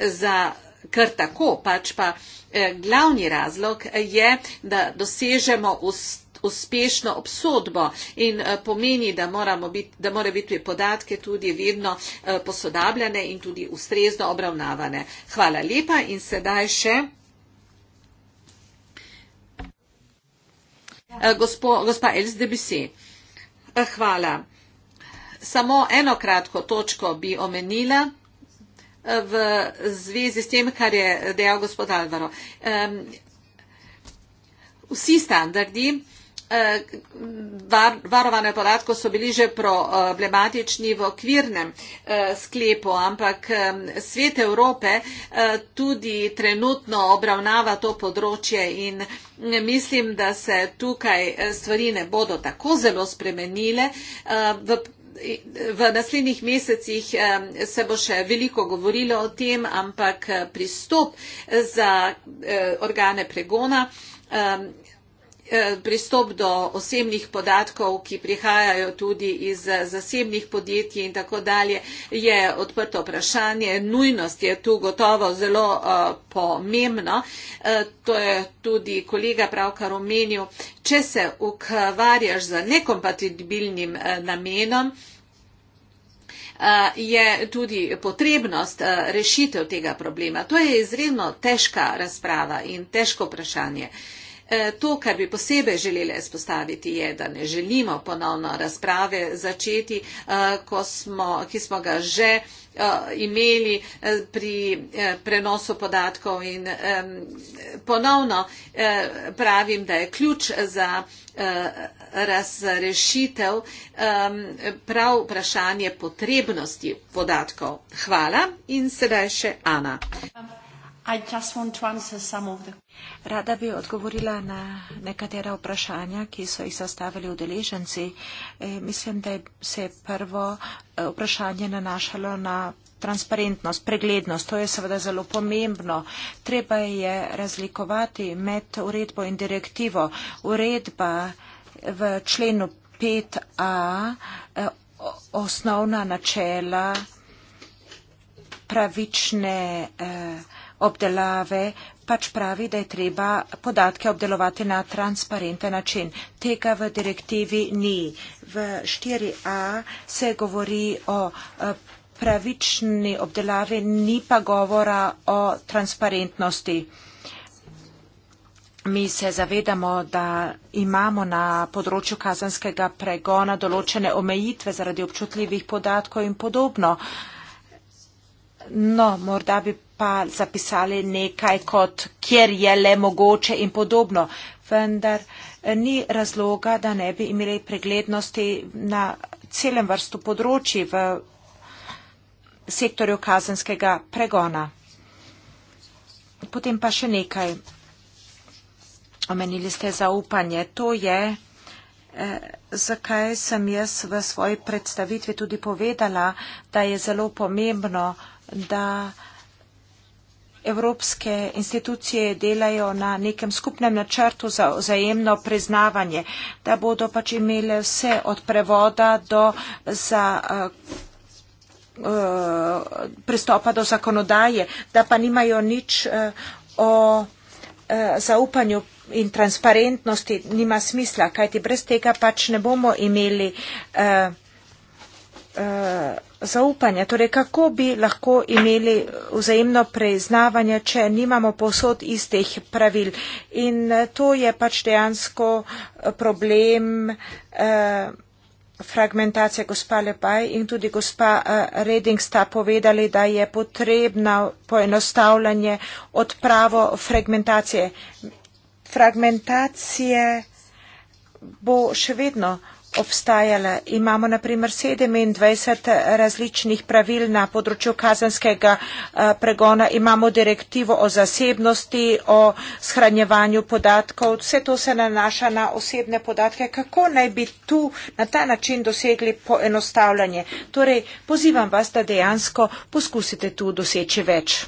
Za kar tako, pač pa eh, glavni razlog je, da dosežemo ust uspešno obsodbo in eh, pomeni, da, bit, da mora biti te podatke tudi vedno eh, posodabljane in tudi ustrezno obravnavane. Hvala lepa in sedaj še. Eh, gospo, gospa LSDBC, hvala. Samo eno kratko točko bi omenila v zvezi s tem, kar je dejal gospod Alvaro. Um, vsi standardi eh, var, varovane podatkov so bili že problematični v okvirnem eh, sklepu, ampak svet Evrope eh, tudi trenutno obravnava to področje in mislim, da se tukaj stvari ne bodo tako zelo spremenile. V v naslednjih mesecih se bo še veliko govorilo o tem, ampak eh, pristop za eh, organe pregona Eh, pristop do osebnih podatkov, ki prihajajo tudi iz eh, zasebnih podjetij in tako dalje, je odprto vprašanje. Nujnost je tu gotovo zelo eh, pomembno. To je tudi kolega pravkar omenil. Če se ukvarjaš z nekompatibilnim namenom, je tudi potrebnost rešitev tega problema. To je izredno težka razprava in težko vprašanje. Eh, to, kar bi posebej želeli izpostaviti, je, da ne želimo ponovno razprave začeti, eh, smo, ki smo ga že eh, imeli pri prenosu podatkov in ponovno pravim, da je ključ za razrešitev prav vprašanje potrebnosti podatkov. Hvala in sedaj še Ana. Hvala. I just want to answer some of the... Rada bi odgovorila na nekatera vprašanja, ki so jih zastavili udeleženci. E, mislim, da se je prvo e, vprašanje nanašalo na transparentnost, preglednost. To je seveda zelo pomembno. Treba je razlikovati med uredbo in direktivo. Uredba v členu 5a e, osnovna načela pravične... E, obdelave pač pravi, da je treba podatke obdelovati na transparenten način. Tega v direktivi ni. V 4a se govori o eh, pravični obdelavi, ni pa govora o transparentnosti. Mi se zavedamo, da imamo na področju kazanskega pregona določene omejitve zaradi občutljivih podatkov in podobno. No, morda bi pa zapisali nekaj kot, kjer je le mogoče in podobno. Vendar eh, ni razloga, da ne bi imeli preglednosti na celem vrstu področji v sektorju kazenskega pregona. Potem pa še nekaj. Omenili ste zaupanje. To je, eh, zakaj sem jaz v svoji predstavitvi tudi povedala, da je zelo pomembno, da evropske institucije delajo na nekem skupnem načrtu za vzajemno priznavanje, da bodo pač imele vse od prevoda do za eh, eh, pristopa do zakonodaje, da pa nimajo nič eh, o zaupanju in transparentnosti, nima smisla, kajti brez tega pač ne bomo imeli Eh, zaupanje, torej kako bi lahko imeli vzajemno preiznavanje, če nimamo posod istih pravil. In eh, to je pač dejansko eh, problem fragmentacije gospa Lepaj in tudi gospa Reding sta povedali, da je potrebno poenostavljanje odpravo fragmentacije. Fragmentacije bo še vedno obstajale. Imamo naprimer 27 različnih pravil na področju kazanskega eh, pregona, imamo direktivo o zasebnosti, o shranjevanju podatkov, vse to se nanaša na osebne podatke. Kako naj bi tu na ta način dosegli poenostavljanje? Torej, pozivam vas, da dejansko poskusite tu doseči več.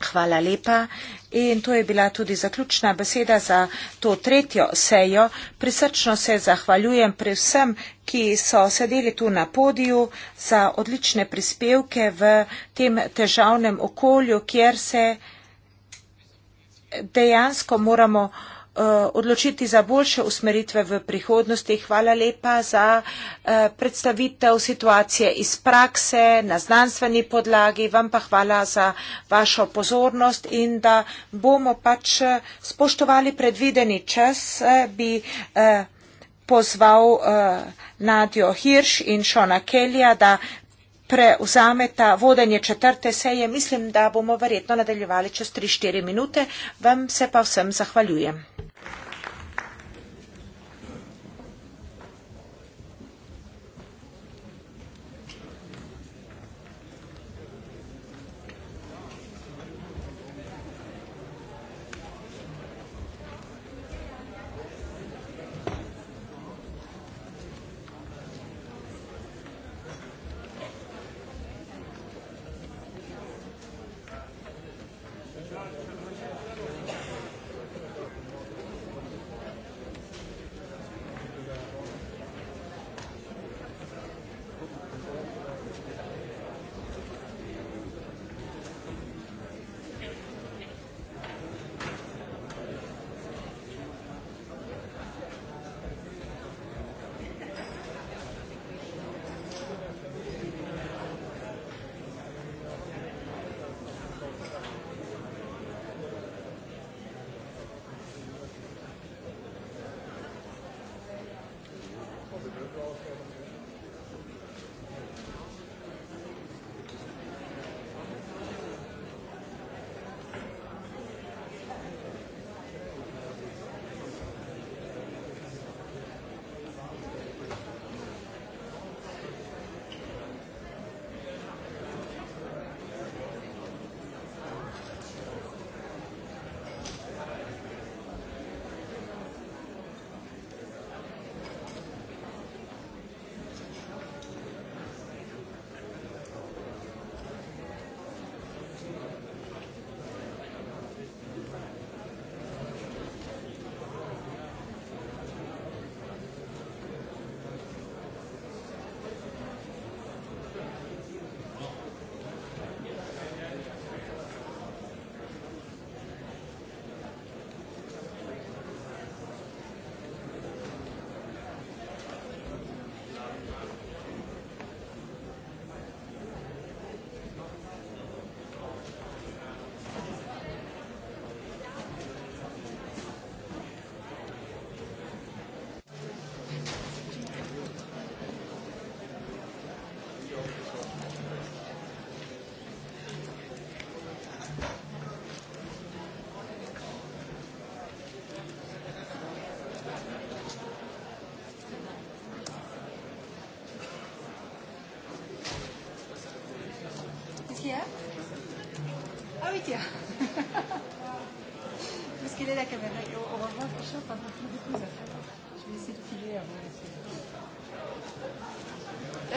Hvala lepa. In to je bila tudi zaključna beseda za to tretjo sejo. Prisrčno se zahvaljujem pri vsem, ki so sedeli tu na podiju za odlične prispevke v tem težavnem okolju, kjer se dejansko moramo. Eh, odločiti za boljše usmeritve v prihodnosti. Hvala lepa za eh, predstavitev situacije iz prakse na znanstveni podlagi. Vam pa hvala za vašo pozornost in da bomo pač eh, spoštovali predvideni čas, bi pozval Nadjo Hirš in Šona Kelja, da preuzameta vodenje četrte seje. Mislim, da bomo verjetno nadaljevali čez 3-4 minute. Vam se pa vsem zahvaljujem.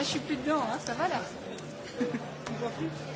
je suis plus dedans, hein, ça va là On voit plus *laughs*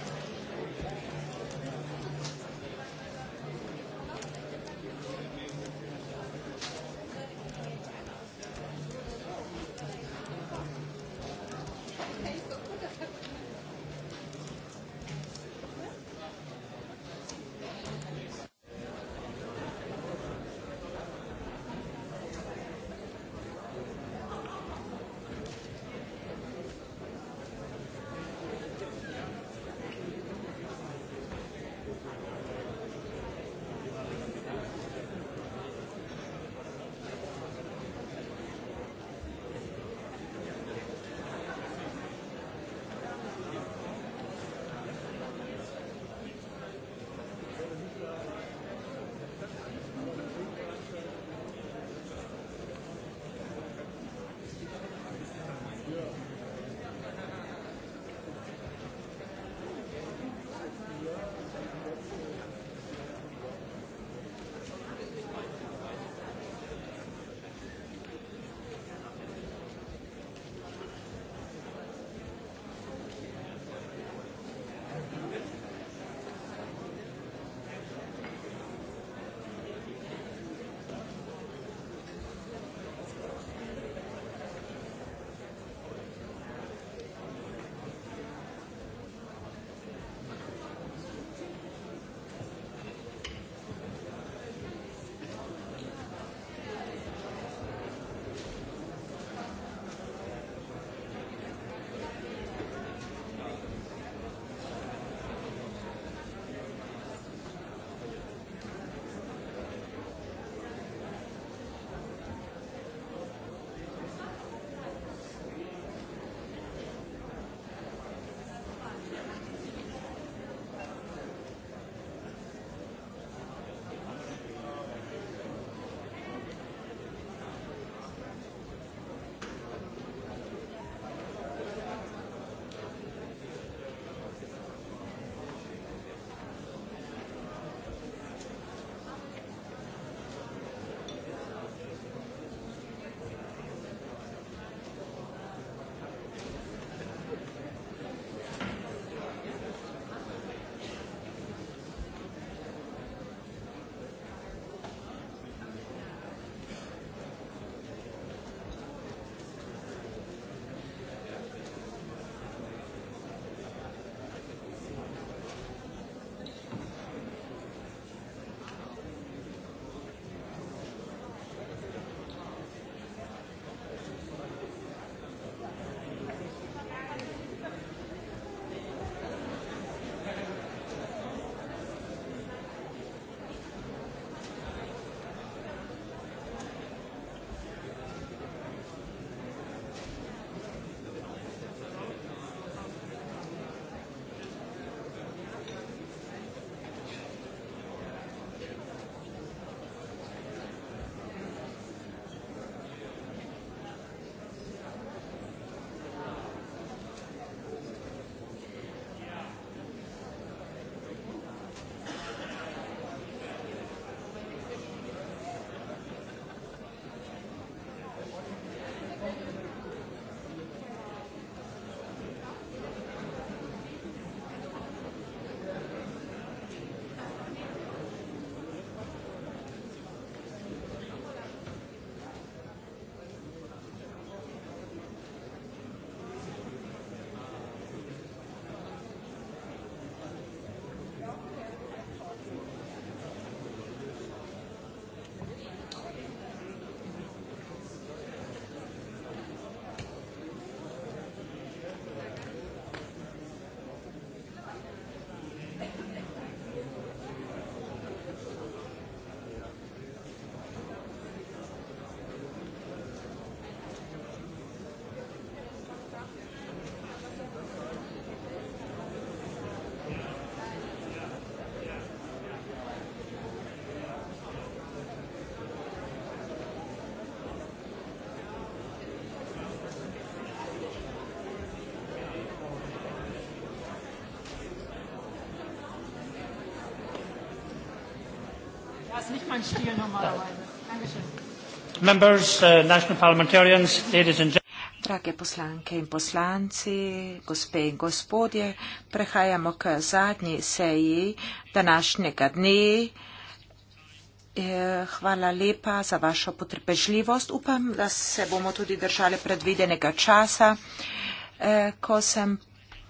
Das ist nicht mein Stil normalerweise. Members, uh, national parliamentarians, ladies and Drage poslanke in poslanci, gospe in gospodje, prehajamo k zadnji seji današnjega dne. E, hvala lepa za vašo potrpežljivost. Upam, da se bomo tudi držali predvidenega časa. E, ko sem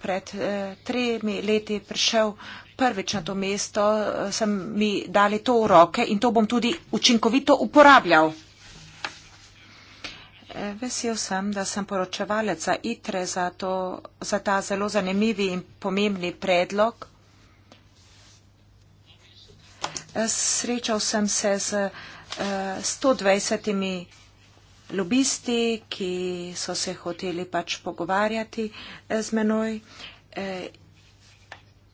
pred e, tremi leti prišel prvič na to mesto, eh, sem mi dali to v roke in to bom tudi učinkovito uporabljal. Eh, vesel sem, da sem poročevalec za ITRE za, to, za ta zelo zanimivi in pomembni predlog. Eh, srečal sem se z 120 lobisti, ki so se hoteli pač pogovarjati z menoj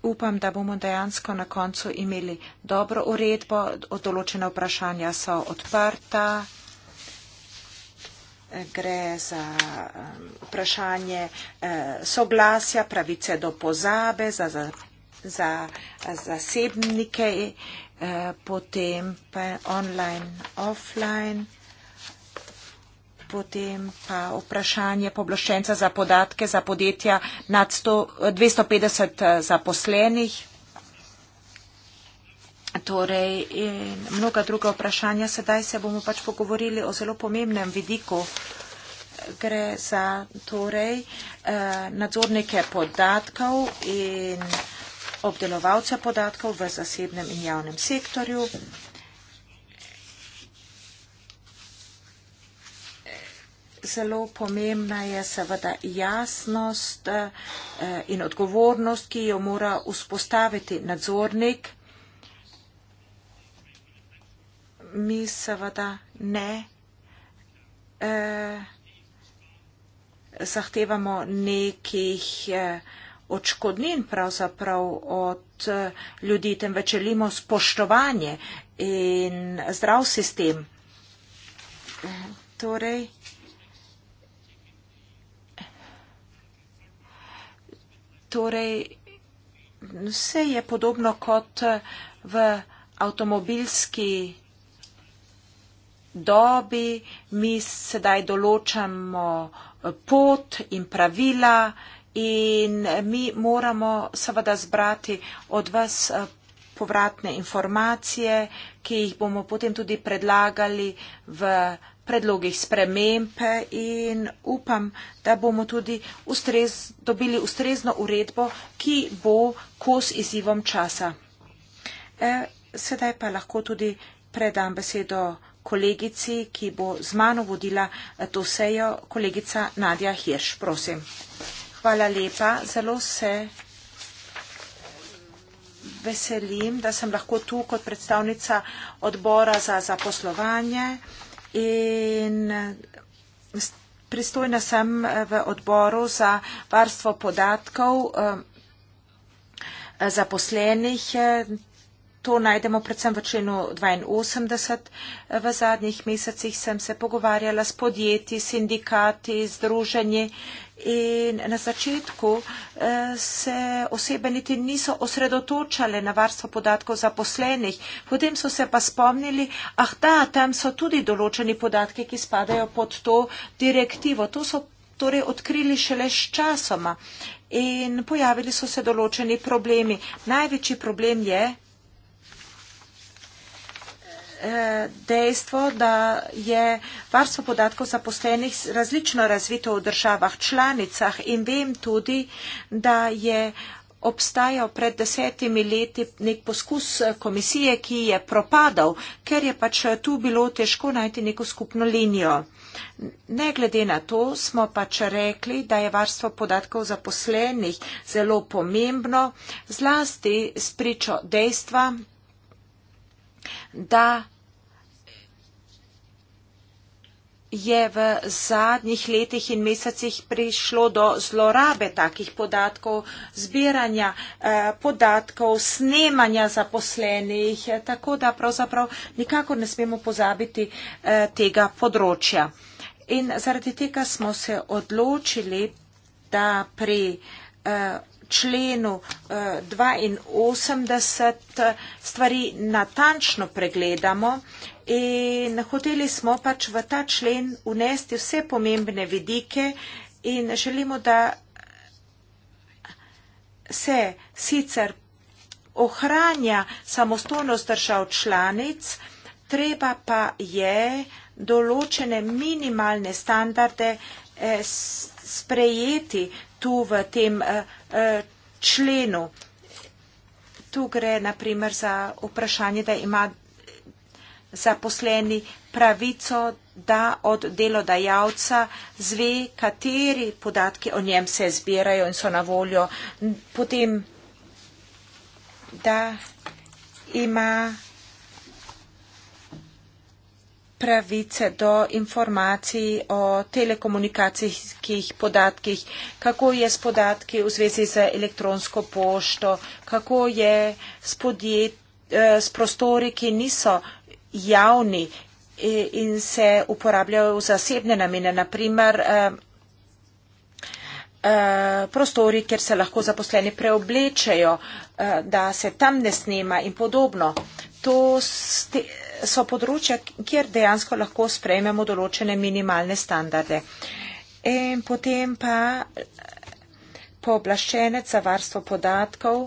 upam, da bomo dejansko na koncu imeli dobro uredbo, določena vprašanja so odprta. Gre za um, vprašanje eh, soglasja, pravice do pozabe, za, za, za zasebnike, eh, potem pa online, offline potem pa vprašanje poblaščenca za podatke za podjetja nad 100, 250 zaposlenih. Torej, in mnoga druga vprašanja, sedaj se bomo pač pogovorili o zelo pomembnem vidiku. Gre za torej, nadzornike podatkov in obdelovalce podatkov v zasebnem in javnem sektorju. zelo pomembna je seveda jasnost eh, in odgovornost, ki jo mora vzpostaviti nadzornik. Mi seveda ne eh, zahtevamo nekih eh, očkodnin pravzaprav od eh, ljudi, temveč želimo spoštovanje in zdrav sistem. Eh, torej, Torej, vse je podobno kot v avtomobilski dobi. Mi sedaj določamo eh, pot in pravila in eh, mi moramo seveda zbrati od vas eh, povratne informacije, ki jih bomo potem tudi predlagali v predlogih sprememb in upam, da bomo tudi ustrez, dobili ustrezno uredbo, ki bo kos izzivom časa. E, sedaj pa lahko tudi predam besedo kolegici, ki bo z mano vodila e, to sejo, kolegica Nadja Hirš. Prosim. Hvala lepa. Zelo se veselim, da sem lahko tu kot predstavnica odbora za zaposlovanje in pristojna sem eh, v odboru za varstvo podatkov eh, zaposlenih. Eh, to najdemo predvsem v členu 82. V zadnjih mesecih sem se pogovarjala s podjetji, sindikati, združenji, In na začetku eh, se osebe niti niso osredotočale na varstvo podatkov zaposlenih, potem so se pa spomnili, ah da, tam so tudi določeni podatki, ki spadajo pod to direktivo. To so torej odkrili šele s časoma in pojavili so se določeni problemi. Največji problem je, Eh, dejstvo, da je varstvo podatkov zaposlenih različno razvito v državah članicah in vem tudi, da je obstajal pred desetimi leti nek poskus eh, komisije, ki je propadal, ker je pač eh, tu bilo težko najti neko skupno linijo. Ne glede na to smo pač rekli, da je varstvo podatkov zaposlenih zelo pomembno, zlasti spričo dejstva, da je v zadnjih letih in mesecih prišlo do zlorabe takih podatkov, zbiranja eh, podatkov, snemanja zaposlenih, eh, tako da pravzaprav nikakor ne smemo pozabiti eh, tega področja. In zaradi tega smo se odločili, da pri eh, členu 82 eh, eh, stvari natančno pregledamo in hoteli smo pač v ta člen unesti vse pomembne vidike in želimo, da se sicer ohranja samostojnost držav članic, treba pa je določene minimalne standarde eh, sprejeti tu v tem Eh, členu. Tu gre naprimer za vprašanje, da ima zaposleni pravico, da od delodajalca zve, kateri podatki o njem se zbirajo in so na voljo. Potem, da ima pravice do informacij o telekomunikacijskih podatkih, kako je s podatki v zvezi z elektronsko pošto, kako je s, podjet, eh, s prostori, ki niso javni eh, in se uporabljajo v zasebne namene, naprimer eh, Eh, prostori, kjer se lahko zaposleni preoblečejo, eh, da se tam ne snema in podobno. To so področja, kjer dejansko lahko sprejmemo določene minimalne standarde. In potem pa eh, pooblaščenec za varstvo podatkov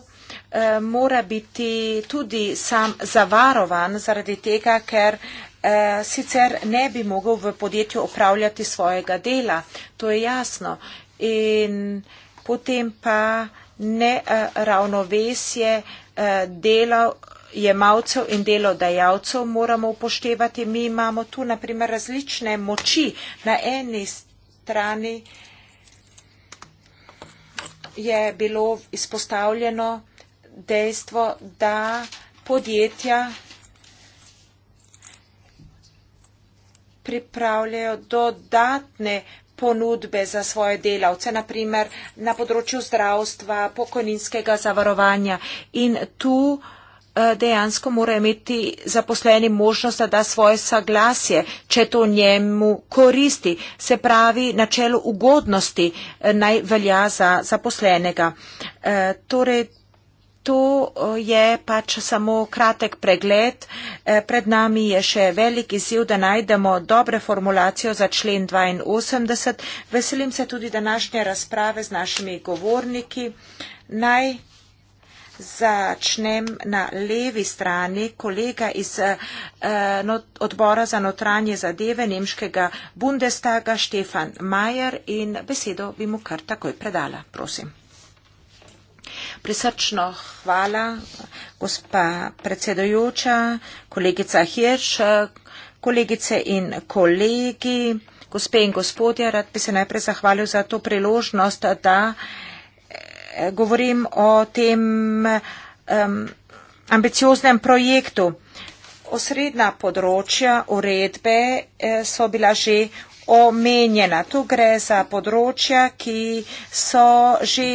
mora biti tudi sam zavarovan zaradi tega, ker sicer ne bi mogel v podjetju upravljati svojega dela. To je jasno in potem pa neravnovesje eh, delov jemalcev in delodajalcev moramo upoštevati. Mi imamo tu naprimer različne moči. Na eni strani je bilo izpostavljeno dejstvo, da podjetja pripravljajo dodatne ponudbe za svoje delavce, naprimer na področju zdravstva, pokojninskega zavarovanja. In tu eh, dejansko mora imeti zaposleni možnost, da da svoje saglasje, če to njemu koristi. Se pravi, načelo ugodnosti eh, naj velja za zaposlenega. Eh, torej, To eh, je pač samo kratek pregled. Eh, pred nami je še velik izziv, da najdemo dobre formulacijo za člen 82. Veselim se tudi današnje razprave z našimi govorniki. Naj začnem na levi strani kolega iz eh, odbora za notranje zadeve nemškega Bundestaga Štefan Majer in besedo bi mu kar takoj predala. Prosim. Prisrčno hvala, gospa predsedojoča, kolegica Hirš, kolegice in kolegi, gospe in gospodje, rad bi se najprej zahvalil za to priložnost, da eh, govorim o tem um, ambicioznem projektu. Osredna področja uredbe eh, so bila že omenjena. Tu gre za področja, ki so že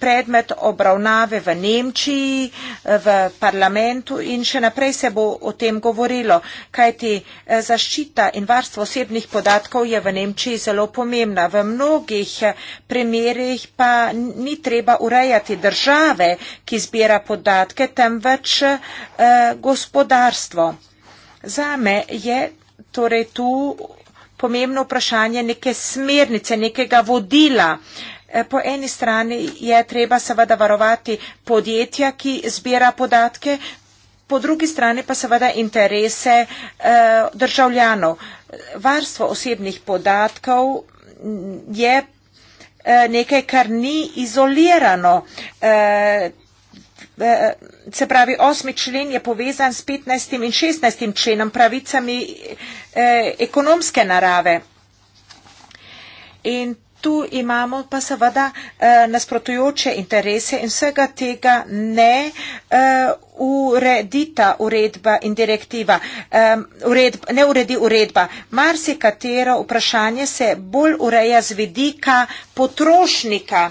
predmet obravnave v Nemčiji, v parlamentu in še naprej se bo o tem govorilo, kajti eh, zaščita in varstvo osebnih podatkov je v Nemčiji zelo pomembna. V mnogih eh, primerjih pa ni treba urejati države, ki zbira podatke, temveč eh, gospodarstvo. Zame je torej tu pomembno vprašanje neke smernice, nekega vodila. Eh, Eh, po eni strani je treba seveda varovati podjetja, ki zbira podatke, po drugi strani pa seveda interese eh, državljanov. Varstvo osebnih podatkov mm, je eh, nekaj, kar ni izolirano. Se pravi, osmi člen je povezan s 15. in 16. členom pravicami ekonomske narave. In tu imamo pa seveda eh, nasprotujoče interese in vsega tega ne eh, uredita uredba in direktiva, eh, uredb, ne uredi uredba. Marsi katero vprašanje se bolj ureja z vidika potrošnika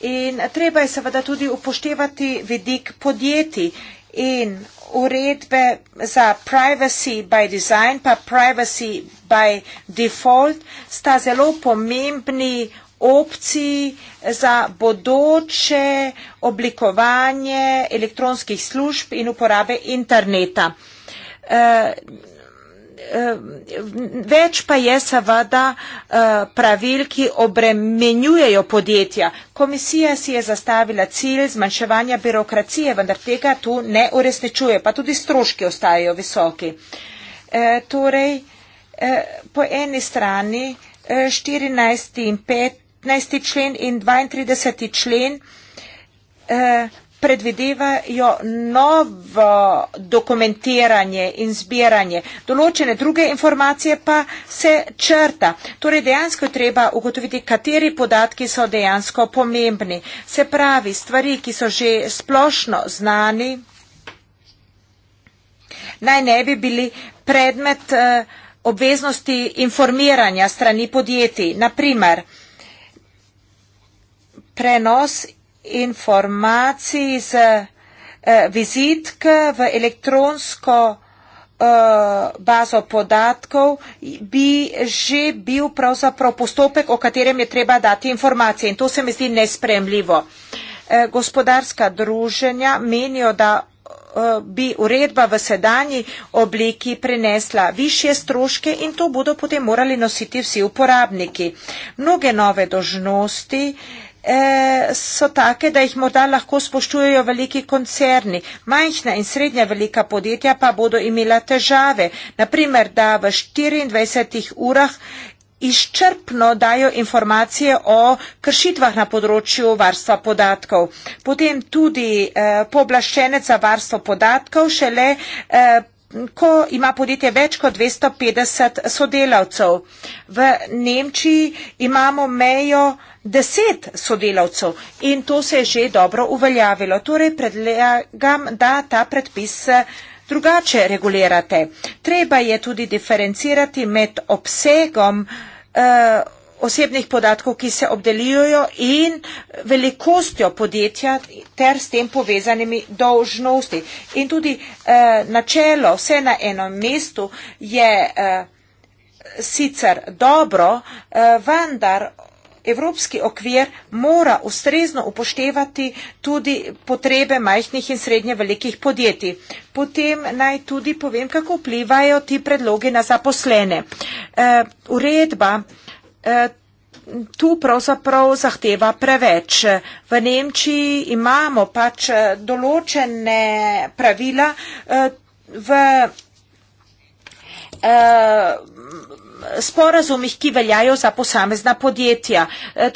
in treba je seveda tudi upoštevati vidik podjetij in uredbe za privacy by design pa privacy by default sta zelo pomembni opciji za bodoče oblikovanje elektronskih služb in uporabe interneta. Eh, Eh, več pa je seveda eh, pravil, ki obremenjujejo podjetja. Komisija si je zastavila cilj zmanjševanja birokracije, vendar tega tu ne uresničuje, pa tudi stroški ostajajo visoki. Eh, torej, po eni strani 14. in 15. člen in 32. člen predvidevajo novo dokumentiranje in zbiranje. Določene druge informacije pa se črta. Torej dejansko je treba ugotoviti, kateri podatki so dejansko pomembni. Se pravi, stvari, ki so že splošno znani, naj ne bi bili predmet eh, obveznosti informiranja strani podjetij. Naprimer, prenos informacij z eh, vizitke v elektronsko eh, bazo podatkov bi že bil pravzaprav postopek, o katerem je treba dati informacije in to se mi zdi nespremljivo. Eh, gospodarska druženja menijo, da bi uredba v sedanji obliki prinesla višje stroške in to bodo potem morali nositi vsi uporabniki. Mnoge nove dožnosti Eh, so take, da jih morda lahko spoštujejo veliki koncerni. Majhna in srednja velika podjetja pa bodo imela težave. Naprimer, da v 24 urah izčrpno dajo informacije o kršitvah na področju varstva podatkov. Potem tudi eh, poblaščenec za varstvo podatkov šele eh, ko ima podjetje več kot 250 sodelavcev. V Nemčiji imamo mejo 10 sodelavcev in to se je že dobro uveljavilo. Torej predlagam, da ta predpis eh, drugače regulirate. Treba je tudi diferencirati med obsegom uh, osebnih podatkov, ki se obdelijo in velikostjo podjetja ter s tem povezanimi dolžnosti. In tudi eh, načelo vse na enem mestu je eh, sicer dobro, eh, vendar evropski okvir mora ustrezno upoštevati tudi potrebe majhnih in srednje velikih podjetij. Potem naj tudi povem, kako vplivajo ti predlogi na zaposlene. Eh, uredba eh, Eh, tu pravzaprav zahteva preveč. V Nemčiji imamo pač eh, določene pravila eh, v sporazumih, ki veljajo za posamezna podjetja.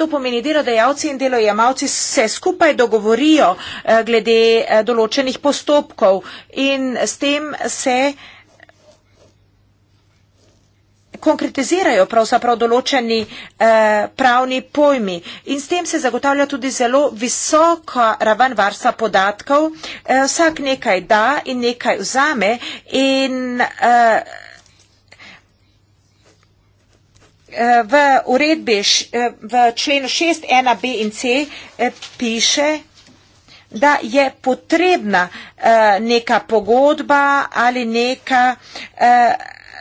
To pomeni, delodajalci in delojemalci se skupaj dogovorijo glede določenih postopkov in s tem se konkretizirajo pravzaprav določeni eh, pravni pojmi in s tem se zagotavlja tudi zelo visoka raven varstva podatkov. Eh, vsak nekaj da in nekaj vzame in eh, eh V uredbi eh, v členu 6.1.b in c eh, piše, da je potrebna neka pogodba ali neka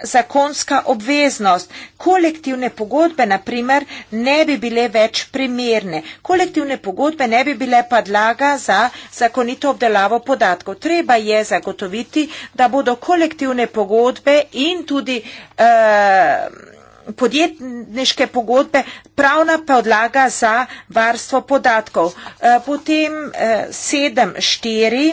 zakonska obveznost. Kolektivne pogodbe, naprimer, ne bi bile več primerne. Kolektivne pogodbe ne bi bile podlaga za zakonito obdelavo podatkov. Treba je zagotoviti, da bodo kolektivne pogodbe in tudi uh, podjetniške pogodbe pravna podlaga za varstvo podatkov. Uh, potem uh, eh, 7.4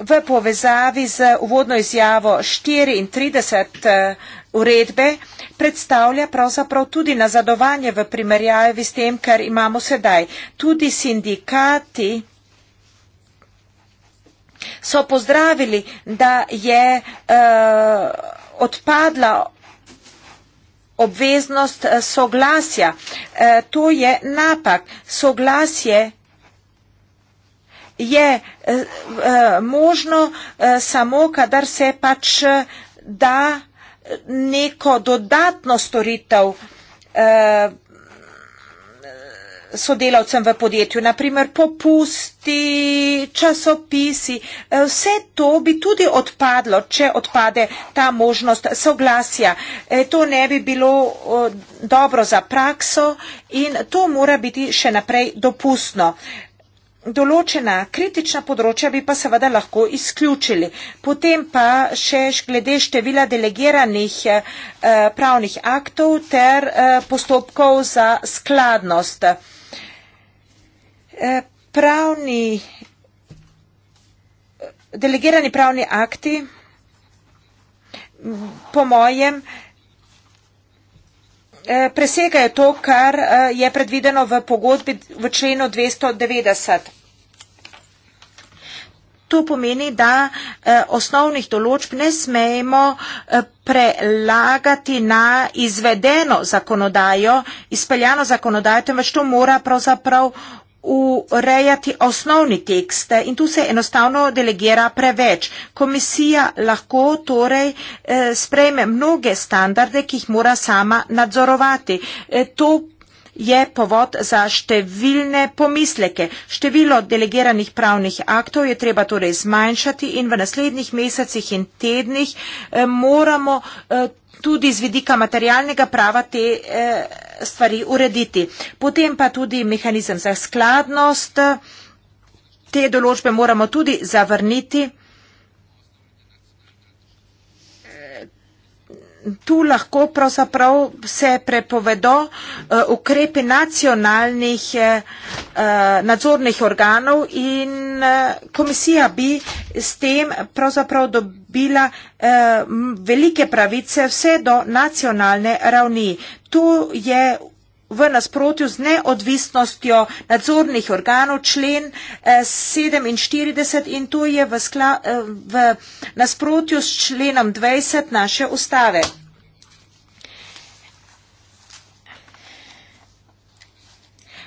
v povezavi z uvodno izjavo 34 eh, uredbe predstavlja pravzaprav tudi nazadovanje v primerjavi s tem, kar imamo sedaj. Tudi sindikati so pozdravili, da je uh, odpadla obveznost eh, soglasja. Uh, to je napak. Soglasje je eh, eh, možno eh, samo, kadar se pač da neko dodatno storitev sodelavcem v podjetju, naprimer popusti, časopisi, vse to bi tudi odpadlo, če odpade ta možnost soglasja. To ne bi bilo dobro za prakso in to mora biti še naprej dopustno določena kritična področja bi pa seveda lahko izključili. Potem pa še glede števila delegiranih eh, pravnih aktov ter eh, postopkov za skladnost. Eh, pravni, delegirani pravni akti po mojem Eh, presegajo to, kar eh, je predvideno v pogodbi v členu 290. To pomeni, da eh, osnovnih določb ne smemo prelagati na izvedeno zakonodajo, izpeljano zakonodajo, temveč to mora pravzaprav urejati osnovni tekste in tu se enostavno delegira preveč. Komisija lahko torej eh, sprejme mnoge standarde, ki jih mora sama nadzorovati. Eh, to je povod za številne pomisleke. Število delegiranih pravnih aktov je treba torej zmanjšati in v naslednjih mesecih in tednih eh, moramo tudi z vidika materialnega prava te eh, stvari urediti. Potem pa tudi mehanizem za skladnost. Te določbe moramo tudi zavrniti. tu lahko pravzaprav se prepovedo eh, ukrepi nacionalnih eh, eh, nadzornih organov in komisija bi s tem pravzaprav dobila velike pravice vse do nacionalne ravni. Tu je v nasprotju z neodvisnostjo nadzornih organov člen 47 eh, in to je v, skla, eh, v nasprotju s členom 20 naše ustave.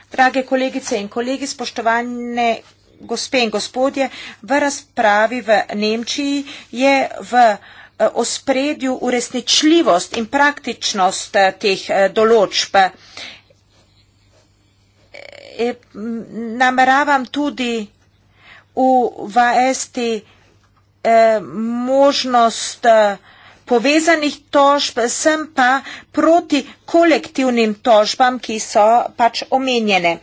Drage kolegice in kolegi, spoštovane gospe in gospodje, v razpravi v Nemčiji je v eh, ospredju uresničljivost in praktičnost teh določb. E, nameravam tudi uvesti e, možnost e, povezanih tožb, sem pa proti kolektivnim tožbam, ki so pač omenjene.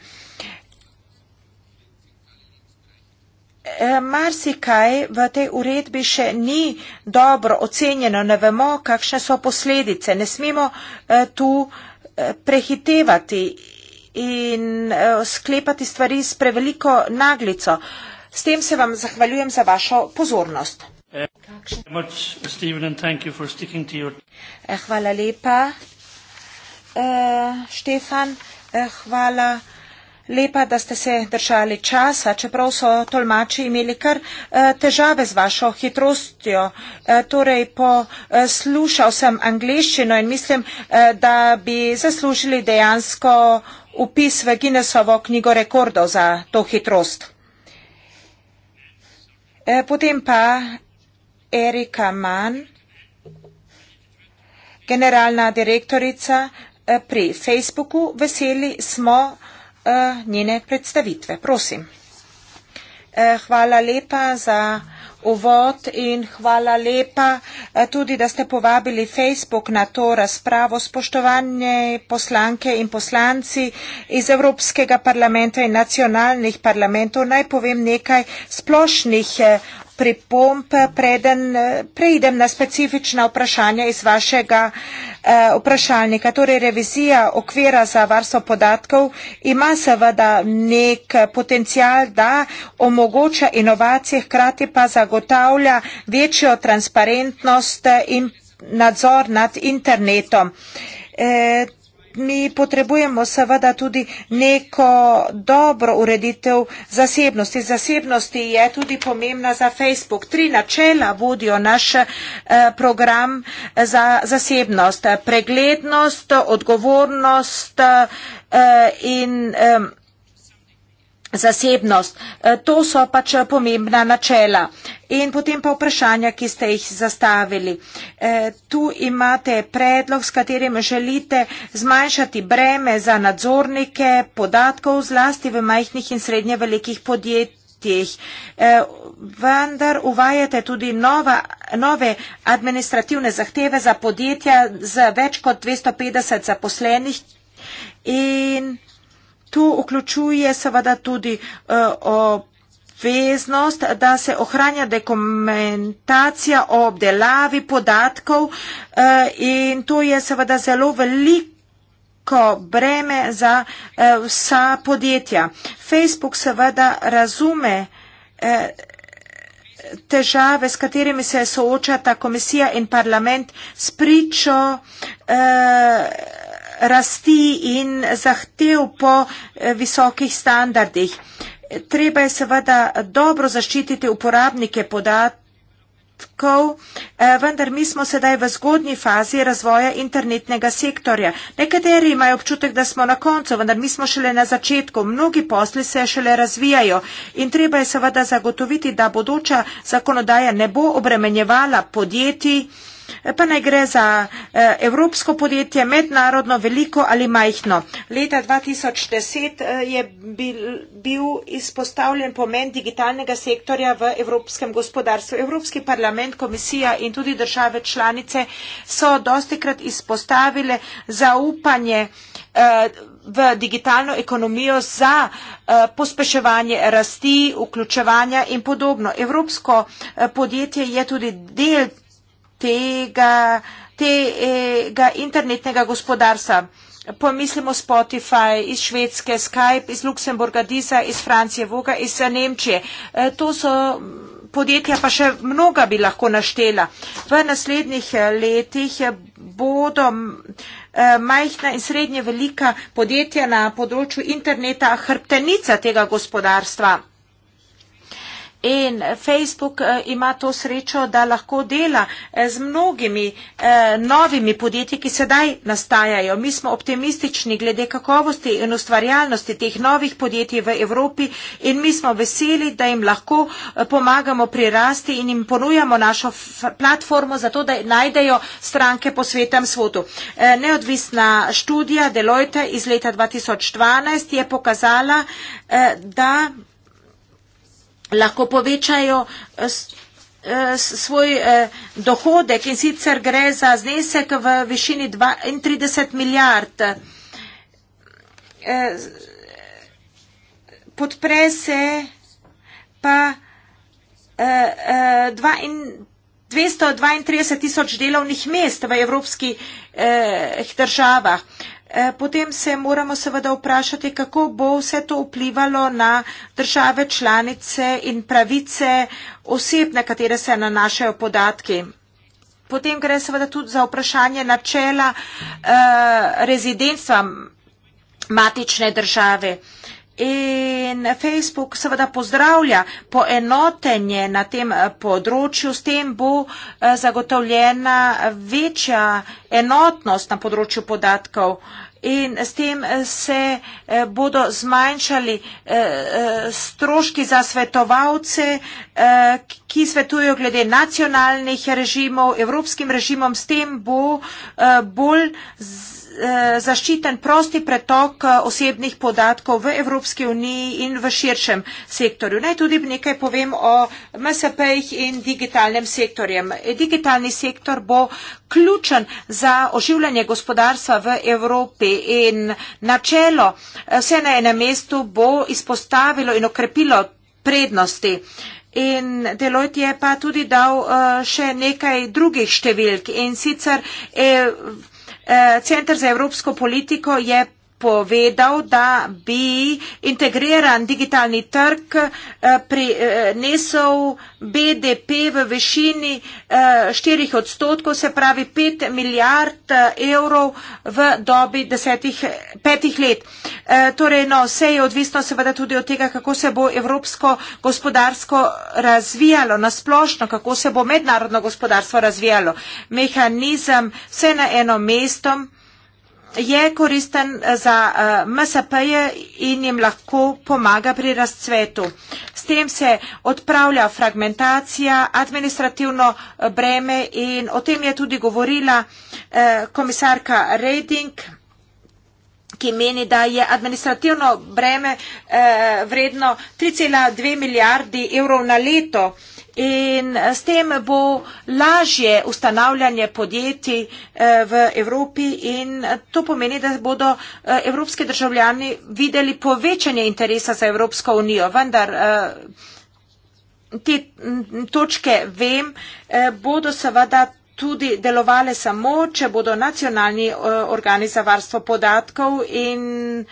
Marsikaj v tej uredbi še ni dobro ocenjeno, ne vemo, kakšne so posledice. Ne smemo tu prehitevati in eh, sklepati stvari s preveliko naglico. S tem se vam zahvaljujem za vašo pozornost. Eh, hvala lepa, uh, Štefan. Uh, hvala lepa, da ste se držali časa, čeprav so tolmači imeli kar uh, težave z vašo hitrostjo. Uh, torej, poslušal sem angliščino in mislim, uh, da bi zaslužili dejansko upis v Guinnessovo knjigo rekordov za to hitrost. E, potem pa Erika Mann, generalna direktorica e, pri Facebooku. Veseli smo e, njene predstavitve. Prosim. Hvala lepa za uvod in hvala lepa eh, tudi, da ste povabili Facebook na to razpravo. Spoštovanje poslanke in poslanci iz Evropskega parlamenta in nacionalnih parlamentov, naj povem nekaj splošnih eh, pripomp, preden preidem na specifična vprašanja iz vašega eh, vprašalnika. Torej, revizija okvira za varstvo podatkov ima seveda nek eh, potencial, da omogoča inovacije, hkrati pa zagotavlja večjo transparentnost in nadzor nad internetom. Eh, mi potrebujemo seveda tudi neko dobro ureditev zasebnosti. Zasebnosti je tudi pomembna za Facebook. Tri načela vodijo naš eh, program eh, za zasebnost. Preglednost, odgovornost eh, in zasebnost. E, to so pač pomembna načela. In potem pa vprašanja, ki ste jih zastavili. E, tu imate predlog, s katerim želite zmanjšati breme za nadzornike podatkov zlasti v majhnih in srednje velikih podjetjih. E, vendar uvajate tudi nova, nove administrativne zahteve za podjetja z več kot 250 zaposlenih in Tu vključuje seveda tudi eh, obveznost, da se ohranja dokumentacija o obdelavi podatkov eh, in to je seveda zelo velik breme za eh, vsa podjetja. Facebook seveda razume eh, težave, s katerimi se soočata komisija in parlament s pričo eh, rasti in zahtev po eh, visokih standardih. Treba je seveda dobro zaščititi uporabnike podatkov, eh, vendar mi smo sedaj v zgodnji fazi razvoja internetnega sektorja. Nekateri imajo občutek, da smo na koncu, vendar mi smo šele na začetku. Mnogi posli se šele razvijajo in treba je seveda zagotoviti, da bodoča zakonodaja ne bo obremenjevala podjetij, Eh, pa naj gre za eh, evropsko podjetje, mednarodno, veliko ali majhno. Leta 2010 eh, je bil izpostavljen pomen digitalnega sektorja v evropskem gospodarstvu. Evropski parlament, komisija in tudi države članice so dostikrat izpostavile zaupanje v digitalno ekonomijo za pospeševanje rasti, vključevanja in podobno. Evropsko podjetje je tudi del tega, tega internetnega gospodarstva. Pomislimo Spotify iz Švedske, Skype iz Luksemburga, Diza iz Francije, Voga iz Nemčije. E, to so podjetja, pa še mnoga bi lahko naštela. V naslednjih e, letih e, bodo majhna in srednje velika podjetja na področju interneta hrbtenica tega gospodarstva in Facebook uh, ima to srečo, da lahko dela eh, z mnogimi uh, novimi podjetji, ki sedaj nastajajo. Mi smo optimistični glede kakovosti in ustvarjalnosti teh novih podjetij v Evropi in mi smo veseli, da jim lahko uh, pomagamo pri rasti in jim ponujamo našo platformo za to, da najdejo stranke po svetem svotu. Uh, neodvisna študija Deloitte iz leta 2012 je pokazala, uh, da lahko povečajo eh, eh, svoj eh, dohodek in sicer gre za znesek v višini 32 milijard. Podpre se pa 232 tisoč delovnih mest v evropskih državah. Eh, potem se moramo seveda vprašati, kako bo vse to vplivalo na države članice in pravice oseb, na katere se nanašajo podatki. Potem gre seveda tudi za vprašanje načela eh, rezidentstva matične države. Eh, in Facebook seveda pozdravlja poenotenje na tem eh, področju, s tem bo eh, zagotovljena večja enotnost na področju podatkov in s tem eh, se bodo zmanjšali stroški za svetovalce, ki svetujo glede nacionalnih režimov, evropskim režimom, s tem bo bolj zagotovljena Eh, zaščiten prosti pretok eh, osebnih podatkov v Evropski uniji in v širšem sektorju. Naj tudi nekaj povem o MSP-jih in digitalnem sektorju. Digitalni sektor bo ključen za oživljanje gospodarstva v Evropi in načelo eh, vse na enem mestu bo izpostavilo in okrepilo prednosti. In Deloitte je pa tudi dal uh, še nekaj drugih številk in sicer eh, Eh, Centr za evropsko politiko je povedal, da bi integriran digitalni trg eh, prinesel eh, BDP v višini 4 eh, odstotkov, se pravi 5 milijard evrov v dobi desetih, petih let. Torej, no, vse je odvisno seveda tudi od tega, kako se bo evropsko gospodarstvo razvijalo na splošno, kako se bo mednarodno gospodarstvo razvijalo. Mehanizem vse na eno mestom je koristen eh, za eh, MSP-je in jim lahko pomaga pri razcvetu. S tem se odpravlja fragmentacija, administrativno eh, breme in o tem je tudi govorila komisarka Reding, ki meni, da je administrativno breme vredno 3,2 milijardi evrov na leto in eh, s tem bo lažje ustanavljanje podjetij eh, v Evropi in eh, to pomeni, da bodo evropski državljani videli povečanje interesa za Evropsko unijo, vendar te točke, vem, bodo seveda tudi delovale samo, če bodo nacionalni organi za varstvo podatkov in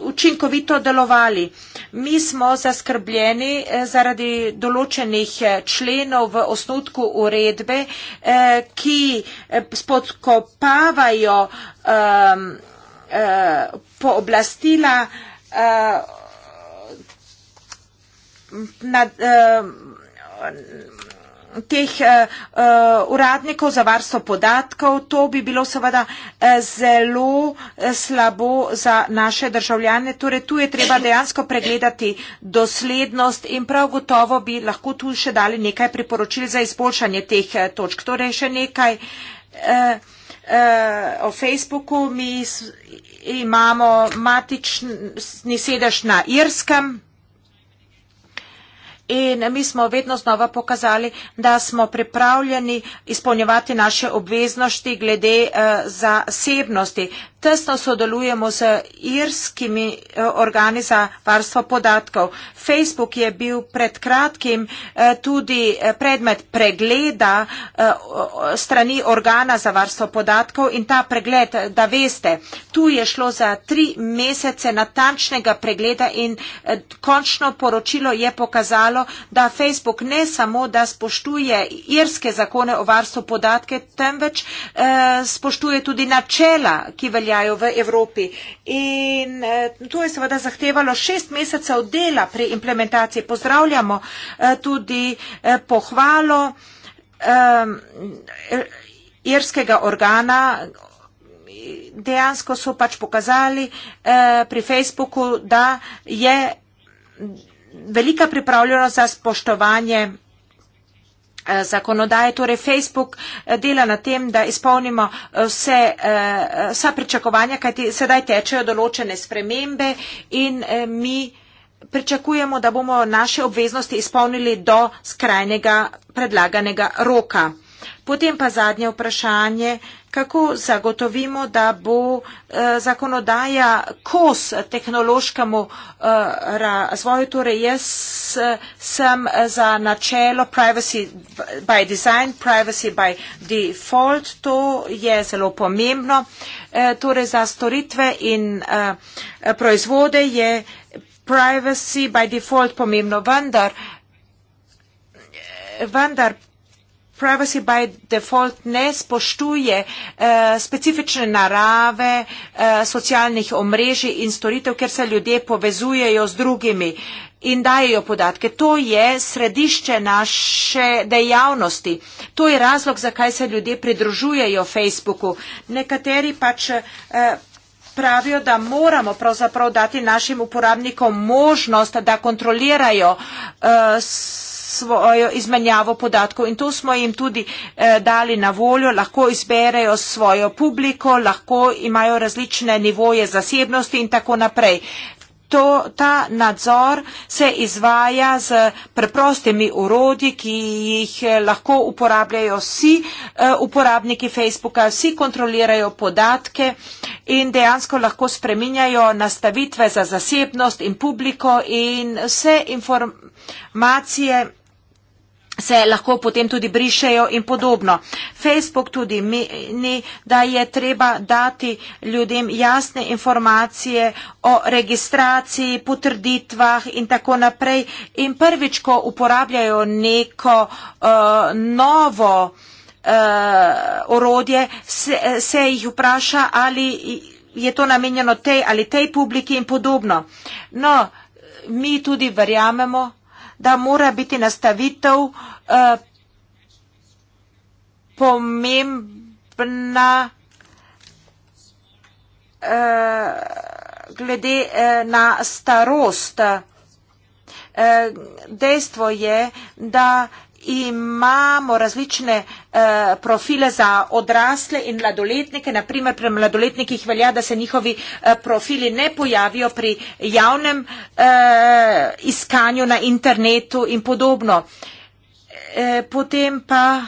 učinkovito delovali. Mi smo zaskrbljeni eh, zaradi določenih eh, členov v osnutku uredbe, eh, ki spodkopavajo ehm, pooblastila na teh uh, uradnikov za varstvo podatkov. To bi bilo seveda eh, zelo slabo za naše državljane. Torej, tu je treba dejansko pregledati doslednost in prav gotovo bi lahko tu še dali nekaj priporočil za izboljšanje teh uh, točk. Torej, še nekaj uh, uh, o Facebooku. Mi imamo matični sedež na Irskem. In mi smo vedno znova pokazali, da smo pripravljeni izpolnjevati naše obveznosti glede eh, zasebnosti. Tesno sodelujemo z irskimi eh, organi za varstvo podatkov. Facebook je bil pred kratkim eh, tudi predmet pregleda strani organa za varstvo podatkov in ta pregled, da veste, tu je šlo za tri mesece natančnega pregleda in končno poročilo je pokazalo, povedalo, da Facebook ne samo, da spoštuje irske zakone o varstvu podatke, temveč eh, spoštuje tudi načela, ki veljajo v Evropi. In eh, to je seveda zahtevalo šest mesecev dela pri implementaciji. Pozdravljamo eh, tudi eh, pohvalo eh, irskega organa. Dejansko so pač pokazali eh, pri Facebooku, da je velika pripravljenost za spoštovanje eh, zakonodaje. Torej, Facebook eh, dela na tem, da izpolnimo eh, vse, vsa pričakovanja, kajti sedaj tečejo določene spremembe in mi pričakujemo, da bomo naše obveznosti izpolnili do skrajnega predlaganega roka. Potem pa zadnje vprašanje, kako zagotovimo, da bo eh, zakonodaja kos tehnološkemu eh, razvoju. Torej jaz eh, sem za načelo privacy by design, privacy by default, to je zelo pomembno. Torej za storitve in proizvode je privacy by default pomembno, vendar. Vendar privacy by default ne spoštuje uh, specifične narave uh, socialnih omrežij in storitev, ker se ljudje povezujejo z drugimi in dajejo podatke. To je središče naše dejavnosti. To je razlog, zakaj se ljudje pridružujejo Facebooku. Nekateri pač. Uh, pravijo, da moramo pravzaprav dati našim uporabnikom možnost, da kontrolirajo uh, svojo izmenjavo podatkov in to smo jim tudi eh, dali na voljo. Lahko izberejo svojo publiko, lahko imajo različne nivoje zasebnosti in tako naprej. To, ta nadzor se izvaja z preprostimi urodji, ki jih eh, lahko uporabljajo vsi eh, uporabniki Facebooka, vsi kontrolirajo podatke in dejansko lahko spreminjajo nastavitve za zasebnost in publiko in vse informacije se lahko potem tudi brišejo in podobno. Facebook tudi meni, da je treba dati ljudem jasne informacije o registraciji, potrditvah in tako naprej. In prvič, ko uporabljajo neko uh, novo uh, orodje, se, se jih vpraša, ali je to namenjeno tej ali tej publiki in podobno. No, mi tudi verjamemo, da mora biti nastavitev eh, pomembna eh, glede eh, na starost. Dejstvo je, da imamo različne eh, profile za odrasle in mladoletnike. Naprimer, pri mladoletnikih velja, da se njihovi eh, profili ne pojavijo pri javnem eh, iskanju na internetu in podobno. Eh, potem pa.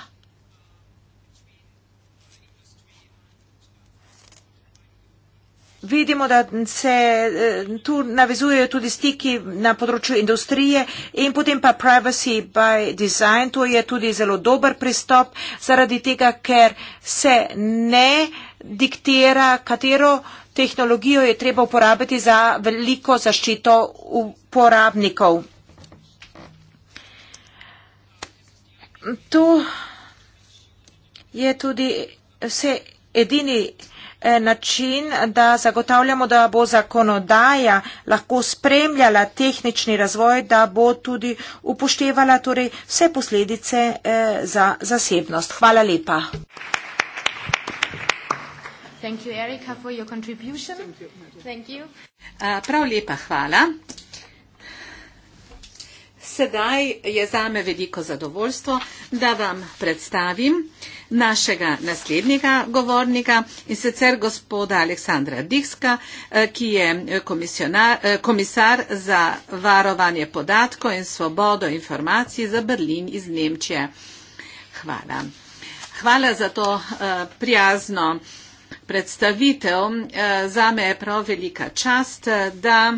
Vidimo, da se eh, tu navezujejo tudi stiki na področju industrije in potem pa privacy by design. To je tudi zelo dober pristop zaradi tega, ker se ne diktira, katero tehnologijo je treba uporabiti za veliko zaščito uporabnikov. Tu je tudi vse edini Eh, način, da zagotavljamo, da bo zakonodaja lahko spremljala tehnični razvoj, da bo tudi upoštevala torej, vse posledice eh, za zasebnost. Hvala lepa. Thank you, Erika, for your contribution. Thank you. Uh, prav lepa hvala. Sedaj je zame veliko zadovoljstvo, da vam predstavim uh, našega naslednjega govornika in sicer gospoda Aleksandra Dikska, eh, ki je eh, eh, komisar za varovanje podatkov in svobodo informacij za Berlin iz Nemčije. Hvala. Hvala za to prijazno predstavitev. Zame je prav velika čast, da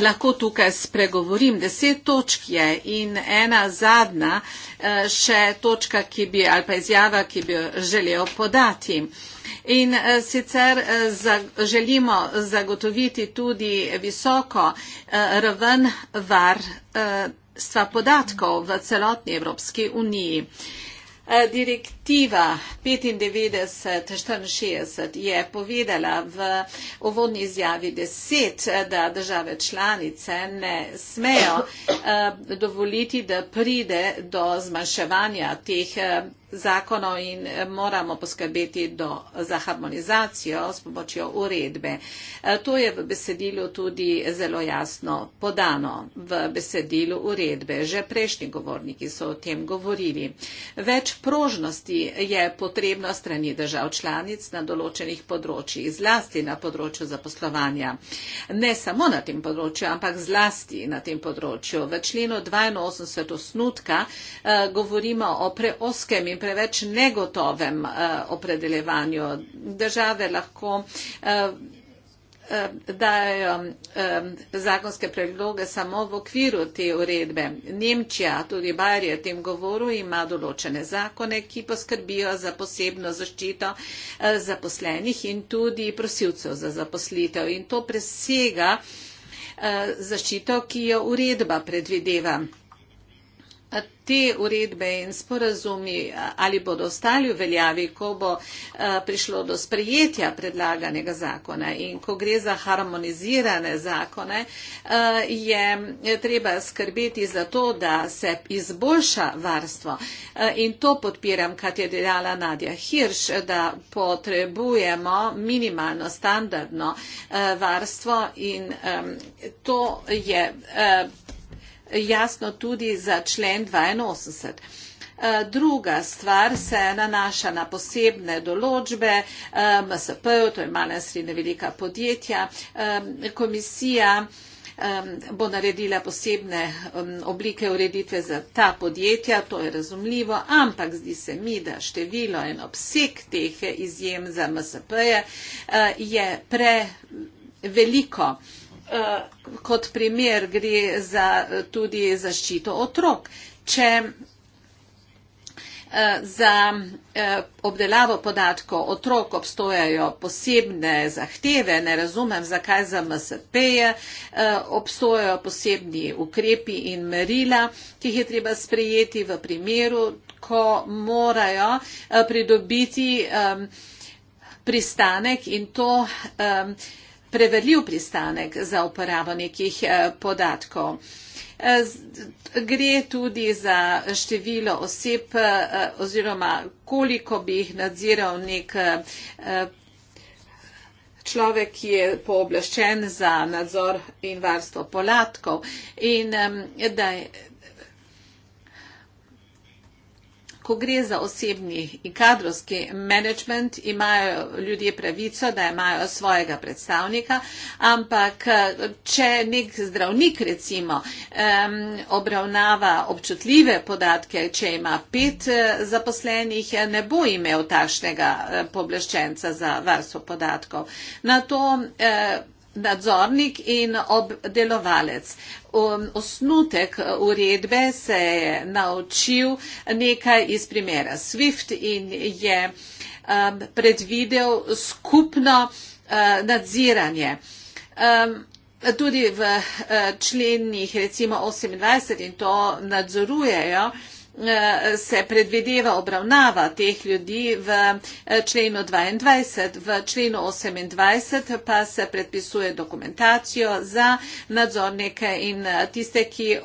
lahko tukaj spregovorim. Deset točk je in ena zadnja eh, še točka, ki bi, ali pa izjava, ki bi želel podati. In eh, sicer eh, želimo zagotoviti tudi visoko raven varstva podatkov v celotni Evropski uniji. Eh, direktiva 95-64 je povedala v uvodni izjavi 10, eh, da države članice ne smejo eh, dovoliti, da pride do zmanjševanja teh zakonov in eh, moramo poskrbeti do, za harmonizacijo s pomočjo uredbe. Eh, to je v besedilu tudi zelo jasno podano v besedilu uredbe. Že prejšnji govorniki so o tem govorili. Več prožnosti je potrebno strani držav članic na določenih področjih, zlasti na področju zaposlovanja. Ne samo na tem področju, ampak zlasti na tem področju. V členu 82 osnutka eh, govorimo o preoskem in preveč negotovem eh, opredeljevanju. Države lahko eh, eh, dajo zakonske predloge samo v okviru te uredbe. Nemčija, tudi Bajer je v tem govoru, ima določene zakone, ki poskrbijo za posebno zaščito zaposlenih in tudi prosilcev za zaposlitev. In to presega zaščito, ki jo uredba predvideva te uredbe in sporazumi ali bodo ostali v veljavi, ko bo prišlo do sprejetja predlaganega zakona in ko gre za harmonizirane zakone, je treba skrbeti za to, da se izboljša varstvo. In to podpiram, kot je dejala Nadja Hirš, da potrebujemo minimalno standardno varstvo in to je jasno tudi za člen 82. Eh, druga stvar se nanaša na posebne določbe eh, MSP, to je mala in srednja velika podjetja. Eh, komisija bo naredila posebne oblike ureditve za ta podjetja, to je razumljivo, ampak zdi se mi, da število in obseg teh izjem za MSP je preveliko. Eh, kot primer gre za eh, tudi zaščito otrok. Če eh, za obdelavo podatkov otrok obstojajo posebne zahteve, ne razumem, zakaj za MSP-je obstojajo posebni ukrepi in merila, ki jih je treba sprejeti v primeru, ko morajo pridobiti pristanek in to pristanek preverljiv pristanek za uporabo nekih eh, podatkov. Eh, gre tudi za število oseb eh, oziroma koliko bi jih nadziral nek človek, ki je pooblaščen za nadzor in varstvo podatkov. In da je Ko gre za osebni in kadrovski management, imajo ljudje pravico, da imajo svojega predstavnika, ampak če nek zdravnik recimo obravnava občutljive podatke, če ima pet eh, zaposlenih, ne bo imel takšnega eh, pobleščenca za varstvo podatkov. Na to eh, nadzornik in obdelovalec. Um, osnutek uh, uredbe se je naučil nekaj iz primera SWIFT in je um, predvidel skupno uh, nadziranje. Um, tudi v uh, členih recimo 28 in to nadzorujejo se predvideva obravnava teh ljudi v eh, členu 22. V členu 28 pa se predpisuje dokumentacijo za nadzornike in eh, tiste, ki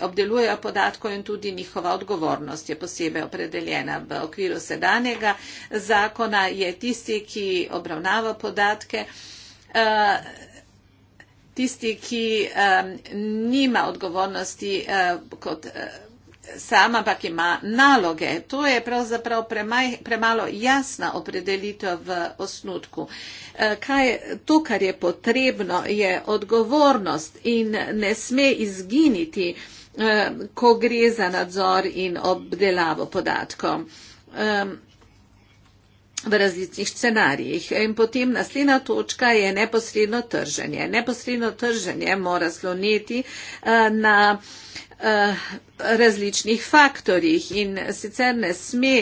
obdelujejo podatko in tudi njihova odgovornost je posebej opredeljena v okviru sedanjega zakona, je tisti, ki obravnava podatke. Eh, tisti, ki um, nima odgovornosti uh, kot. Uh, sam, ampak ima naloge. To je pravzaprav premaj, premalo jasna opredelitev v osnutku. E, kaj, to, kar je potrebno, je odgovornost in ne sme izginiti, e, ko gre za nadzor in obdelavo podatkov e, v različnih scenarijih. In potem naslednja točka je neposredno trženje. Neposredno trženje mora sloniti na Eh, različnih faktorjih in sicer ne sme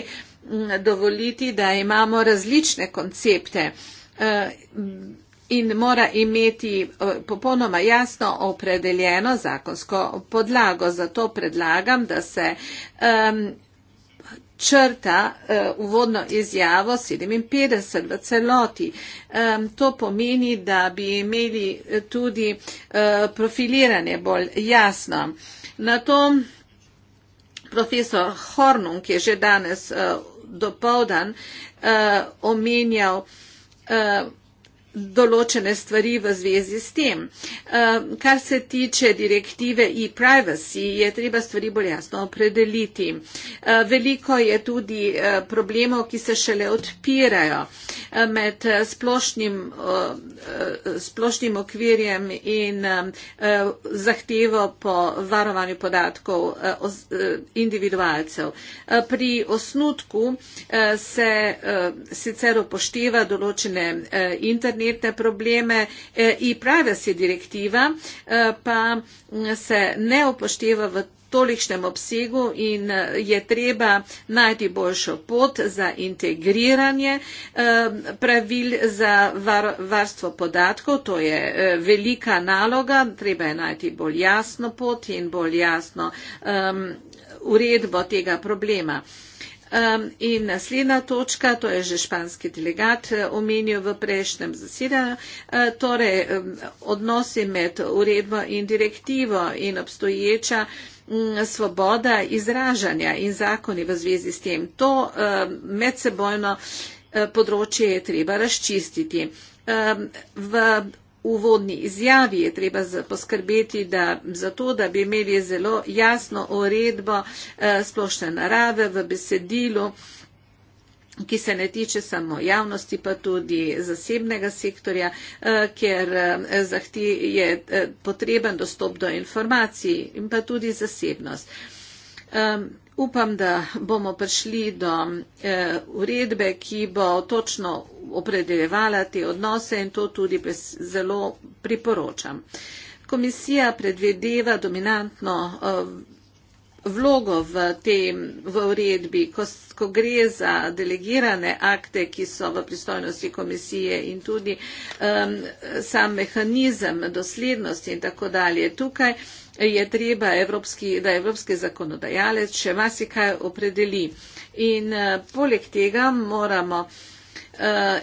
mm, dovoliti, da imamo različne koncepte eh, in mora imeti eh, popolnoma jasno opredeljeno zakonsko podlago. Zato predlagam, da se črta uvodno izjavo 57 v celoti. To pomeni, da bi imeli tudi profiliranje bolj jasno. Na to profesor Hornum, ki je že danes uh, dopoldan, uh, omenjal uh, določene stvari v zvezi s tem. Ehm, kar se tiče direktive e-privacy, je treba stvari bolj jasno opredeliti. Ehm, veliko je tudi ehm, problemov, ki se šele odpirajo med eh, splošnim, eh, eh, splošnim okvirjem in zahtevo po varovanju podatkov individualcev. Pri osnutku se sicer upošteva določene internetne internetne probleme e-privacy eh, direktiva eh, pa mm, se ne upošteva v tolikšnem obsegu in eh, je treba najti boljšo pot za integriranje pravil za varstvo podatkov. To je velika naloga, treba je najti bolj jasno pot in bolj jasno ehm, uredbo tega problema. Uh, Um, in naslednja točka, to je že španski delegat eh, omenil v prejšnjem zasedanju, eh, torej um, odnosi med uredbo in direktivo in obstoječa mm, svoboda izražanja in zakoni v zvezi s tem. To um, medsebojno eh, področje je treba razčistiti. V uvodni izjavi je treba poskrbeti, da za to, da bi imeli zelo jasno uredbo eh, splošne narave v besedilu, ki se ne tiče samo javnosti, pa tudi zasebnega sektorja, eh, ker eh, je potreben dostop do informacij in pa tudi zasebnost upam, da bomo prišli do eh, uredbe, ki bo točno opredeljevala te odnose in to tudi zelo priporočam. Komisija predvedeva dominantno eh, vlogo v tem v uredbi, ko, ko gre za delegirane akte, ki so v pristojnosti komisije in tudi um, sam mehanizem doslednosti in tako dalje. Tukaj je treba, evropski, da evropski zakonodajalec še masi kaj opredeli. In uh, poleg tega moramo uh, Eh,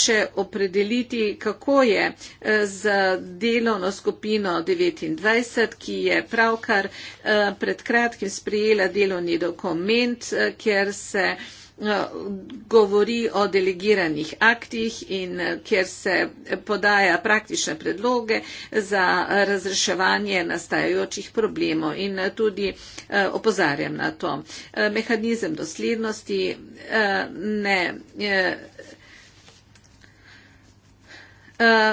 še opredeliti, kako je eh, z delovno skupino 29, ki je pravkar eh, pred kratkim sprijela delovni dokument, kjer se Eh, govori o delegiranih aktih in eh, kjer se podaja praktične predloge za razreševanje nastajajočih problemov in eh, tudi opozarjam na to. Mehanizem doslednosti ne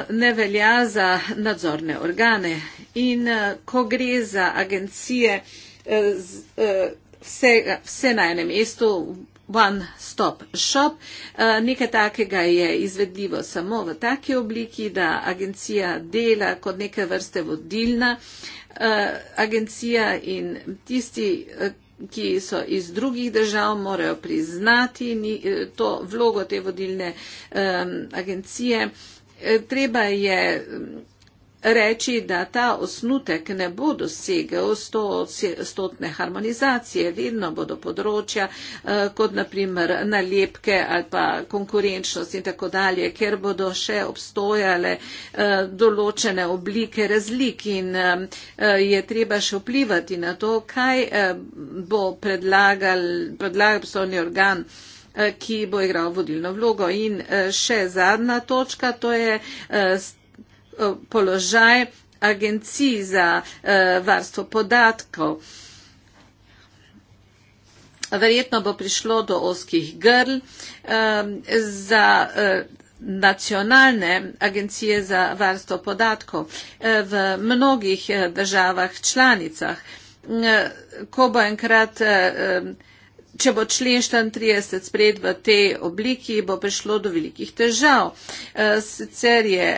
ne velja za nadzorne organe in ko gre za agencije, vse na enem mestu One Stop Shop. Eh, nekaj takega je izvedljivo samo v taki obliki, da agencija dela kot neke vrste vodilna eh, agencija in tisti, eh, ki so iz drugih držav, morajo priznati to vlogo te vodilne agencije. Treba je reči, da ta osnutek ne bo dosegel stotne harmonizacije. Vedno bodo področja, eh, kot naprimer nalepke ali pa konkurenčnost in tako dalje, ker bodo še obstojale eh, določene oblike razlik in eh, je treba še vplivati na to, kaj bo predlagal, predlagal poslovni organ ki bo igral vodilno vlogo. In še zadnja točka, to je položaj agencij za eh, varstvo podatkov. Verjetno bo prišlo do oskih grl eh, za eh, nacionalne agencije za varstvo podatkov v mnogih državah članicah. Ko bo enkrat vrstvo, če bo člen 34 spred v tej obliki, bo prišlo do velikih težav. Eh, sicer je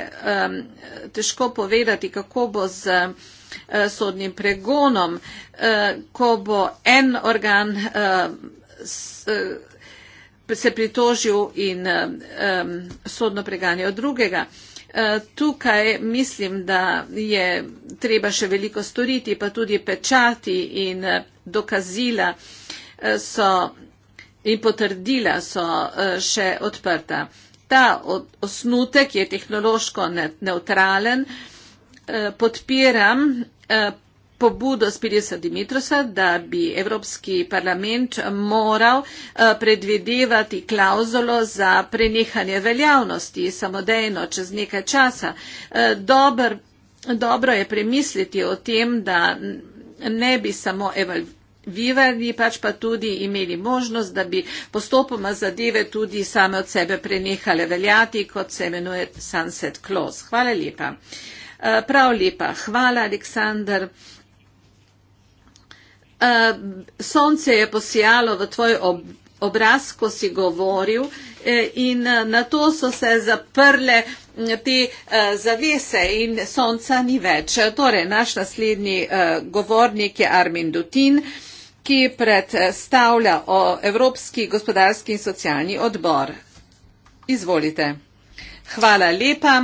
težko povedati, kako bo z eh, sodnim pregonom, eh, ko bo en organ se pritožil in sodno preganjal drugega. Tukaj mislim, da je treba še veliko storiti, pa tudi pečati in dokazila, so in potrdila so e, še odprta. Ta osnutek je tehnološko neutralen. E, podpiram e, pobudo Spirisa Dimitrosa, da bi Evropski parlament moral predvidevati klauzulo za prenehanje veljavnosti samodejno čez nekaj časa. Dobro, dobro je premisliti o tem, da ne bi samo evalvirali Vivarni pač pa tudi imeli možnost, da bi postopoma zadeve tudi same od sebe prenehale veljati, kot se imenuje Sunset Clause. Hvala lepa. Eh, prav lepa. Hvala, Aleksandr. Eh, sonce je posijalo v tvoj obraz, ko si govoril eh, in na to so se zaprle mm, te zavese in sonca ni več. Torej, naš naslednji govornik je Armin Dutin ki predstavlja o Evropski gospodarski in socialni odbor. Izvolite. Hvala lepa.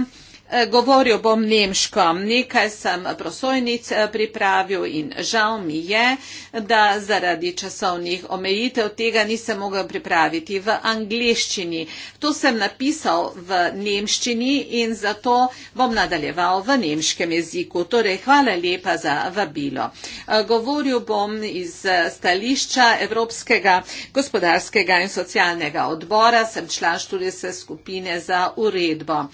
Eh, govoril bom nemško. Nekaj sem prosojnic eh, pripravil in žal mi je, da zaradi časovnih omejitev tega nisem mogel pripraviti v angliščini. To sem napisal v nemščini in zato bom nadaljeval v nemškem jeziku. Torej, hvala lepa za vabilo. Eh, govoril bom iz stališča Evropskega gospodarskega in socialnega odbora. Sem član študijske skupine za uredbo.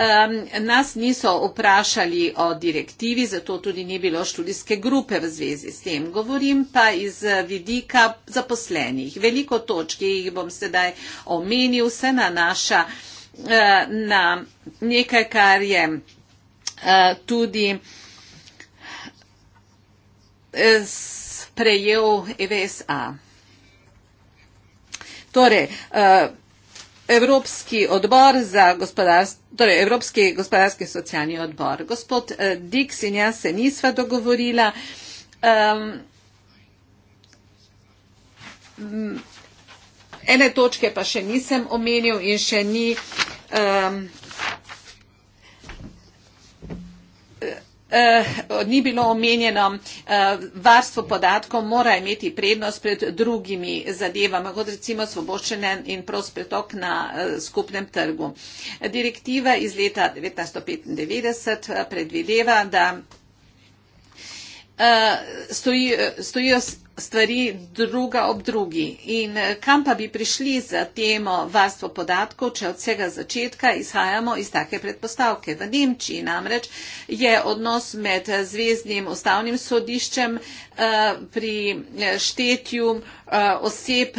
Um, nas niso vprašali o direktivi, zato tudi ni bilo študijske grupe v zvezi s tem. Govorim pa iz vidika zaposlenih. Veliko točk, ki jih bom sedaj omenil, se nanaša uh, na nekaj, kar je uh, tudi eh, sprejel EVSA. Torej, uh, Evropski odbor za gospodarstvo, torej Evropski gospodarski socialni odbor. Gospod eh, Dix in jaz se nisva dogovorila. Um, ene točke pa še nisem omenil in še ni um, Eh, ni bilo omenjeno, eh, varstvo podatkov mora imeti prednost pred drugimi zadevami, kot recimo svoboščene in prost pretok na eh, skupnem trgu. Direktiva iz leta 1995 predvideva, da stojijo. Stoji stvari druga ob drugi. In eh, kam pa bi prišli za temo varstvo podatkov, če od vsega začetka izhajamo iz take predpostavke. V Nemčiji namreč je odnos med eh, zvezdnim ustavnim sodiščem eh, pri štetju oseb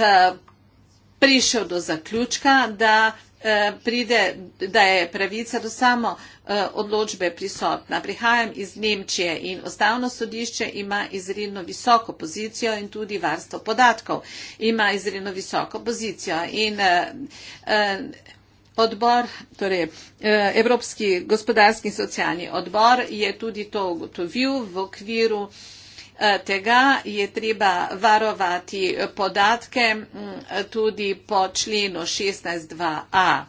prišel do zaključka, da Eh, pride, da je pravica do samo eh, odločbe prisotna. Prihajam iz Nemčije in ustavno sodišče ima izredno visoko pozicijo in tudi varstvo podatkov ima izredno visoko pozicijo. In, eh, odbor, torej Evropski gospodarski in socialni odbor je tudi to ugotovil v okviru Eh, tega je treba varovati podatke mm, tudi po členu 16.2a.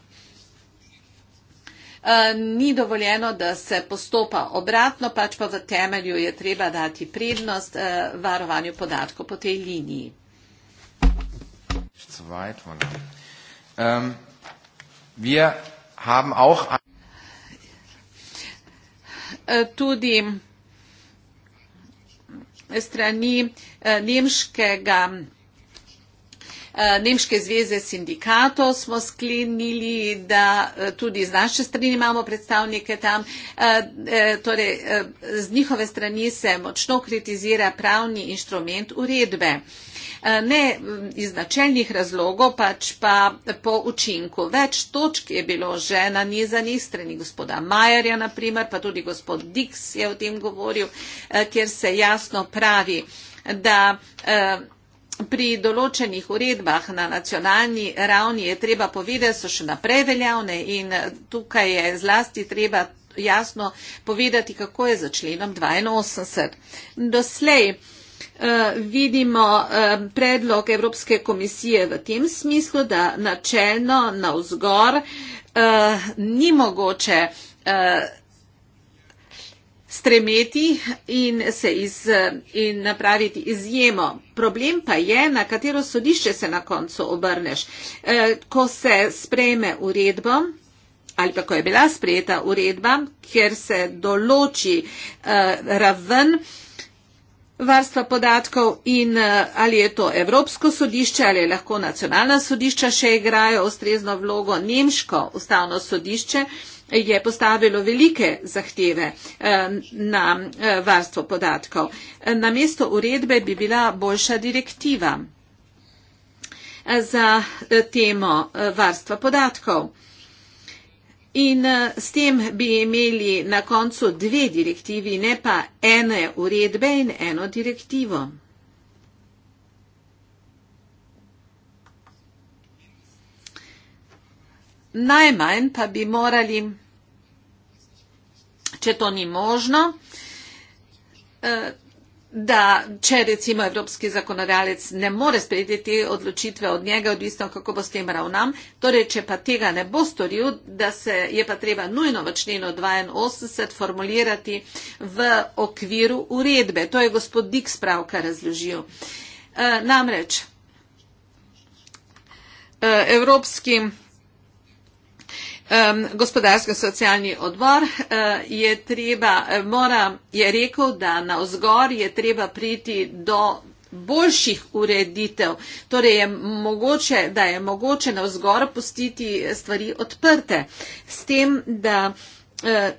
Eh, ni dovoljeno, da se postopa obratno, pač pa v temelju je treba dati prednost eh, varovanju podatkov po tej liniji. Ähm, tudi strani eh, nemškega Eh, Nemške zveze sindikato smo sklenili, da eh, tudi z naše strani imamo predstavnike tam. Eh, torej, z njihove strani se močno kritizira pravni inštrument uredbe. Ne mm, iz načeljnih razlogov, pač pa po učinku. Več točk je bilo že na nizanih strani gospoda Majerja, naprimer, pa tudi gospod Diks je o tem govoril, kjer se jasno pravi, da pri določenih uredbah na nacionalni ravni je treba povedati, so še naprej veljavne in tukaj je zlasti treba jasno povedati, kako je za členom 82. Doslej eh, vidimo eh, predlog Evropske komisije v tem smislu, da načelno na vzgor eh, ni mogoče stremeti in se iz, in napraviti izjemo. Problem pa je, na katero sodišče se na koncu obrneš. E, ko se sprejme uredbo ali pa ko je bila sprejeta uredba, ker se določi e, raven varstva podatkov in e, ali je to Evropsko sodišče ali je lahko nacionalna sodišča še igrajo ustrezno vlogo, Nemško ustavno sodišče, je postavilo velike zahteve eh, na eh, varstvo podatkov. Na mesto uredbe bi bila boljša direktiva eh, za temo varstva podatkov. In s tem bi imeli na koncu dve direktivi, ne pa ene uredbe in eno direktivo. Najmanj pa bi morali če to ni možno, eh, da če recimo evropski zakonodajalec ne more sprejeti te odločitve od njega, odvisno kako bo s tem ravnal, torej če pa tega ne bo storil, da se je pa treba nujno v členu 82 formulirati v okviru uredbe. To je gospod Dik spravka razložil. Eh, namreč, eh, evropskim gospodarski socialni odbor eh, je treba, eh, mora, je rekel, da na vzgor je treba priti do boljših ureditev. Torej je mogoče, da je mogoče na vzgor pustiti stvari odprte. S tem, da eh,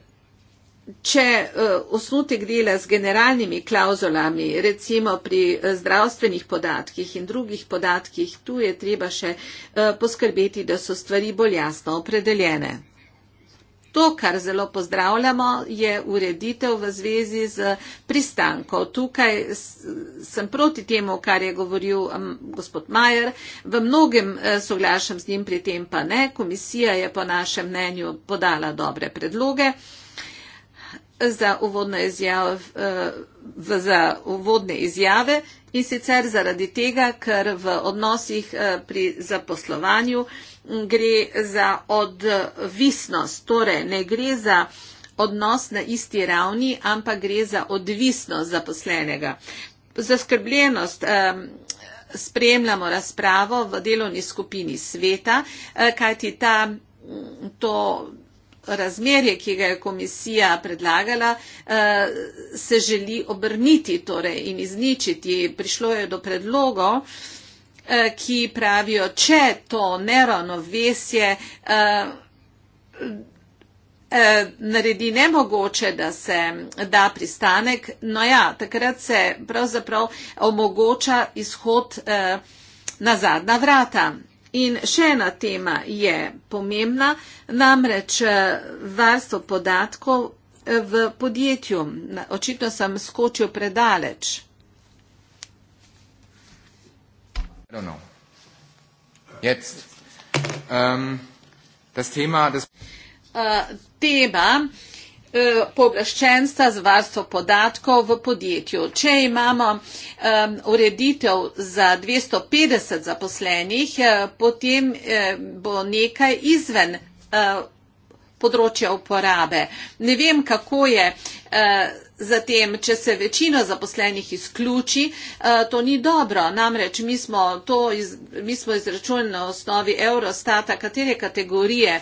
Če eh, osnutek dela z generalnimi klauzulami, recimo pri eh, zdravstvenih podatkih in drugih podatkih, tu je treba še eh, poskrbeti, da so stvari bolj jasno opredeljene. To, kar zelo pozdravljamo, je ureditev v zvezi z pristankom. Tukaj sem proti temu, kar je govoril gospod Majer. V mnogem soglašam z njim pri tem, pa ne. Komisija je po našem mnenju podala dobre predloge za uvodne izjave, eh, za uvodne izjave in sicer zaradi tega, ker v odnosih eh, pri zaposlovanju gre za odvisnost, torej ne gre za odnos na isti ravni, ampak gre za odvisnost zaposlenega. Zaskrbljenost spremljamo razpravo v delovni skupini sveta, eh, kajti ta to razmerje, ki ga je komisija predlagala, eh, se želi obrniti torej, in izničiti. Prišlo je do predlogov, eh, ki pravijo, če to neravnovesje eh, naredi nemogoče, da se da pristanek, no ja, takrat se pravzaprav omogoča izhod na zadnja vrata. In še ena tema je pomembna, namreč eh, varstvo podatkov eh, v podjetju. Očitno sem skočil predaleč. Ähm, äh, tema, da... uh, tema, Eh, pooblaščenca za varstvo podatkov v podjetju. Če imamo ureditev za 250 zaposlenih, eh, potem eh, bo nekaj izven področja uporabe. Ne vem, kako je zatem, če se večino zaposlenih izključi, to ni dobro. Namreč mi smo, to, mi smo izračunili na osnovi Eurostata, katere kategorije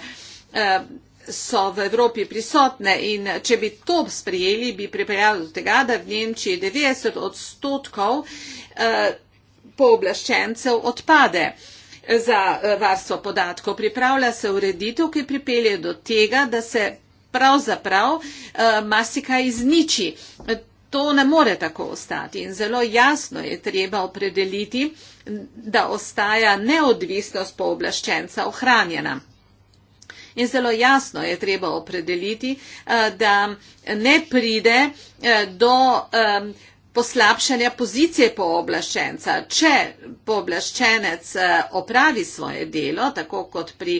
so v Evropi prisotne in če bi to sprijeli, bi pripeljalo do tega, da v Nemčiji 90 odstotkov eh, pooblaščencev odpade za eh, varstvo podatkov. Pripravlja se ureditev, ki pripelje do tega, da se pravzaprav eh, masika izniči. To ne more tako ostati in zelo jasno je treba opredeliti, da ostaja neodvisnost pooblaščenca ohranjena. In zelo jasno je treba opredeliti, eh, da ne pride eh, do poslabšanja pozicije pooblaščenca. Če pooblaščenec eh, opravi svoje delo, tako kot pri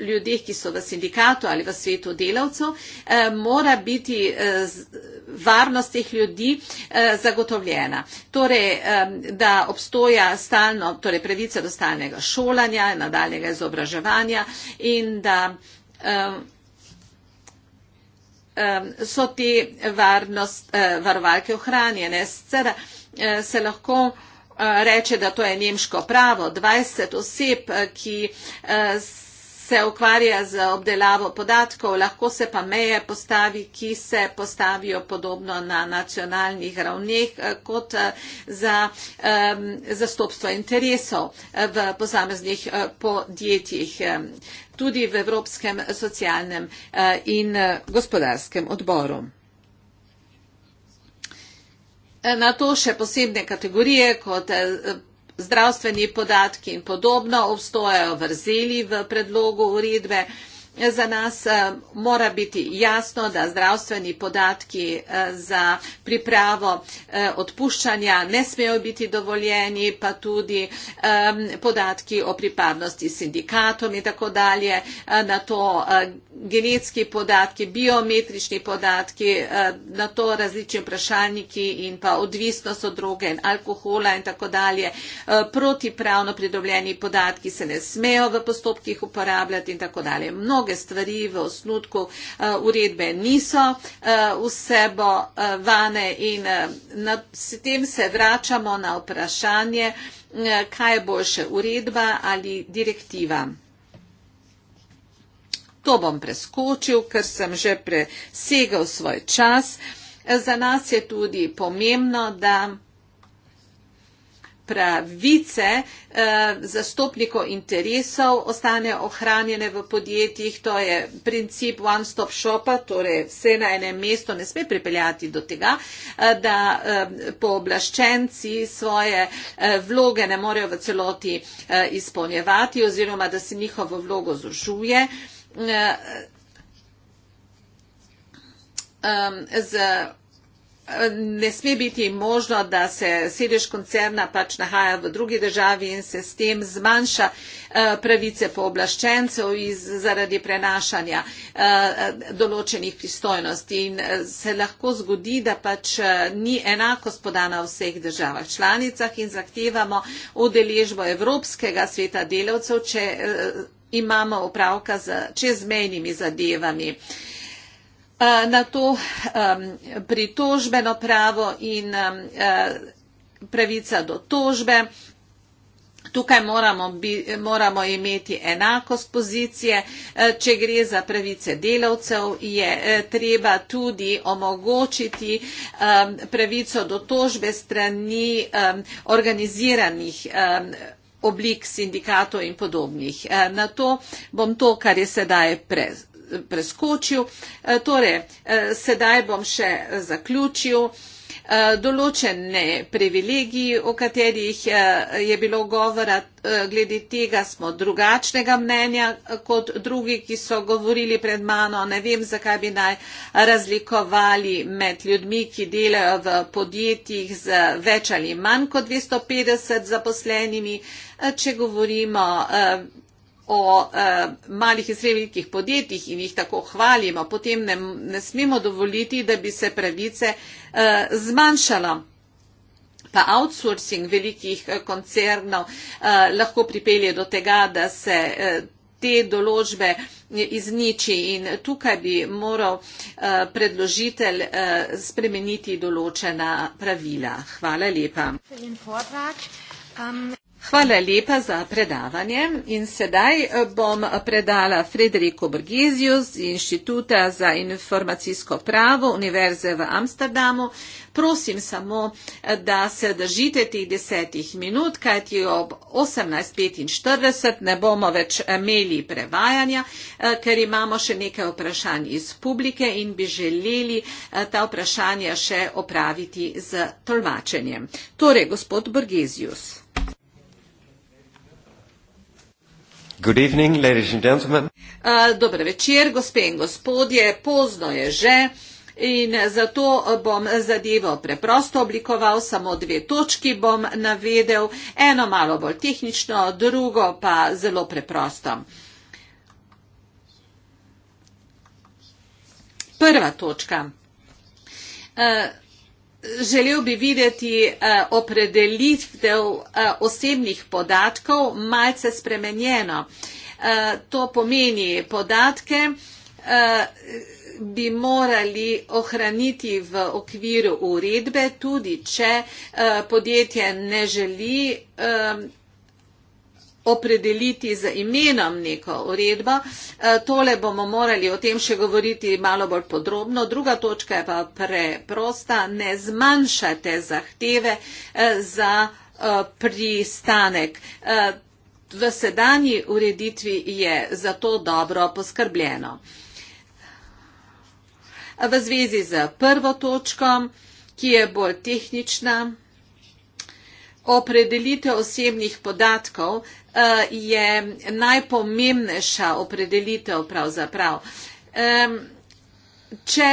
ljudeh, ki so v sindikatu ali v svetu delavcev, mora biti varnost teh ljudi eh, zagotovljena. Torej, da obstoja stalno, torej pravica do stalnega šolanja, nadaljnega izobraževanja in da so te varnost, eh, varovalke ohranjene. Sicer eh, se lahko reče, da to je nemško pravo, 20 oseb, ki se se ukvarja z obdelavo podatkov, lahko se pa meje postavi, ki se postavijo podobno na nacionalnih ravneh eh, kot eh, za zastopstvo interesov eh, v posameznih podjetjih tudi v Evropskem socialnem in gospodarskem odboru. Na to še posebne kategorije, kot zdravstveni podatki in podobno obstojajo vrzeli v predlogu uredbe za nas eh, mora biti jasno da zdravstveni podatki eh, za pripravo eh, odpuščanja ne smejo biti dovoljeni, pa tudi podatki o pripadnosti sindikatom in tako dalje, na to genetski podatki, biometrični podatki, na to različni vprašalniki in pa odvisnost od droge in alkohola in tako dalje. Protipravno pridobljeni podatki se ne smejo v postopkih uporabljati in tako dalje. Mnogo mnoge stvari v osnutku eh, uredbe niso eh, vsebo eh, vane in s tem se vračamo na vprašanje, kaj je boljše uredba ali direktiva. To bom preskočil, ker sem že presegal svoj čas. Za nas je tudi pomembno, da pravice eh, zastopnikov interesov ostanejo ohranjene v podjetjih. To je princip one-stop-shopa, torej vse na enem mestu ne sme pripeljati do tega, eh, da eh, pooblaščenci svoje vloge ne morejo v celoti izpolnjevati oziroma da se njihovo vlogo zožuje. Z ne sme biti možno, da se sedež koncerna pač nahaja v drugi državi in se s tem zmanjša eh, pravice pooblaščencev zaradi prenašanja eh, določenih pristojnosti. In eh, se lahko zgodi, da pač ni enako spodana v vseh državah članicah in zahtevamo odeležbo Evropskega sveta delavcev, če imamo opravka z čezmejnimi zadevami. Eh, na to um, pritožbeno pravo in um, pravica do tožbe. Tukaj moramo, bi, moramo imeti enakost pozicije. Eh, če gre za pravice delavcev, je treba tudi omogočiti um, pravico do tožbe strani um, organiziranih um, oblik sindikatov in podobnih. Na to bom to, kar je sedaj prez preskočil. E, torej, e, sedaj bom še zaključil e, določene privilegiji, o katerih je bilo govora, glede tega smo drugačnega mnenja kot drugi, ki so govorili pred mano. Ne vem, zakaj bi naj razlikovali med ljudmi, ki delajo v podjetjih z več ali manj kot 250 zaposlenimi, če govorimo o uh, malih in srednjih podjetjih in jih tako hvalimo, potem ne, ne smemo dovoliti, da bi se pravice uh, zmanjšala. Pa outsourcing velikih eh, koncernov uh, lahko pripelje do tega, da se. Uh, te določbe izniči in tukaj bi moral predložitelj spremeniti določena pravila. Hvala lepa. Hvala lepa za predavanje in sedaj eh, bom eh, predala Frederiku Brgeziju z Inštituta za informacijsko pravo Univerze v Amsterdamu. Prosim samo, eh, da se držite tih desetih minut, kajti ob 18.45 ne bomo več imeli prevajanja, ker imamo še nekaj vprašanj iz publike in bi želeli ta vprašanja še opraviti z tolmačenjem. Torej, gospod Brgezius. Good evening, ladies and gentlemen. Uh, dobre večer, gospe in gospodje, pozno je že in zato bom zadevo preprosto oblikoval, samo dve točki bom navedel, eno malo bolj tehnično, drugo pa zelo preprosto. Prva točka. Uh, Želel bi videti uh, opredelitev uh, osebnih podatkov malce spremenjeno. Uh, to pomeni, podatke uh, bi morali ohraniti v okviru uredbe, tudi če uh, podjetje ne želi. Uh, opredeliti z imenom neko uredbo. E, tole bomo morali o tem še govoriti malo bolj podrobno. Druga točka je pa preprosta. Ne zmanjšate zahteve e, za e, pristanek. V sedanji ureditvi je za to dobro poskrbljeno. V zvezi z prvo točko, ki je bolj tehnična, opredelitev osebnih podatkov, Eh, je najpomembnejša opredelitev pravzaprav. Če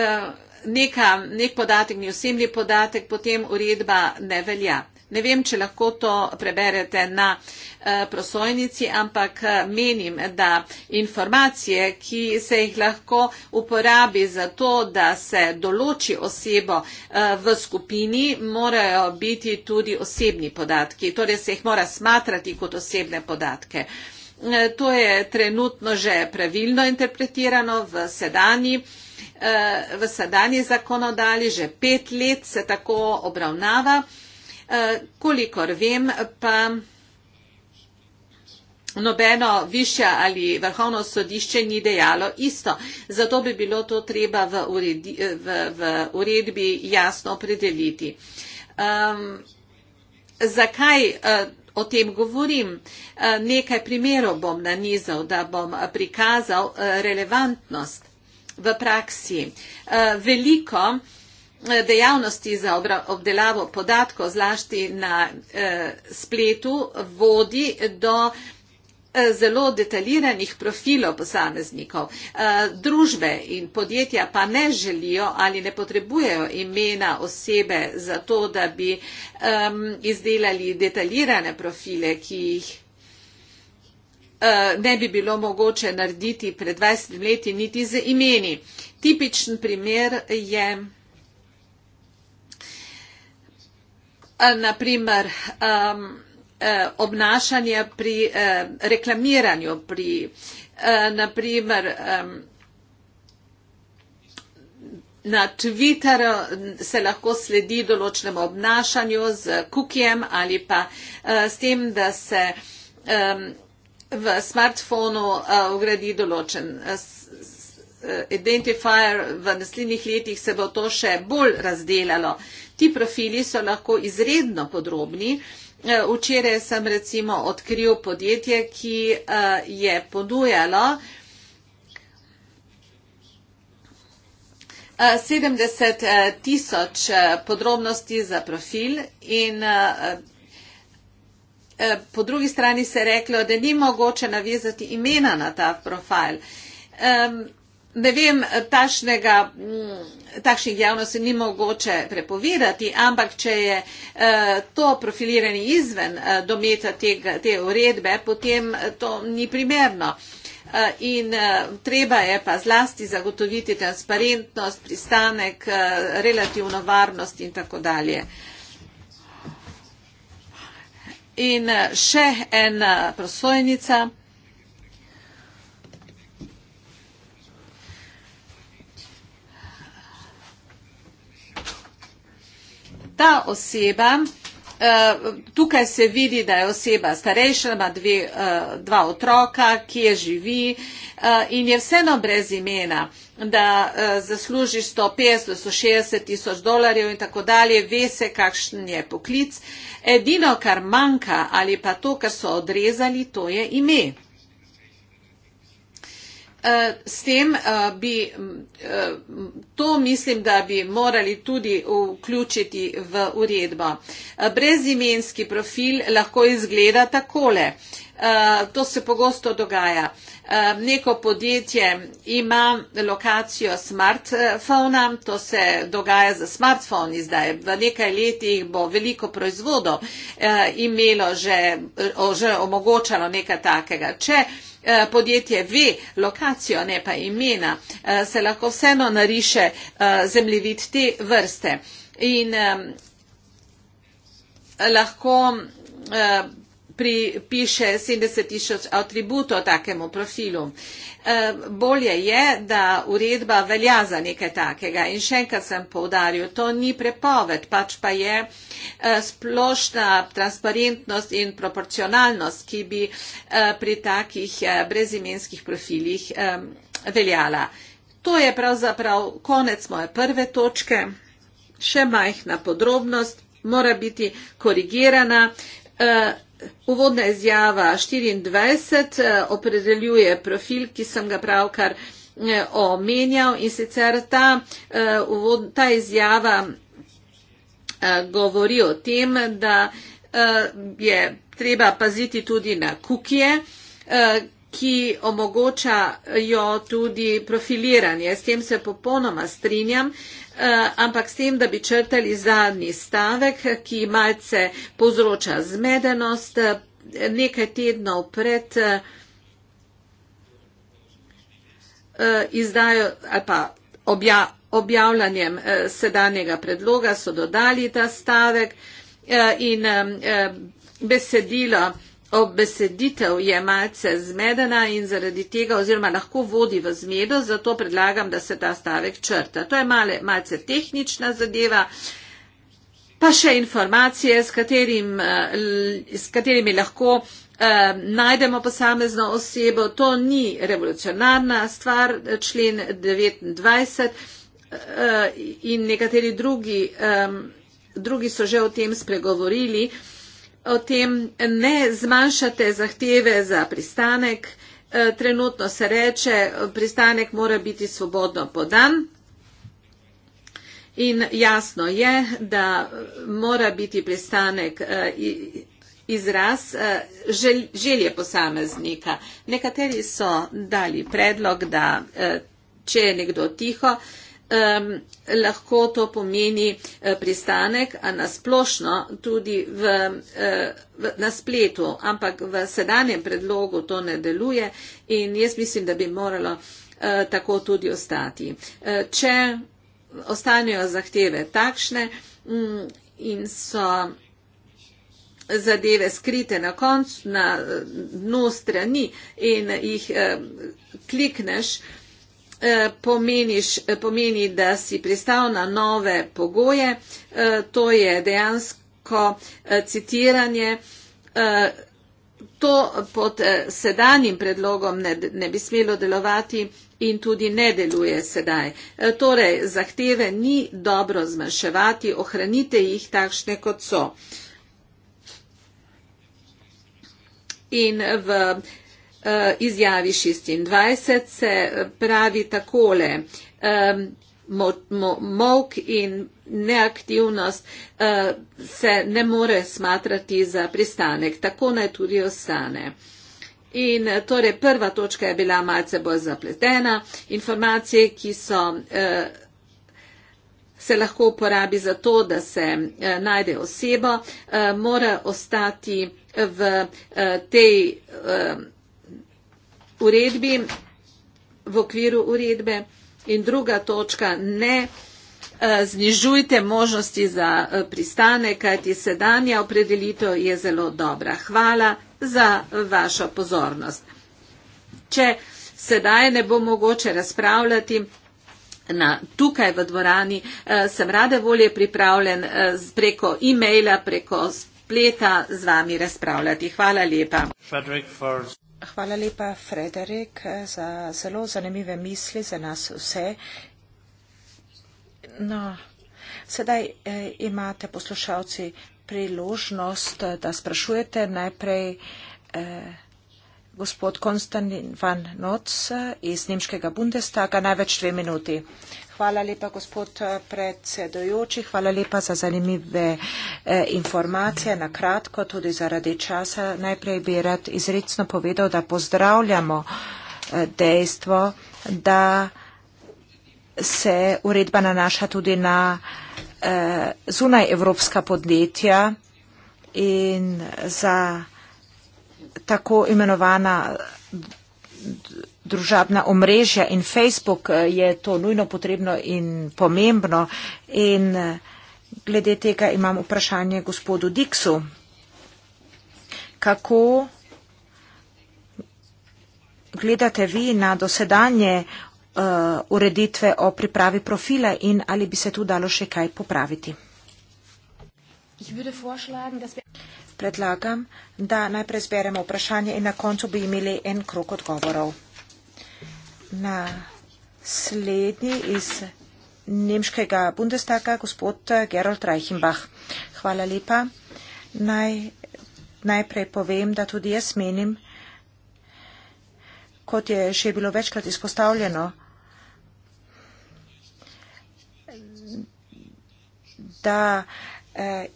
eh, neka, nek podatek ni osebni podatek, potem uredba ne velja. Ne vem, če lahko to preberete na eh, prosojnici, ampak eh, menim, da informacije, ki se jih lahko uporabi za to, da se določi osebo eh, v skupini, morajo biti tudi osebni podatki, torej se jih mora smatrati kot osebne podatke. To je trenutno že pravilno interpretirano v sedanji v sedanji zakonodali, že pet let se tako obravnava. Eh, kolikor vem, pa nobeno višja ali vrhovno sodišče ni dejalo isto. Zato bi bilo to treba v, uredi, v, v uredbi jasno predeliti. Um, ehm, zakaj uh, o tem govorim? Uh, nekaj primerov bom nanizal, da bom prikazal uh, relevantnost v praksi. Uh, veliko uh, dejavnosti za obdelavo podatkov, zlašti na eh, spletu, vodi do eh, zelo detaljiranih profilov posameznikov. Eh, družbe in podjetja pa ne želijo ali ne potrebujejo imena osebe za to, da bi izdelali detaljirane profile, ki jih ne bi bilo mogoče narediti pred 20 leti niti z imeni. Tipičen primer je naprimer, um, eh, obnašanje pri eh, reklamiranju, pri, eh, naprimer, eh, na Twitteru se lahko sledi določenemu obnašanju z kukijem ali pa eh, s tem, da se eh, v smartfonu eh, ugradi določen. Eh, identifier v naslednjih letih se bo to še bolj razdelalo. Ti profili so lahko izredno podrobni. Eh, včeraj sem recimo odkril podjetje, ki eh, je ponujalo 70 eh, tisoč podrobnosti za profil in po drugi strani se je reklo, da ni mogoče navezati imena na ta profil ne vem, tašnega, mm, takšnih javnosti ni mogoče prepovedati, ampak če je eh, to profilirani izven eh, dometa tega, te uredbe, potem eh, to ni primerno. In treba je pa zlasti zagotoviti transparentnost, pristanek, relativno varnost in tako dalje. In še ena prosojnica. ta oseba, eh, tukaj se vidi, da je oseba starejša, ima dve, eh, dva otroka, kje živi eh, in je vseeno brez imena, da zasluži 150-160 tisoč dolarjev in tako dalje, ve se, kakšen je poklic. Edino, kar manjka ali pa to, kar so odrezali, to je ime. Eh, s tem eh, bi mm, eh, to mislim, da bi morali tudi vključiti v uredbo. Brezimenski profil lahko izgleda takole. To se pogosto dogaja. Neko podjetje ima lokacijo smartfona, to se dogaja za smartfoni zdaj. V nekaj letih bo veliko proizvodov imelo že, že omogočalo nekaj takega. Če Eh, podjetje ve lokacijo, ne pa imena, eh, se lahko vseeno nariše eh, zemljevid te vrste. In lahko pripiše 70 tisoč atributov takemu profilu. Eh, bolje je, da uredba velja za nekaj takega in še enkrat sem povdaril, to ni prepoved, pač pa je eh, splošna transparentnost in proporcionalnost, ki bi eh, pri takih brezimenskih profilih veljala. To je pravzaprav konec moje prve točke, še majhna podrobnost mora biti korigirana, Eh, uvodna izjava 24 eh, opredeljuje profil, ki sem ga pravkar eh, omenjal in sicer ta, ta izjava govori o tem, da je treba paziti tudi na kukije, ki omogočajo tudi profiliranje. S tem se popolnoma strinjam, eh, ampak s tem, da bi črtali zadnji stavek, ki malce povzroča zmedenost eh, nekaj tednov pred eh, izdajo ali pa obja, objavljanjem sedanjega predloga so dodali ta stavek in besedilo obeseditev je malce zmedena in zaradi tega oziroma lahko vodi v zmedo, zato predlagam, da se ta stavek črta. To je male, malce tehnična zadeva. Pa še informacije, s, katerim, eh, s katerimi lahko eh, najdemo posamezno osebo. To ni revolucionarna stvar, člen 29 eh, in nekateri drugi, eh, drugi so že o tem spregovorili. Eh, o tem, ne zmanjšate zahteve za pristanek. E, trenutno se reče, pristanek mora biti svobodno podan. In jasno je, da mora biti pristanek e, izraz e, želje posameznika. Nekateri so dali predlog, da če je nekdo tiho, um, lahko to pomeni eh, pristanek, a nasplošno tudi v, eh, v, na spletu, ampak v sedanjem predlogu to ne deluje in jaz mislim, da bi moralo uh, tako tudi ostati. Uh, če ostanejo zahteve takšne um, in so zadeve skrite na koncu, na dnu strani in jih eh, klikneš, eh, Eh, pomeniš, eh, pomeni, da si pristal na nove pogoje. Eh, to je dejansko citiranje. To pod sedanjim predlogom ne, ne bi smelo delovati in tudi ne deluje sedaj. Torej, zahteve ni dobro zmanjševati, ohranite jih takšne, kot so. In v eh, Eh, izjavi 26 se eh, pravi takole. Eh, Mok in neaktivnost se ne more smatrati za pristanek. Tako naj tudi ostane. In torej prva točka je bila malce bolj zapletena. Informacije, ki so se lahko uporabi za to, da se najde osebo, mora ostati v tej uredbi, v okviru uredbe. In druga točka, ne eh, znižujte možnosti za eh, pristane, kajti sedanja opredelitev je zelo dobra. Hvala za vašo pozornost. Če sedaj ne bo mogoče razpravljati na, tukaj v dvorani, eh, sem rade volje pripravljen preko e-maila, preko spleta z vami razpravljati. Hvala lepa. Frederick, for... Hvala lepa, Frederik, za zelo zanimive misli za nas vse. No, sedaj eh, imate poslušalci priložnost, eh, da sprašujete najprej eh, gospod Konstantin van Noc eh, iz Nemškega Bundestaga, največ dve minuti. Hvala lepa, gospod eh, predsedojoči. Hvala lepa za zanimive eh, informacije. Na kratko, tudi zaradi časa, najprej bi rad izredno povedal, da pozdravljamo eh, dejstvo, da se uredba nanaša tudi na zunaj evropska podjetja in za tako imenovana družabna omrežja in Facebook eh, je to nujno potrebno in pomembno. In eh, glede tega imam vprašanje gospodu Diksu. Kako gledate vi na dosedanje uh, ureditve o pripravi profila in ali bi se tu dalo še kaj popraviti? Predlagam, da najprej zberemo vprašanje in na koncu bi imeli en krok odgovorov na slednji iz Nemškega bundestaga, gospod eh, Gerald Reichenbach. Hvala lepa. Naj, najprej povem, da tudi jaz menim, kot je še bilo večkrat izpostavljeno, da eh,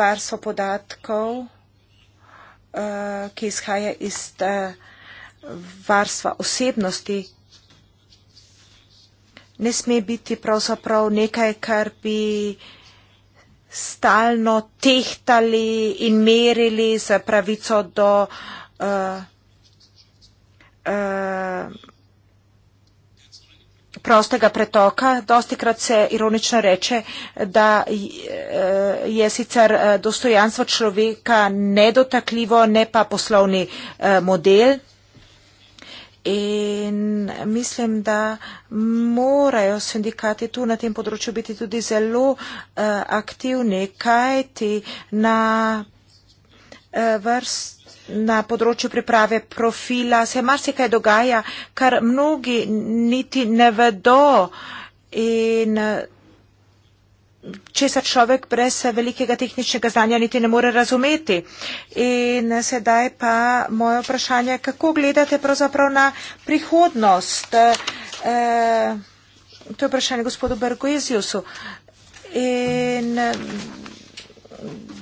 varstvo podatkov, eh, ki izhaja iz eh, varstva osebnosti ne sme biti pravzaprav nekaj, kar bi stalno tehtali in merili za pravico do uh, uh, prostega pretoka. Dosti krat se ironično reče, da eh, je sicer dostojanstvo človeka nedotakljivo, ne pa poslovni model. In mislim, da morajo sindikati tu na tem področju biti tudi zelo uh, aktivni, kajti na, uh, vrst, na področju priprave profila se marsikaj dogaja, kar mnogi niti ne vedo. In, uh, česar človek brez velikega tehničnega znanja niti ne more razumeti. In sedaj pa moje vprašanje, kako gledate pravzaprav na prihodnost? Eh, to je vprašanje gospodu Bergoeziusu. In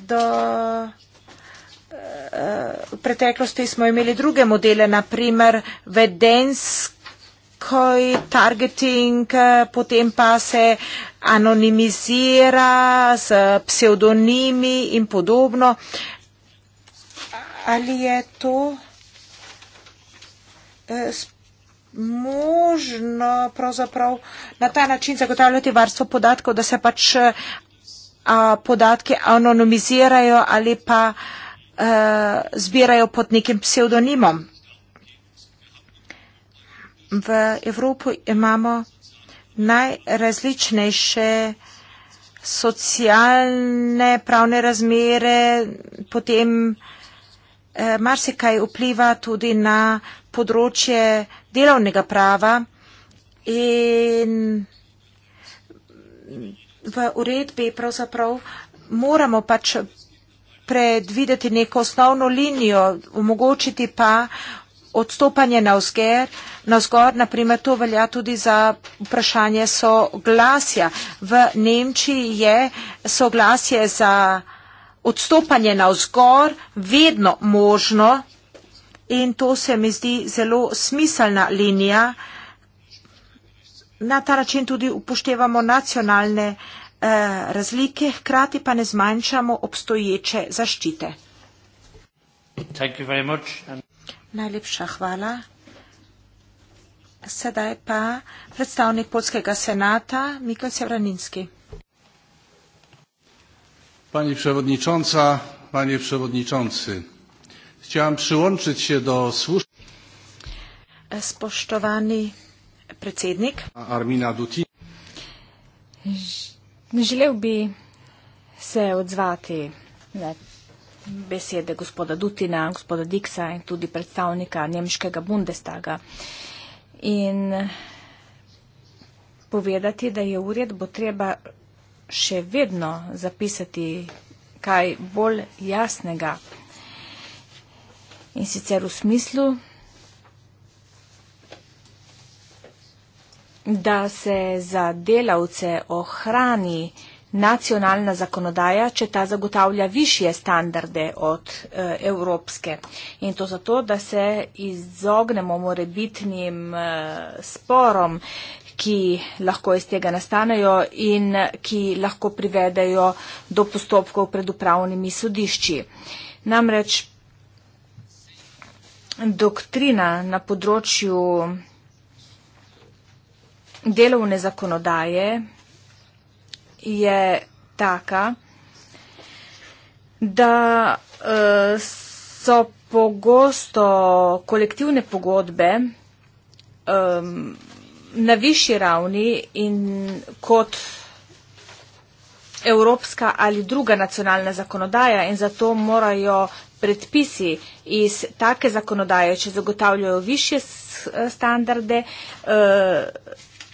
do eh, v preteklosti smo imeli druge modele, naprimer vedensk, koji targeting eh, potem pa se anonimizira s pseudonimi in podobno. Ali je to eh, možno pravzaprav na ta način zagotavljati varstvo podatkov, da se pač eh, podatke anonimizirajo ali pa zbirajo pod nekim pseudonimom? v Evropi imamo najrazličnejše socialne pravne razmere, potem eh, marsikaj vpliva tudi na področje delovnega prava in v uredbi pravzaprav moramo pač predvideti neko osnovno linijo, omogočiti pa odstopanje na vzgor, na vzgor, naprimer to velja tudi za vprašanje soglasja. V Nemčiji je soglasje za odstopanje na vzgor vedno možno in to se mi zdi zelo smiselna linija. Na ta način tudi upoštevamo nacionalne eh, razlike, hkrati pa ne zmanjšamo obstoječe zaščite. Thank you very much. And Najlepša hvala. Sedaj pa predstavnik Polskega senata, Mikel Sevraninski. Pani przewodnicząca, panie przewodniczący, chciałam przyłączyć się do służb. Spoštovani predsednik. Armina Duti. Ž želel bi se odzvati na besede gospoda Dutina, gospoda Diksa in tudi predstavnika nemškega Bundestaga. In povedati, da je ured bo treba še vedno zapisati kaj bolj jasnega. In sicer v smislu, da se za delavce ohrani nacionalna zakonodaja, če ta zagotavlja višje standarde od e, evropske. In to zato, da se izognemo morebitnim e, sporom, ki lahko iz tega nastanejo in ki lahko privedejo do postopkov pred upravnimi sodišči. Namreč doktrina na področju delovne zakonodaje je taka, da eh, so pogosto kolektivne pogodbe na višji ravni in kot evropska ali druga nacionalna zakonodaja in zato morajo predpisi iz take zakonodaje, če zagotavljajo više eh, standarde, eh,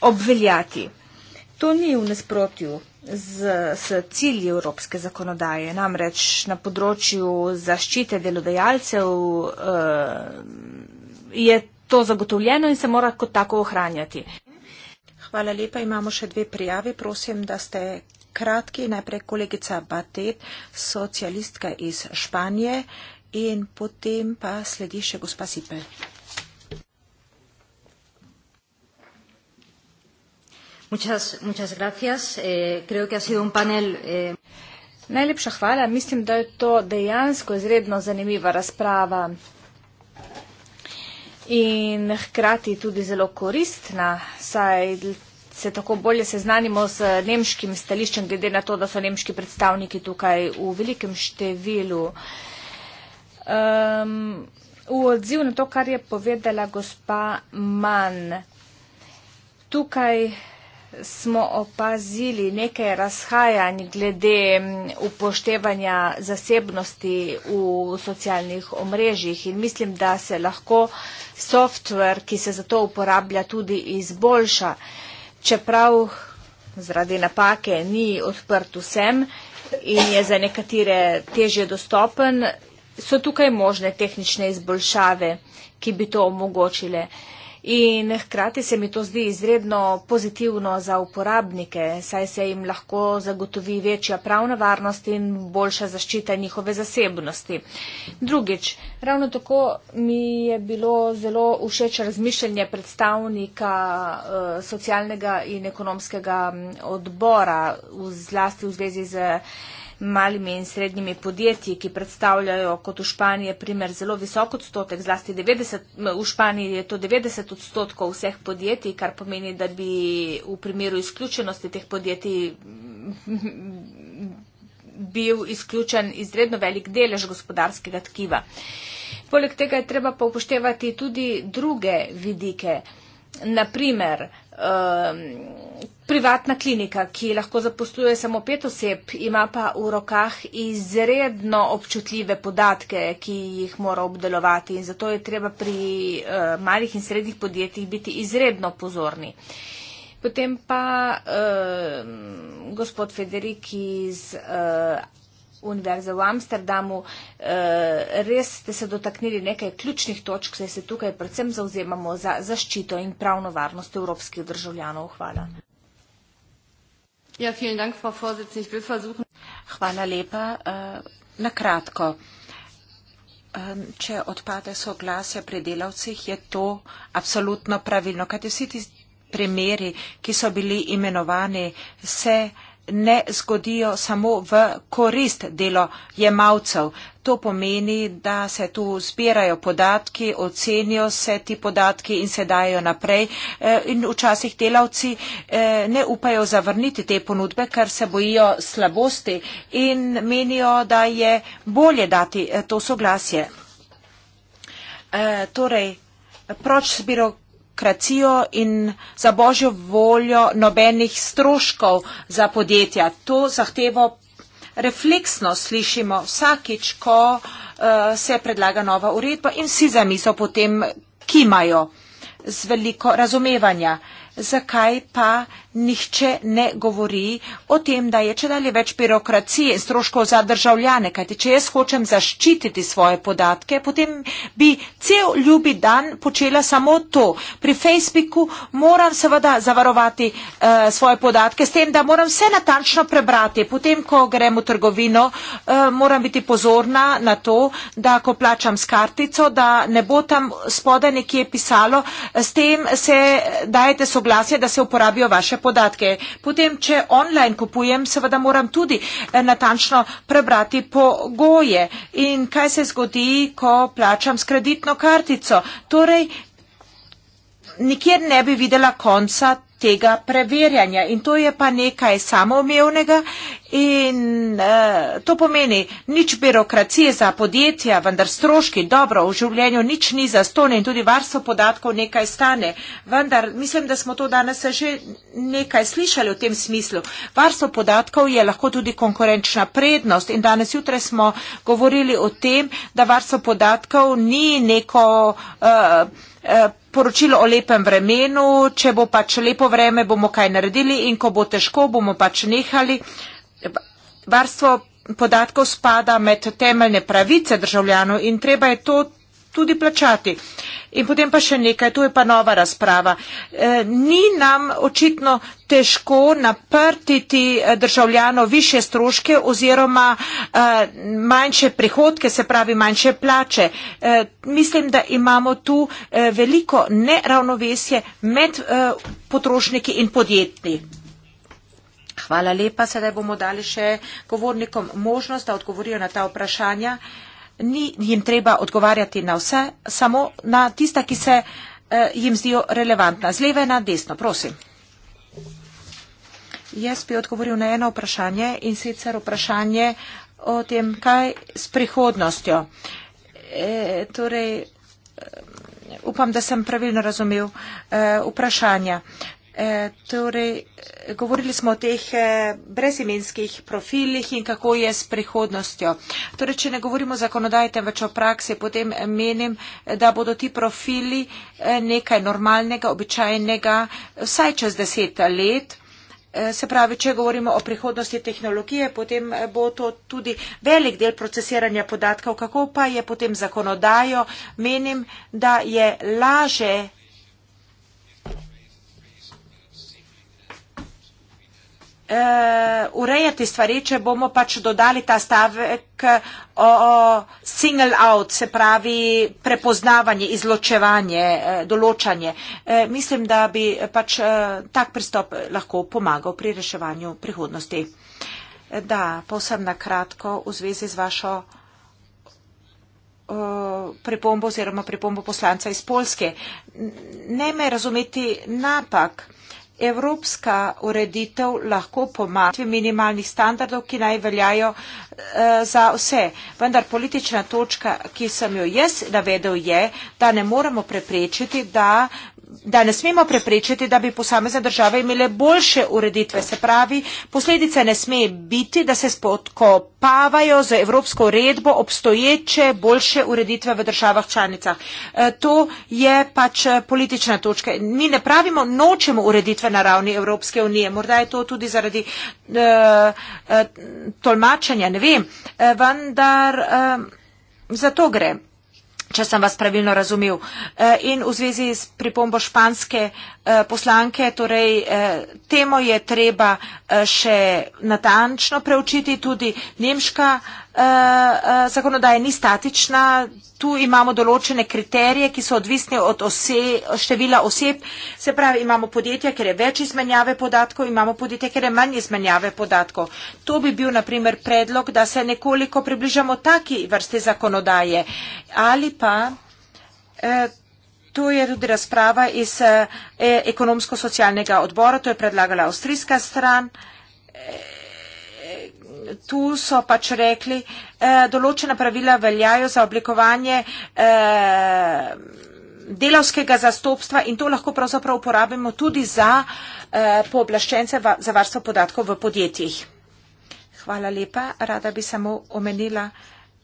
obveljati. To ni v nasprotju z, s cilji evropske zakonodaje. Namreč na področju zaščite delodajalcev uh, je to zagotovljeno in se mora kot tako ohranjati. Hvala lepa. Imamo še dve prijave. Prosim, da ste kratki. Najprej kolegica Batet, socialistka iz Španije in potem pa sledi še gospa Sipel. Muchas, muchas gracias. Eh, creo que ha sido un panel. Eh... Najlepša hvala. Mislim, da je to dejansko izredno zanimiva razprava in hkrati tudi zelo koristna, saj se tako bolje seznanimo z nemškim stališčem, glede na to, da so nemški predstavniki tukaj v velikem številu. Um, v odziv na to, kar je povedala gospa Mann, tukaj smo opazili nekaj razhajanj glede upoštevanja zasebnosti v socialnih omrežjih in mislim, da se lahko softver, ki se za to uporablja, tudi izboljša. Čeprav zaradi napake ni odprt vsem in je za nekatere težje dostopen, so tukaj možne tehnične izboljšave, ki bi to omogočile. In hkrati se mi to zdi izredno pozitivno za uporabnike, saj se jim lahko zagotovi večja pravna varnost in boljša zaščita njihove zasebnosti. Drugič, ravno tako mi je bilo zelo všeč razmišljanje predstavnika eh, socialnega in ekonomskega mm, odbora v zlasti v zvezi z malimi in srednjimi podjetji, ki predstavljajo kot v Španiji primer zelo visok odstotek, zlasti 90, no, v Španiji je to 90 odstotkov vseh podjetij, kar pomeni, da bi v primeru izključenosti teh podjetij mm, bil izključen izredno velik delež gospodarskega tkiva. Poleg tega je treba pa upoštevati tudi druge vidike. Naprimer, um, privatna klinika, ki lahko zaposluje samo pet oseb, ima pa v rokah izredno občutljive podatke, ki jih mora obdelovati in zato je treba pri uh, malih in srednjih podjetjih biti izredno pozorni. Potem pa uh, gospod Federik iz uh, Univerze v Amsterdamu. Eh, res ste se dotaknili nekaj ključnih točk, saj se tukaj predvsem zauzemamo za zaščito in pravno varnost evropskih državljanov. Hvala. Ja, dank, Hvala lepa. Eh, na kratko, če odpade soglasje pri delavcih, je to absolutno pravilno, kajti vsi ti primeri, ki so bili imenovani, se ne zgodijo samo v korist delo jemalcev. To pomeni, da se tu zbirajo podatki, ocenijo se ti podatki in se dajo naprej. Eh, in včasih delavci eh, ne upajo zavrniti te ponudbe, ker se bojijo slabosti in menijo, da je bolje dati eh, to soglasje. Torej, proč zbiro birokracijo in za božjo voljo nobenih stroškov za podjetja. To zahtevo refleksno slišimo vsakič, ko uh, se predlaga nova uredba in vsi za mizo potem kimajo z veliko razumevanja. Zakaj pa nihče ne govori o tem, da je čedalje več birokracije in stroškov za državljane, kajti če jaz hočem zaščititi svoje podatke, potem bi cel ljubi dan počela samo to. Pri Facebooku moram seveda zavarovati uh, svoje podatke s tem, da moram vse natančno prebrati. Potem, ko grem v trgovino, uh, moram biti pozorna na to, da ko plačam s kartico, da ne bo tam spode nekje pisalo, s tem se dajete soglasje, da se uporabijo vaše podatke. Potem, če online kupujem, seveda moram tudi eh, natančno prebrati pogoje in kaj se zgodi, ko plačam s kreditno kartico. Torej, nikjer ne bi videla konca tega preverjanja in to je pa nekaj samoumevnega in uh, to pomeni nič birokracije za podjetja, vendar stroški dobro v življenju nič ni za stone in tudi varstvo podatkov nekaj stane. Vendar mislim, da smo to danes že nekaj slišali v tem smislu. Varstvo podatkov je lahko tudi konkurenčna prednost in danes jutraj smo govorili o tem, da varstvo podatkov ni neko uh, poročilo o lepem vremenu, če bo pač lepo vreme, bomo kaj naredili in ko bo težko, bomo pač nehali. Varstvo podatkov spada med temeljne pravice državljanov in treba je to, tudi plačati. In potem pa še nekaj, tu je pa nova razprava. E, ni nam očitno težko naprtiti e, državljano više stroške oziroma e, manjše prihodke, se pravi manjše plače. E, mislim, da imamo tu e, veliko neravnovesje med e, potrošniki in podjetni. Hvala lepa, sedaj bomo dali še govornikom možnost, da odgovorijo na ta vprašanja. E, ni jim treba odgovarjati na vse, samo na tista, ki se eh, jim zdijo relevantna. Z leve na desno, prosim. Jaz bi odgovoril na eno vprašanje in sicer vprašanje o tem, kaj s prihodnostjo. E, torej, eh, upam, da sem pravilno razumel e, vprašanja. E, torej, govorili smo o teh e, brezimenskih profilih in kako je s prihodnostjo. Torej, če ne govorimo zakonodaje, temveč o praksi, potem menim, da bodo ti profili e, nekaj normalnega, običajnega, vsaj čez deset let. Se pravi, če govorimo o prihodnosti tehnologije, potem bo to tudi velik del procesiranja podatkov, kako pa je potem zakonodajo. Menim, da je laže Eh, urejati stvari, če bomo pač dodali ta stavek o single out, se pravi prepoznavanje, izločevanje, eh, določanje. Eh, mislim, da bi pač tak pristop lahko pomagal pri reševanju prihodnosti. Da, povsem na kratko v zvezi z vašo pripombo oziroma pripombo poslanca iz Polske. Ne me razumeti napak evropska ureditev lahko pomagati minimalnih standardov, ki naj veljajo eh, za vse. Vendar politična točka, ki sem jo jaz navedel, je, da ne moremo preprečiti, da da ne smemo preprečiti, da bi posamezne države imele boljše ureditve. Se pravi, posledice ne sme biti, da se spodkopavajo z evropsko redbo obstoječe boljše ureditve v državah članicah. E, to je pač e, politična točka. Mi ne pravimo, nočemo ureditve na ravni Evropske unije. Morda je to tudi zaradi uh, tolmačenja, ne vem. Vendar uh, za to gre če sem vas pravilno razumel. E, in v zvezi s pripombo španske e, poslanke, torej e, temo je treba še natančno preučiti, tudi nemška Eh, eh, zakonodaja ni statična. Tu imamo določene kriterije, ki so odvisni od ose, števila oseb. Se pravi, imamo podjetja, ker je več izmenjave podatkov, imamo podjetja, ker je manj izmenjave podatkov. To bi bil, na primer, predlog, da se nekoliko približamo taki vrsti zakonodaje. Ali pa. Eh, To je tudi razprava iz eh, e-, ekonomsko-socialnega odbora, to je predlagala avstrijska stran. Eh, tu so pač rekli, eh, določena pravila veljajo za oblikovanje eh, delavskega zastopstva in to lahko pravzaprav uporabimo tudi za eh, pooblaščence va, za varstvo podatkov v podjetjih. Hvala lepa. Rada bi samo omenila,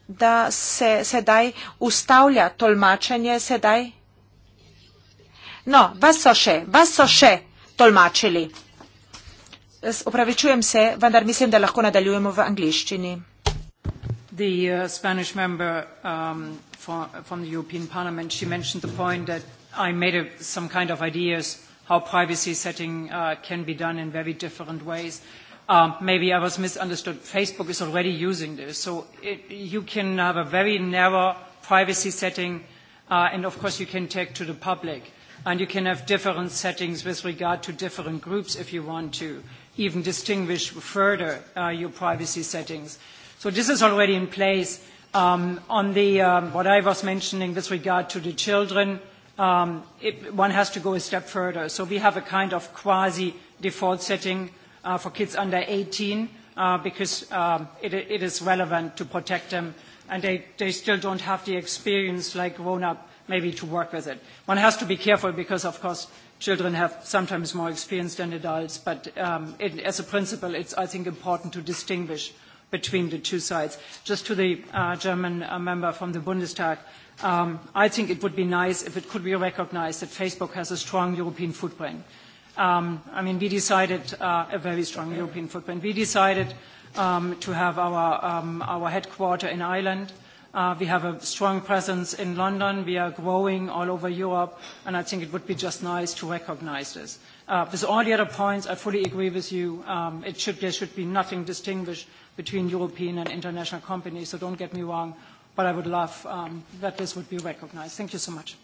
da se sedaj ustavlja tolmačenje. Sedaj. No, vas so še, vas so še tolmačili. Opravičujem se, vendar mislim, da lahko nadaljujemo v angliščini. The uh, Spanish member um, for, from the European Parliament, she mentioned the point that I made a, some kind of ideas how privacy setting uh, can be done in very different ways. Um, maybe I was misunderstood. Facebook is already using this. So it, you can have a very narrow privacy setting, uh, and of course you can take to the public. And you can have different settings with regard to different groups if you want to even distinguish further uh, your privacy settings. So this is already in place. Um, on the, um, what I was mentioning with regard to the children, um, it, one has to go a step further. So we have a kind of quasi-default setting uh, for kids under 18 uh, because um, it, it is relevant to protect them and they, they still don't have the experience like grown-up maybe to work with it. One has to be careful because, of course, children have sometimes more experience than adults, but um, it, as a principle, it's, I think, important to distinguish between the two sides. Just to the uh, German uh, member from the Bundestag, um, I think it would be nice if it could be recognized that Facebook has a strong European footprint. Um, I mean, we decided uh, a very strong European footprint. We decided um, to have our, um, our headquarter in Ireland. Uh, we have a strong presence in London. We are growing all over Europe, and I think it would be just nice to recognize this. With uh, all the other points, I fully agree with you. Um, there should be nothing distinguished between European and international companies, so don't get me wrong, but I would love um, that this would be recognized. Thank you so much.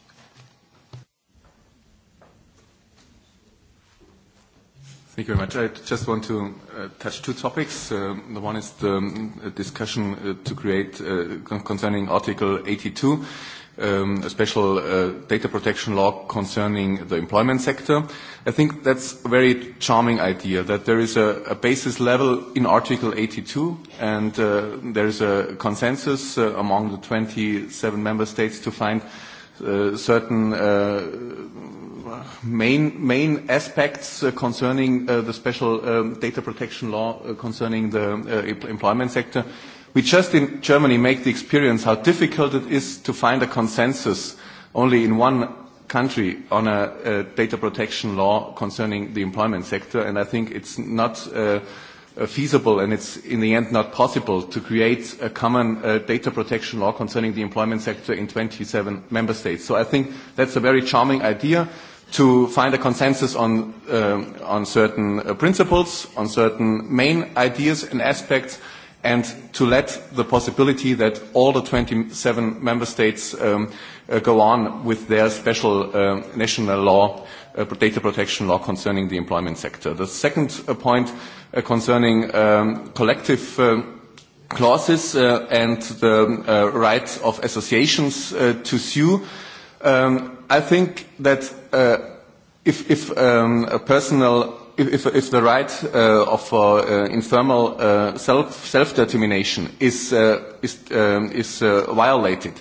Thank you very much. I just want to uh, touch two topics. Um, the one is the um, discussion uh, to create uh, con concerning Article 82, um, a special uh, data protection law concerning the employment sector. I think that's a very charming idea that there is a, a basis level in Article 82 and uh, there is a consensus uh, among the 27 member states to find uh, certain uh, main aspects uh, concerning uh, the special um, data protection law uh, concerning the employment sector. We just in Germany make the experience how difficult it is to find a consensus only in one country on a data protection law concerning the employment sector. I think it's not feasible, and it's in the end not possible to create a common data protection law concerning the employment sector in 27 member states. I think that's a very charming idea, to find a consensus on, uh, on certain uh, principles, on certain main ideas and aspects, and to let the possibility that all the 27 member states um, uh, go on with their special uh, national law, uh, data protection law concerning the employment sector. The second uh, point uh, concerning um, collective uh, clauses uh, and the uh, rights of associations uh, to sue. Um, I think that uh, if, if um, a personal, if, if, if the right uh, of uh, informal uh, self, self-determination is, uh, is, um, is uh, violated,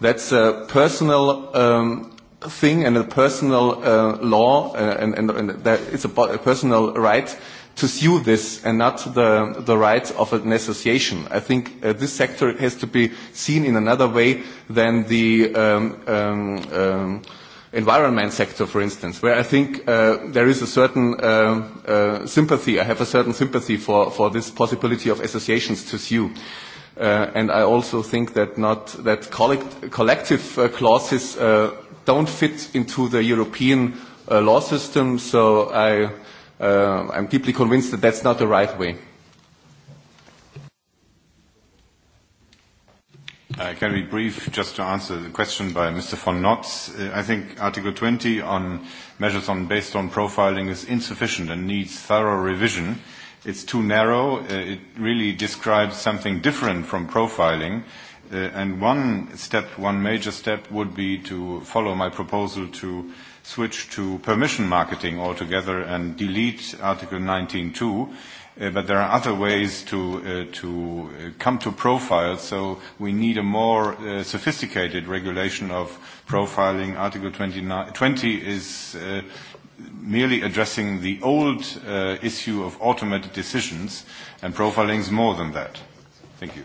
that's a personal um, thing and a personal uh, law, uh, and, and, and that it's a personal right uh, to sue this and not the, the rights of an association. I think uh, this sector has to be seen in another way than the um, um, um, environment sector, for instance, where I think uh, there is a certain uh, uh, sympathy, I have a certain sympathy for, for this possibility of associations to sue. Uh, and I also think that not that collect, collective uh, clauses uh, don't fit into the European uh, law system. So I, uh, I'm deeply convinced that that's not the right way. Uh, can we brief just to answer the question by Mr. von Notz? Uh, I think Article 20 on measures on based on profiling is insufficient and needs thorough revision. It's too narrow. Uh, it really describes something different from profiling. Uh, and one step, one major step, would be to follow my proposal to uh, switch to permission marketing altogether and delete Article 19.2. Uh, but there are other ways to, uh, to uh, come to profiles. So we need a more uh, sophisticated regulation of profiling. Article 20 is uh, merely addressing the old uh, issue of automated decisions and profiling is more than that. Thank you.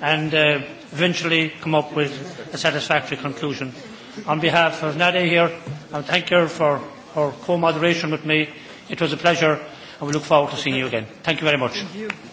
and uh, eventually come up with a satisfactory conclusion. On behalf of Nadia here, I thank her for her co-moderation with me. It was a pleasure, and we look forward to seeing you again. Thank you very much. Thank you.